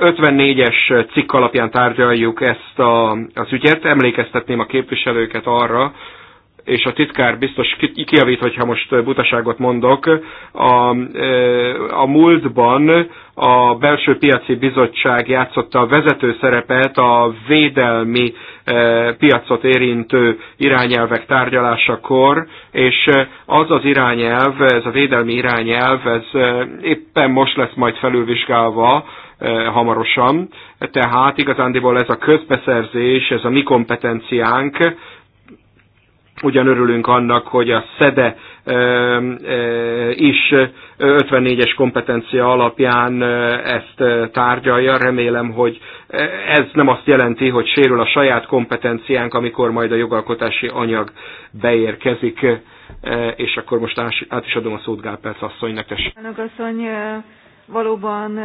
54-es cikk alapján tárgyaljuk ezt a, az ügyet. Emlékeztetném a képviselőket arra, és a titkár biztos kiavít, hogyha most butaságot mondok, a, a múltban a Belső Piaci Bizottság játszotta a vezető szerepet a védelmi e, piacot érintő irányelvek tárgyalásakor, és az az irányelv, ez a védelmi irányelv, ez e, éppen most lesz majd felülvizsgálva, hamarosan. Tehát igazándiból ez a közbeszerzés, ez a mi kompetenciánk, ugyan örülünk annak, hogy a SZEDE is 54-es kompetencia alapján ezt tárgyalja. Remélem, hogy ez nem azt jelenti, hogy sérül a saját kompetenciánk, amikor majd a jogalkotási anyag beérkezik. És akkor most át is adom a szót Gálperc asszonynak. Elnök asszony, valóban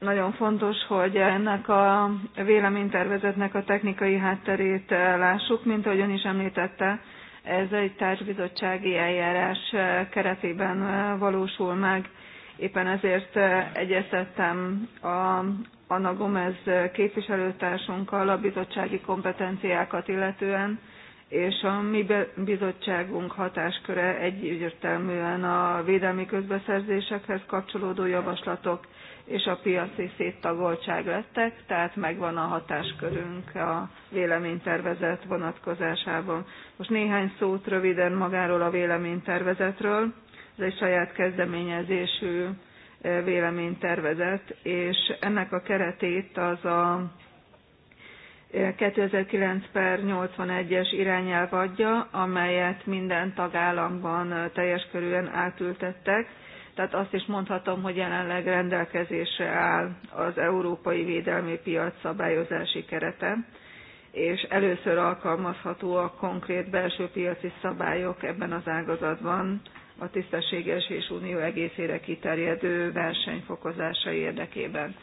nagyon fontos, hogy ennek a véleménytervezetnek a technikai hátterét eh, lássuk, mint ahogy ön is említette, ez egy társbizottsági eljárás eh, keretében eh, valósul meg. Éppen ezért egyeztettem a Anna Gomez képviselőtársunkkal a bizottsági kompetenciákat illetően, és a mi bizottságunk hatásköre egyértelműen a védelmi közbeszerzésekhez kapcsolódó javaslatok és a piaci széttagoltság lettek, tehát megvan a hatáskörünk a véleménytervezet vonatkozásában. Most néhány szót röviden magáról a véleménytervezetről. Ez egy saját kezdeményezésű eh, véleménytervezet, és ennek a keretét az a 2009 eh, per 81-es irányelv adja, amelyet minden tagállamban eh, teljes körűen átültettek, tehát azt is mondhatom hogy jelenleg rendelkezésre áll az európai védelmi piac szabályozási kerete és először alkalmazhatóak konkrét belső piaci szabályok ebben az ágazatban a tisztességes és unió egészére kiterjedő versenyfokozása érdekében.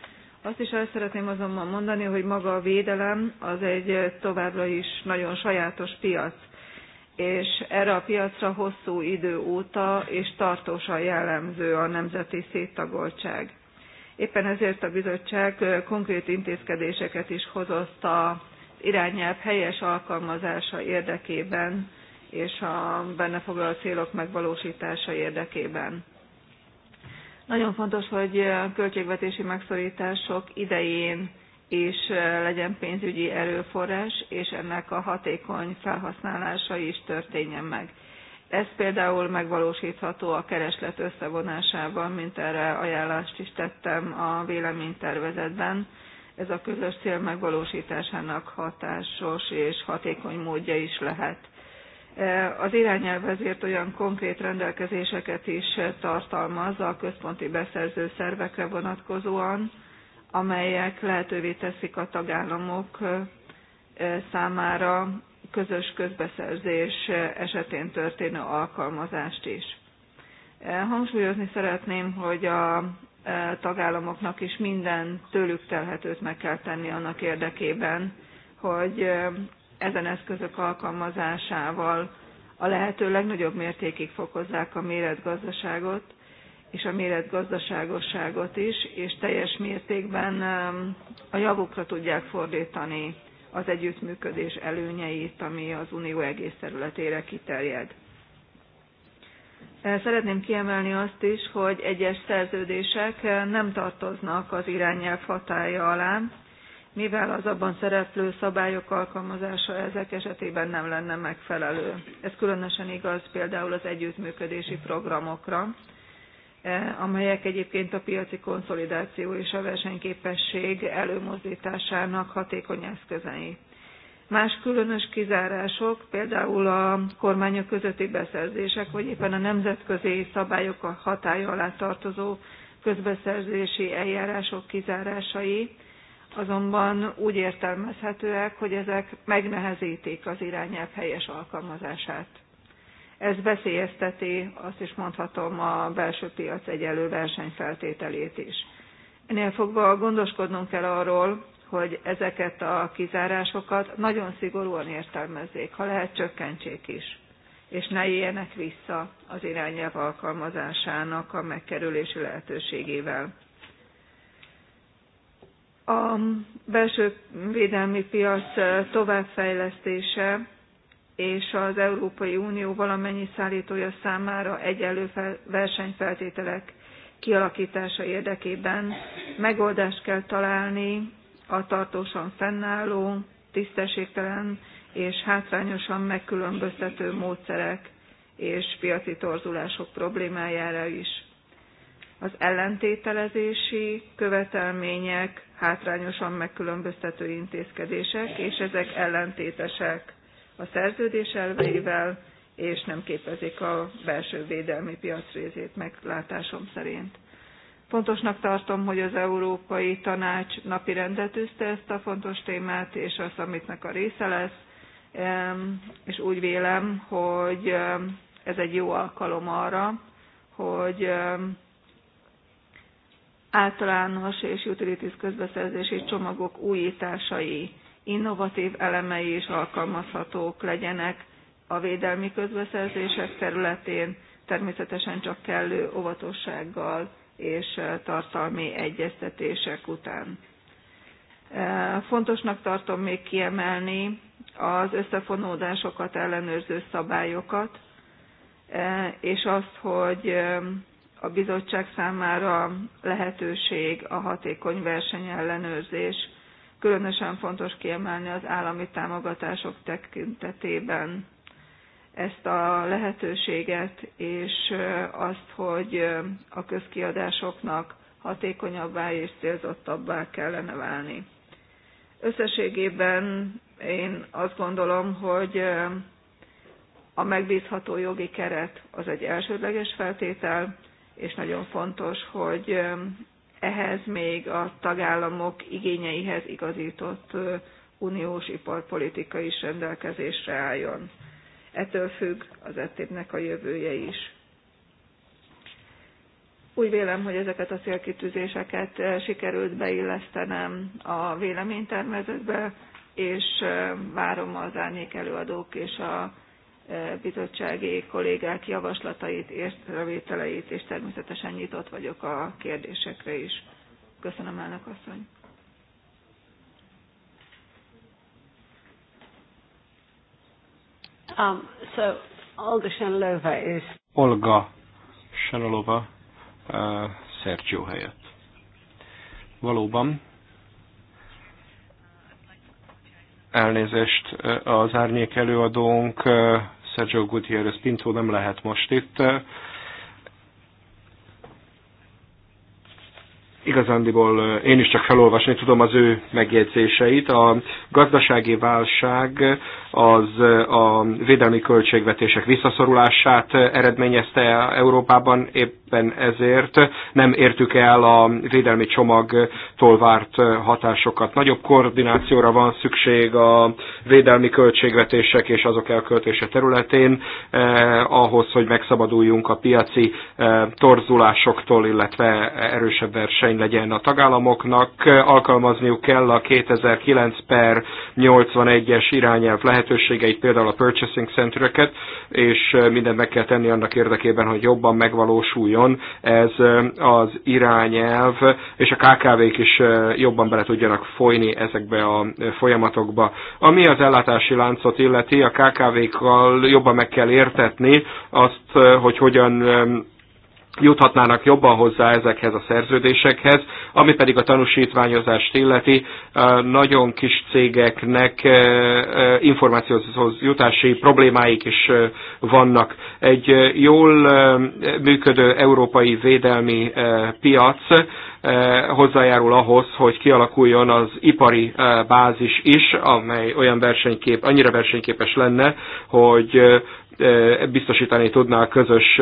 Azt is el szeretném azonban mondani, hogy maga a védelem az egy továbbra is nagyon sajátos piac és erre a piacra hosszú idő óta és tartósan jellemző a nemzeti széttagoltság. Éppen ezért a bizottság konkrét intézkedéseket is hozott a irányelv helyes alkalmazása érdekében és a benne foglalt célok megvalósítása érdekében. Nagyon fontos, hogy a költségvetési megszorítások idején és legyen pénzügyi erőforrás, és ennek a hatékony felhasználása is történjen meg. Ez például megvalósítható a kereslet összevonásával, mint erre ajánlást is tettem a véleménytervezetben. Ez a közös cél megvalósításának hatásos és hatékony módja is lehet. Az irányelv ezért olyan konkrét rendelkezéseket is tartalmaz a központi beszerző szervekre vonatkozóan, amelyek lehetővé teszik a tagállamok számára közös közbeszerzés esetén történő alkalmazást is. Hangsúlyozni szeretném, hogy a tagállamoknak is minden tőlük telhetőt meg kell tenni annak érdekében, hogy ezen eszközök alkalmazásával a lehető legnagyobb mértékig fokozzák a méretgazdaságot, és a méretgazdaságosságot is, és teljes mértékben um, a javukra tudják fordítani az együttműködés előnyeit, ami az Unió egész területére kiterjed. Eh, szeretném kiemelni azt is, hogy egyes szerződések eh, nem tartoznak az irányelv hatája alá, mivel az abban szereplő szabályok alkalmazása ezek esetében nem lenne megfelelő. Ez különösen igaz például az együttműködési programokra, E, amelyek egyébként a piaci konszolidáció és a versenyképesség előmozdításának hatékony eszközei. Más különös kizárások, például a kormányok közötti beszerzések, vagy éppen a nemzetközi szabályok a hatája alá tartozó közbeszerzési eljárások kizárásai, azonban úgy értelmezhetőek, hogy ezek megnehezítik az irányelv helyes alkalmazását ez veszélyezteti, azt is mondhatom, a belső piac egyelő versenyfeltételét is. Ennél fogva gondoskodnunk kell arról, hogy ezeket a kizárásokat nagyon szigorúan értelmezzék, ha lehet csökkentsék is, és ne éljenek vissza az irányelv alkalmazásának a megkerülési lehetőségével. A belső védelmi piac továbbfejlesztése és az Európai Unió valamennyi szállítója számára egyenlő versenyfeltételek kialakítása érdekében megoldást kell találni a tartósan fennálló, tisztességtelen és hátrányosan megkülönböztető módszerek és piaci torzulások problémájára is. Az ellentételezési követelmények hátrányosan megkülönböztető intézkedések, és ezek ellentétesek a szerződés elveivel, és nem képezik a belső védelmi piac részét meglátásom szerint. Fontosnak tartom, hogy az Európai Tanács napi rendet üzte ezt a fontos témát, és a amitnek a része lesz, és úgy vélem, hogy ez egy jó alkalom arra, hogy általános és utilities közbeszerzési csomagok újításai innovatív elemei is alkalmazhatók legyenek a védelmi közbeszerzések területén, természetesen csak kellő óvatossággal és eh, tartalmi egyeztetések után. Eh, fontosnak tartom még kiemelni az összefonódásokat ellenőrző szabályokat, eh, és azt, hogy a bizottság számára lehetőség a hatékony versenyellenőrzés különösen fontos kiemelni az állami támogatások tekintetében ezt a lehetőséget, és azt, hogy a közkiadásoknak hatékonyabbá és célzottabbá kellene válni. Összességében én azt gondolom, hogy a megbízható jogi keret az egy elsődleges feltétel, és nagyon fontos, hogy ehhez még a tagállamok igényeihez igazított uniós iparpolitika is rendelkezésre álljon. Ettől függ az ettépnek a jövője is. Úgy vélem, hogy ezeket a célkitűzéseket sikerült beillesztenem a véleménytermezetbe, és várom az árnyék előadók és a bizottsági kollégák javaslatait, észrevételeit, és természetesen nyitott vagyok a kérdésekre is. Köszönöm, elnök asszony! Um, so, Olga Shanalova is... Olga Shanalova uh, Sergio helyett. Valóban, elnézést uh, az árnyék előadónk uh, Sergio Gutierrez Pinto nem lehet most itt, igazándiból én is csak felolvasni tudom az ő megjegyzéseit. A gazdasági válság az a védelmi költségvetések visszaszorulását eredményezte Európában, éppen ezért nem értük el a védelmi csomagtól várt hatásokat. Nagyobb koordinációra van szükség a védelmi költségvetések és azok elköltése területén, eh, ahhoz, hogy megszabaduljunk a piaci eh, torzulásoktól, illetve erősebb verseny hatékony legyen. A tagállamoknak alkalmazniuk kell a 2009 per 81-es irányelv lehetőségeit, például a purchasing centereket, és mindent meg kell tenni annak érdekében, hogy jobban megvalósuljon ez az irányelv, és a KKV-k is jobban bele tudjanak folyni ezekbe a folyamatokba. Ami az ellátási láncot illeti, a KKV-kkal jobban meg kell értetni azt, hogy hogyan juthatnának jobban hozzá ezekhez a szerződésekhez, ami pedig a tanúsítványozást illeti, nagyon kis cégeknek e, e, információhoz jutási problémáik is e, vannak. Egy jól működő európai védelmi piac hozzájárul ahhoz, hogy kialakuljon az ipari bázis is, amely olyan versenykép, annyira versenyképes lenne, hogy biztosítani tudná a közös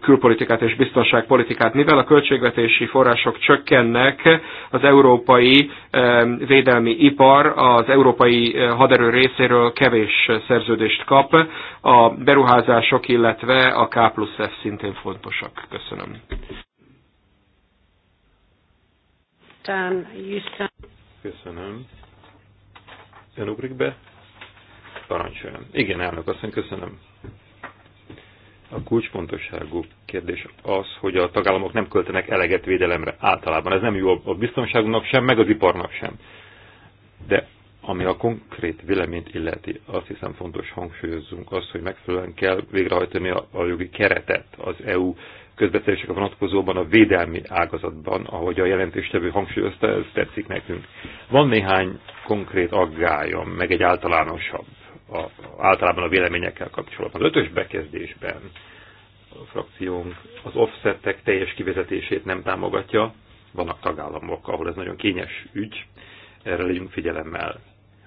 külpolitikát és biztonságpolitikát. Mivel a költségvetési források csökkennek, az európai védelmi ipar az európai haderő részéről kevés szerződést kap. A beruházások, illetve a K plusz F szintén fontosak. Köszönöm. Köszönöm. Ön ugrik be? Parancsoljon. Igen, elnök, azt köszönöm. A kulcsfontosságú kérdés az, hogy a tagállamok nem költenek eleget védelemre általában. Ez nem jó a biztonságunknak sem, meg az iparnak sem. De ami a konkrét véleményt illeti, azt hiszem fontos hangsúlyozzunk azt, hogy megfelelően kell végrehajtani a, a jogi keretet az EU a vonatkozóban a védelmi ágazatban, ahogy a jelentéstevő hangsúlyozta, ez tetszik nekünk. Van néhány konkrét aggályom, meg egy általánosabb a, általában a véleményekkel kapcsolatban. Az ötös bekezdésben a frakciónk az offsetek teljes kivezetését nem támogatja, vannak tagállamok, ahol ez nagyon kényes ügy, erre legyünk figyelemmel.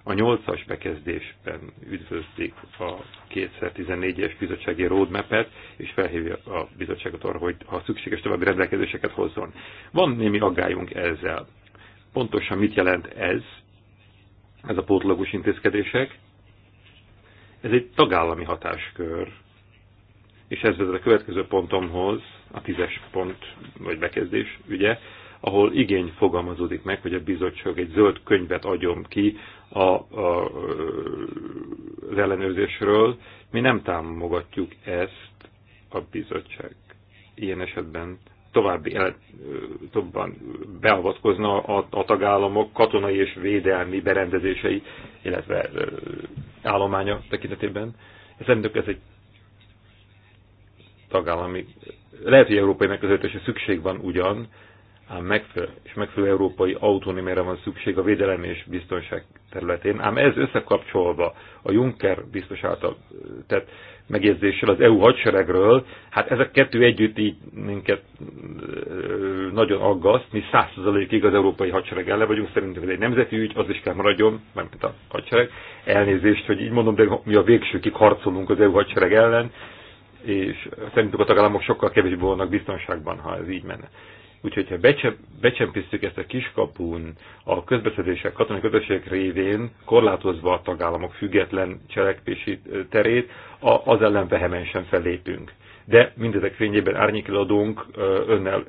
A nyolcas bekezdésben üdvözlik a 2014-es bizottsági roadmap-et, és felhívja a bizottságot arra, hogy ha szükséges további rendelkezéseket hozzon. Van némi aggályunk ezzel. Pontosan mit jelent ez, ez a pótlagos intézkedések, ez egy tagállami hatáskör, és ez vezet a következő pontomhoz, a tízes pont, vagy bekezdés, ugye, ahol igény fogalmazódik meg, hogy a bizottság egy zöld könyvet adjon ki a, a, az ellenőrzésről. Mi nem támogatjuk ezt a bizottság ilyen esetben további el, beavatkozna a, a tagállamok katonai és védelmi berendezései, illetve állománya tekintetében. Szerintem ez egy tagállami, lehet, hogy európai megközelítésre szükség van ugyan, ám megfelelő, és megfelelő európai autonómiára van szükség a védelem és biztonság területén, ám ez összekapcsolva a Juncker biztos által tett megjegyzéssel az EU hadseregről, hát ezek kettő együtt így minket nagyon aggaszt, mi százszerzalékig az európai hadsereg ellen vagyunk, szerintem ez egy nemzeti ügy, az is kell maradjon, mert mint a hadsereg, elnézést, hogy így mondom, de mi a végsőkig harcolunk az EU hadsereg ellen, és szerintük a tagállamok sokkal kevésbé volnak biztonságban, ha ez így menne. Úgyhogy ha becsep, becsempésztük ezt a kiskapun a közbeszedések, katonai közösségek révén, korlátozva a tagállamok független cselekvési terét, az ellen vehemensen fellépünk. De mindezek fényében árnyékiladónk önnel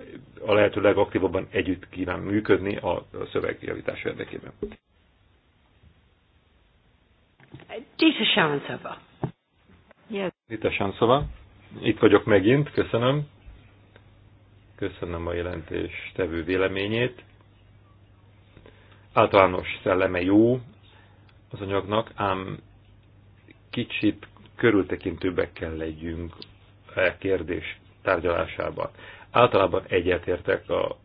a lehető legaktívabban együtt kíván működni a szövegjavítás érdekében. Dita Sánszava. Sánszava. Itt vagyok megint, köszönöm. Köszönöm a jelentés tevő véleményét. Általános szelleme jó az anyagnak, ám kicsit körültekintőbbek kell legyünk a e kérdés tárgyalásában. Általában egyetértek a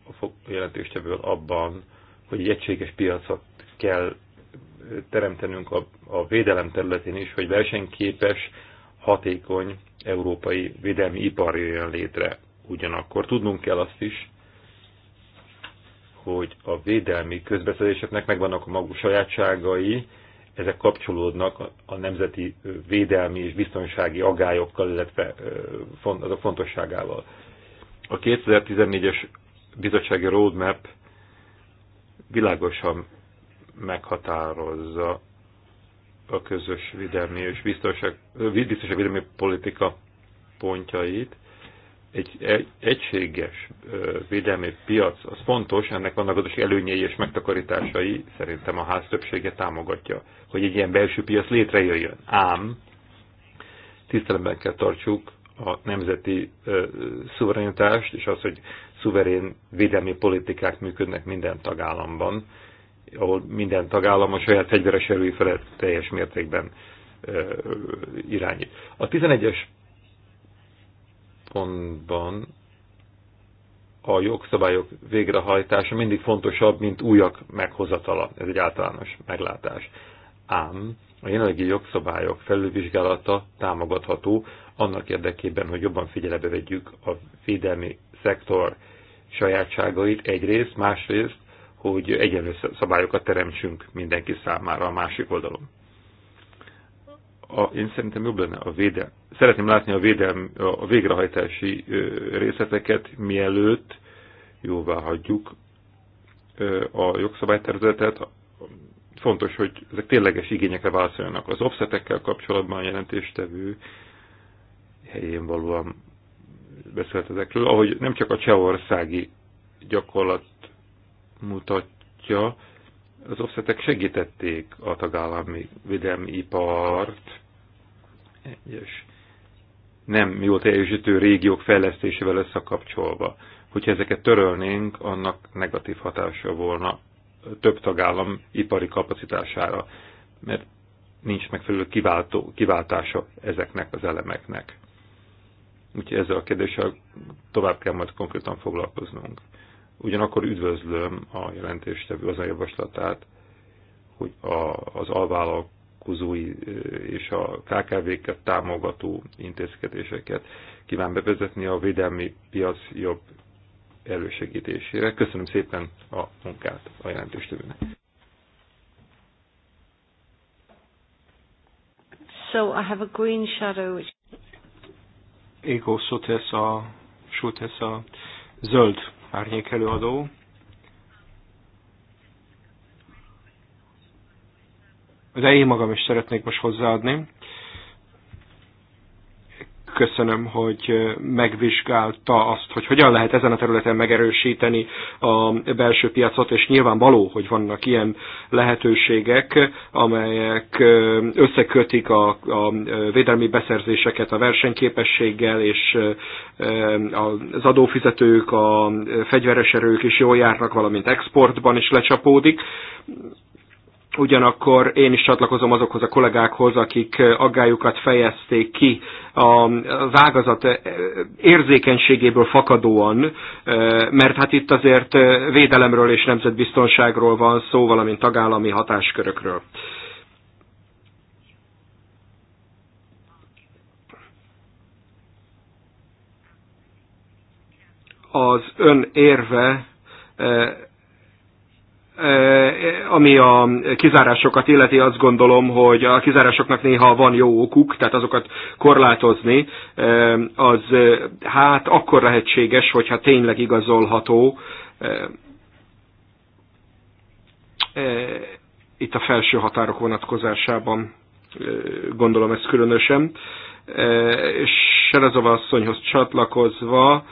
jelentéstevől abban, hogy egy egységes piacot kell teremtenünk a, a védelem területén is, hogy versenyképes, hatékony európai védelmi ipar jöjjön létre. Ugyanakkor tudnunk kell azt is, hogy a védelmi közbeszerzéseknek megvannak a maguk sajátságai, ezek kapcsolódnak a nemzeti védelmi és biztonsági agályokkal, illetve azok fontosságával. A 2014-es bizottsági roadmap világosan meghatározza a közös védelmi és biztonság, biztonságvédelmi politika pontjait, egy egységes védelmi piac, az fontos, ennek vannak azos előnyei és megtakarításai, szerintem a ház többsége támogatja, hogy egy ilyen belső piac létrejöjjön. Ám tiszteletben kell tartsuk a nemzeti ö, szuverenitást, és az, hogy szuverén védelmi politikák működnek minden tagállamban, ahol minden tagállam a saját fegyveres erői felett teljes mértékben irányít. A 11-es pontban a jogszabályok végrehajtása mindig fontosabb, mint újak meghozatala. Ez egy általános meglátás. Ám a jelenlegi jogszabályok felülvizsgálata támogatható annak érdekében, hogy jobban figyelembe vegyük a védelmi szektor sajátságait egyrészt, másrészt, hogy egyenlő szabályokat teremtsünk mindenki számára a másik oldalon a, én szerintem jobb lenne a védel. Szeretném látni a, védelm, a végrehajtási részleteket, mielőtt jóvá hagyjuk a jogszabálytervezetet. Fontos, hogy ezek tényleges igényekre válaszoljanak. Az offsetekkel kapcsolatban a jelentéstevő helyén valóan beszélt ezekről, ahogy nem csak a csehországi gyakorlat mutatja, az offsetek segítették a tagállami védelmi ipart, egyes nem jól teljesítő régiók fejlesztésével összekapcsolva. Hogyha ezeket törölnénk, annak negatív hatása volna több tagállam ipari kapacitására, mert nincs megfelelő kiváltó, kiváltása ezeknek az elemeknek. Úgyhogy ezzel a kérdéssel tovább kell majd konkrétan foglalkoznunk. Ugyanakkor üdvözlöm a jelentéstevő az a javaslatát, hogy a, az alvállalkozók vállalkozói és a KKV-ket támogató intézkedéseket kíván bevezetni a védelmi piac jobb elősegítésére. Köszönöm szépen a munkát a jelentéstevőnek. So I have a green shadow which Ego Sotessa, Sotessa, zöld árnyék előadó. de én magam is szeretnék most hozzáadni. Köszönöm, hogy megvizsgálta azt, hogy hogyan lehet ezen a területen megerősíteni a belső piacot, és nyilván való, hogy vannak ilyen lehetőségek, amelyek összekötik a, a védelmi beszerzéseket a versenyképességgel, és eh, az adófizetők, a fegyveres erők is jól járnak, valamint exportban is lecsapódik Ugyanakkor én is csatlakozom azokhoz a kollégákhoz, akik eh, aggályukat fejezték ki az ágazat eh, érzékenységéből fakadóan, eh, mert hát itt azért védelemről és nemzetbiztonságról van szó, valamint tagállami hatáskörökről. Az ön érve Eh, ami a kizárásokat illeti, azt gondolom, hogy a kizárásoknak néha van jó okuk, tehát azokat korlátozni, eh, az eh, hát akkor lehetséges, hogyha tényleg igazolható. Itt a felső határok vonatkozásában gondolom ez különösen. Serezova asszonyhoz csatlakozva,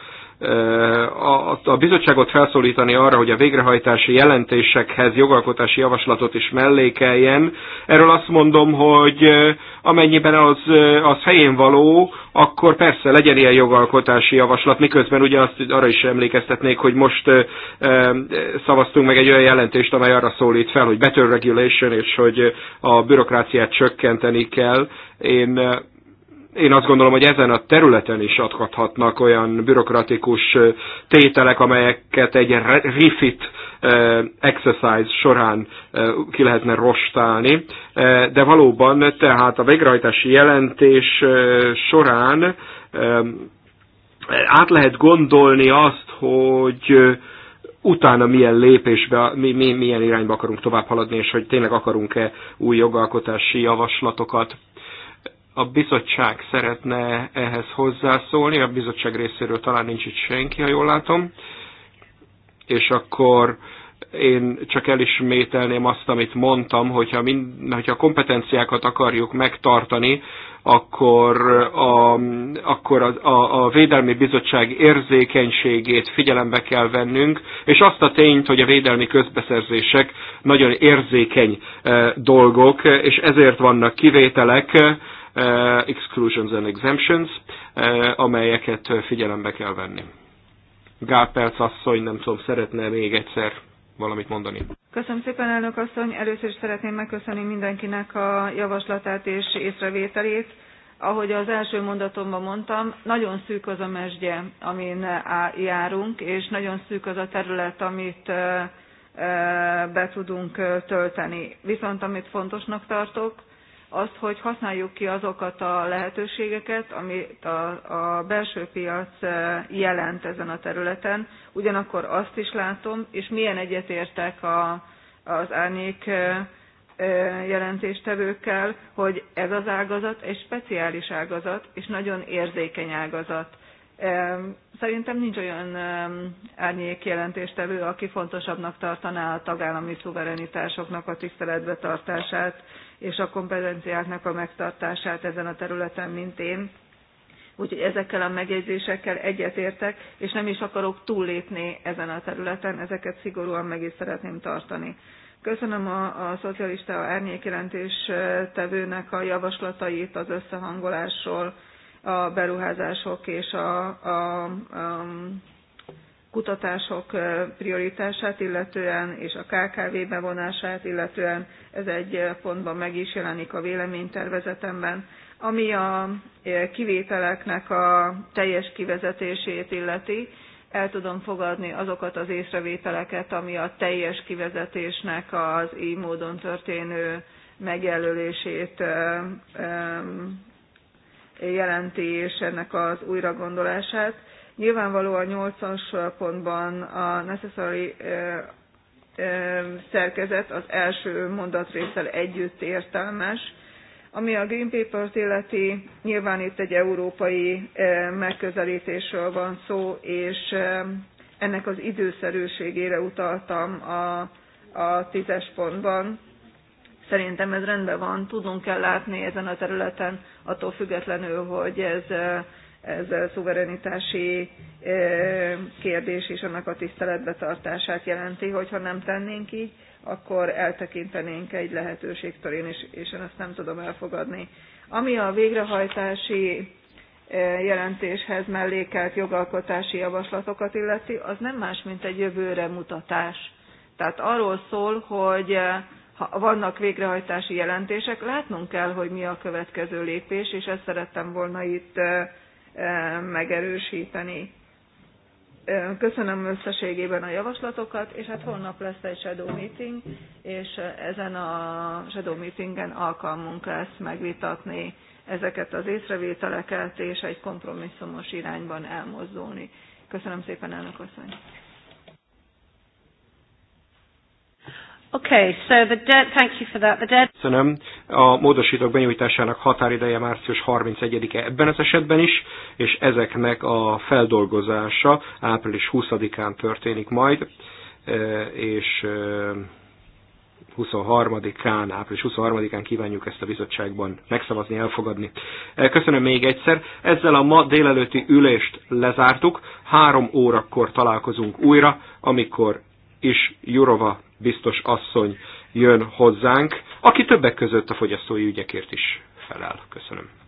a, bizottságot felszólítani arra, hogy a végrehajtási jelentésekhez jogalkotási javaslatot is mellékeljen. Erről azt mondom, hogy amennyiben az, az helyén való, akkor persze legyen ilyen jogalkotási javaslat, miközben ugye azt arra is emlékeztetnék, hogy most szavaztunk meg egy olyan jelentést, amely arra szólít fel, hogy better regulation, és hogy a bürokráciát csökkenteni kell. Én én azt gondolom, hogy ezen a területen is adhatnak olyan bürokratikus tételek, amelyeket egy rifit exercise során ki lehetne rostálni. De valóban tehát a végrehajtási jelentés során át lehet gondolni azt, hogy utána milyen lépésbe, mi, mi, milyen irányba akarunk tovább haladni, és hogy tényleg akarunk-e új jogalkotási javaslatokat a bizottság szeretne ehhez hozzászólni, a bizottság részéről talán nincs itt senki, ha jól látom, és akkor én csak elismételném azt, amit mondtam, hogyha, mind, hogyha a kompetenciákat akarjuk megtartani, akkor, a, akkor a, a, a Védelmi Bizottság érzékenységét figyelembe kell vennünk, és azt a tényt, hogy a védelmi közbeszerzések nagyon érzékeny e, dolgok, és ezért vannak kivételek, Uh, exclusions and exemptions, uh, amelyeket uh, figyelembe kell venni. Gál Perc asszony, nem tudom, szeretne még egyszer valamit mondani. Köszönöm szépen, elnök asszony. Először is szeretném megköszönni mindenkinek a javaslatát és észrevételét. Ahogy az első mondatomban mondtam, nagyon szűk az a mesdje, amin járunk, és nagyon szűk az a terület, amit be tudunk tölteni. Viszont amit fontosnak tartok, azt, hogy használjuk ki azokat a lehetőségeket, amit a, a belső piac eh, jelent ezen a területen. Ugyanakkor azt is látom, és milyen egyetértek a, az árnyék eh, eh, jelentéstevőkkel, hogy ez az ágazat egy speciális ágazat, és nagyon érzékeny ágazat. Szerintem nincs olyan árnyék jelentéstevő, aki fontosabbnak tartaná a tagállami szuverenitásoknak a tiszteletbe tartását, és a kompetenciáknak a megtartását ezen a területen, mint én. Úgyhogy ezekkel a megjegyzésekkel egyetértek, és nem is akarok túllépni ezen a területen, ezeket szigorúan meg is szeretném tartani. Köszönöm a, a szocialista árnyékjelentés tevőnek a javaslatait az összehangolásról, a beruházások és a, a, a kutatások prioritását illetően és a kkv bevonását illetően ez egy pontban meg is jelenik a véleménytervezetemben. ami a kivételeknek a teljes kivezetését illeti el tudom fogadni azokat az észrevételeket ami a teljes kivezetésnek az így módon történő megjelölését jelenti és ennek az újragondolását Nyilvánvaló a nyolcas pontban a necessary szerkezet az első mondatrészsel együtt értelmes. Ami a Green Paper-t illeti, nyilván itt egy európai megközelítésről van szó, és ennek az időszerűségére utaltam a, a tízes pontban. Szerintem ez rendben van, tudunk kell látni ezen a területen, attól függetlenül, hogy ez ez a szuverenitási kérdés és annak a tartását jelenti, hogyha nem tennénk így, akkor eltekintenénk egy lehetőségtől, én is, és én ezt nem tudom elfogadni. Ami a végrehajtási jelentéshez mellékelt jogalkotási javaslatokat illeti, az nem más, mint egy jövőre mutatás. Tehát arról szól, hogy ha vannak végrehajtási jelentések, látnunk kell, hogy mi a következő lépés, és ezt szerettem volna itt megerősíteni. Köszönöm összességében a javaslatokat, és hát holnap lesz egy shadow meeting, és ezen a shadow meetingen alkalmunk lesz megvitatni ezeket az észrevételeket, és egy kompromisszumos irányban elmozdulni. Köszönöm szépen, elnök asszony! Okay, so the dead, thank you for that. The dead... Köszönöm. A módosítók benyújtásának határideje március 31-e ebben az esetben is, és ezeknek a feldolgozása április 20-án történik majd, e, és 23-án, e, április 23-án kívánjuk ezt a bizottságban megszavazni, elfogadni. E, köszönöm még egyszer. Ezzel a ma délelőtti ülést lezártuk. Három órakor találkozunk újra, amikor is Jurova biztos asszony jön hozzánk, aki többek között a fogyasztói ügyekért is felel. Köszönöm.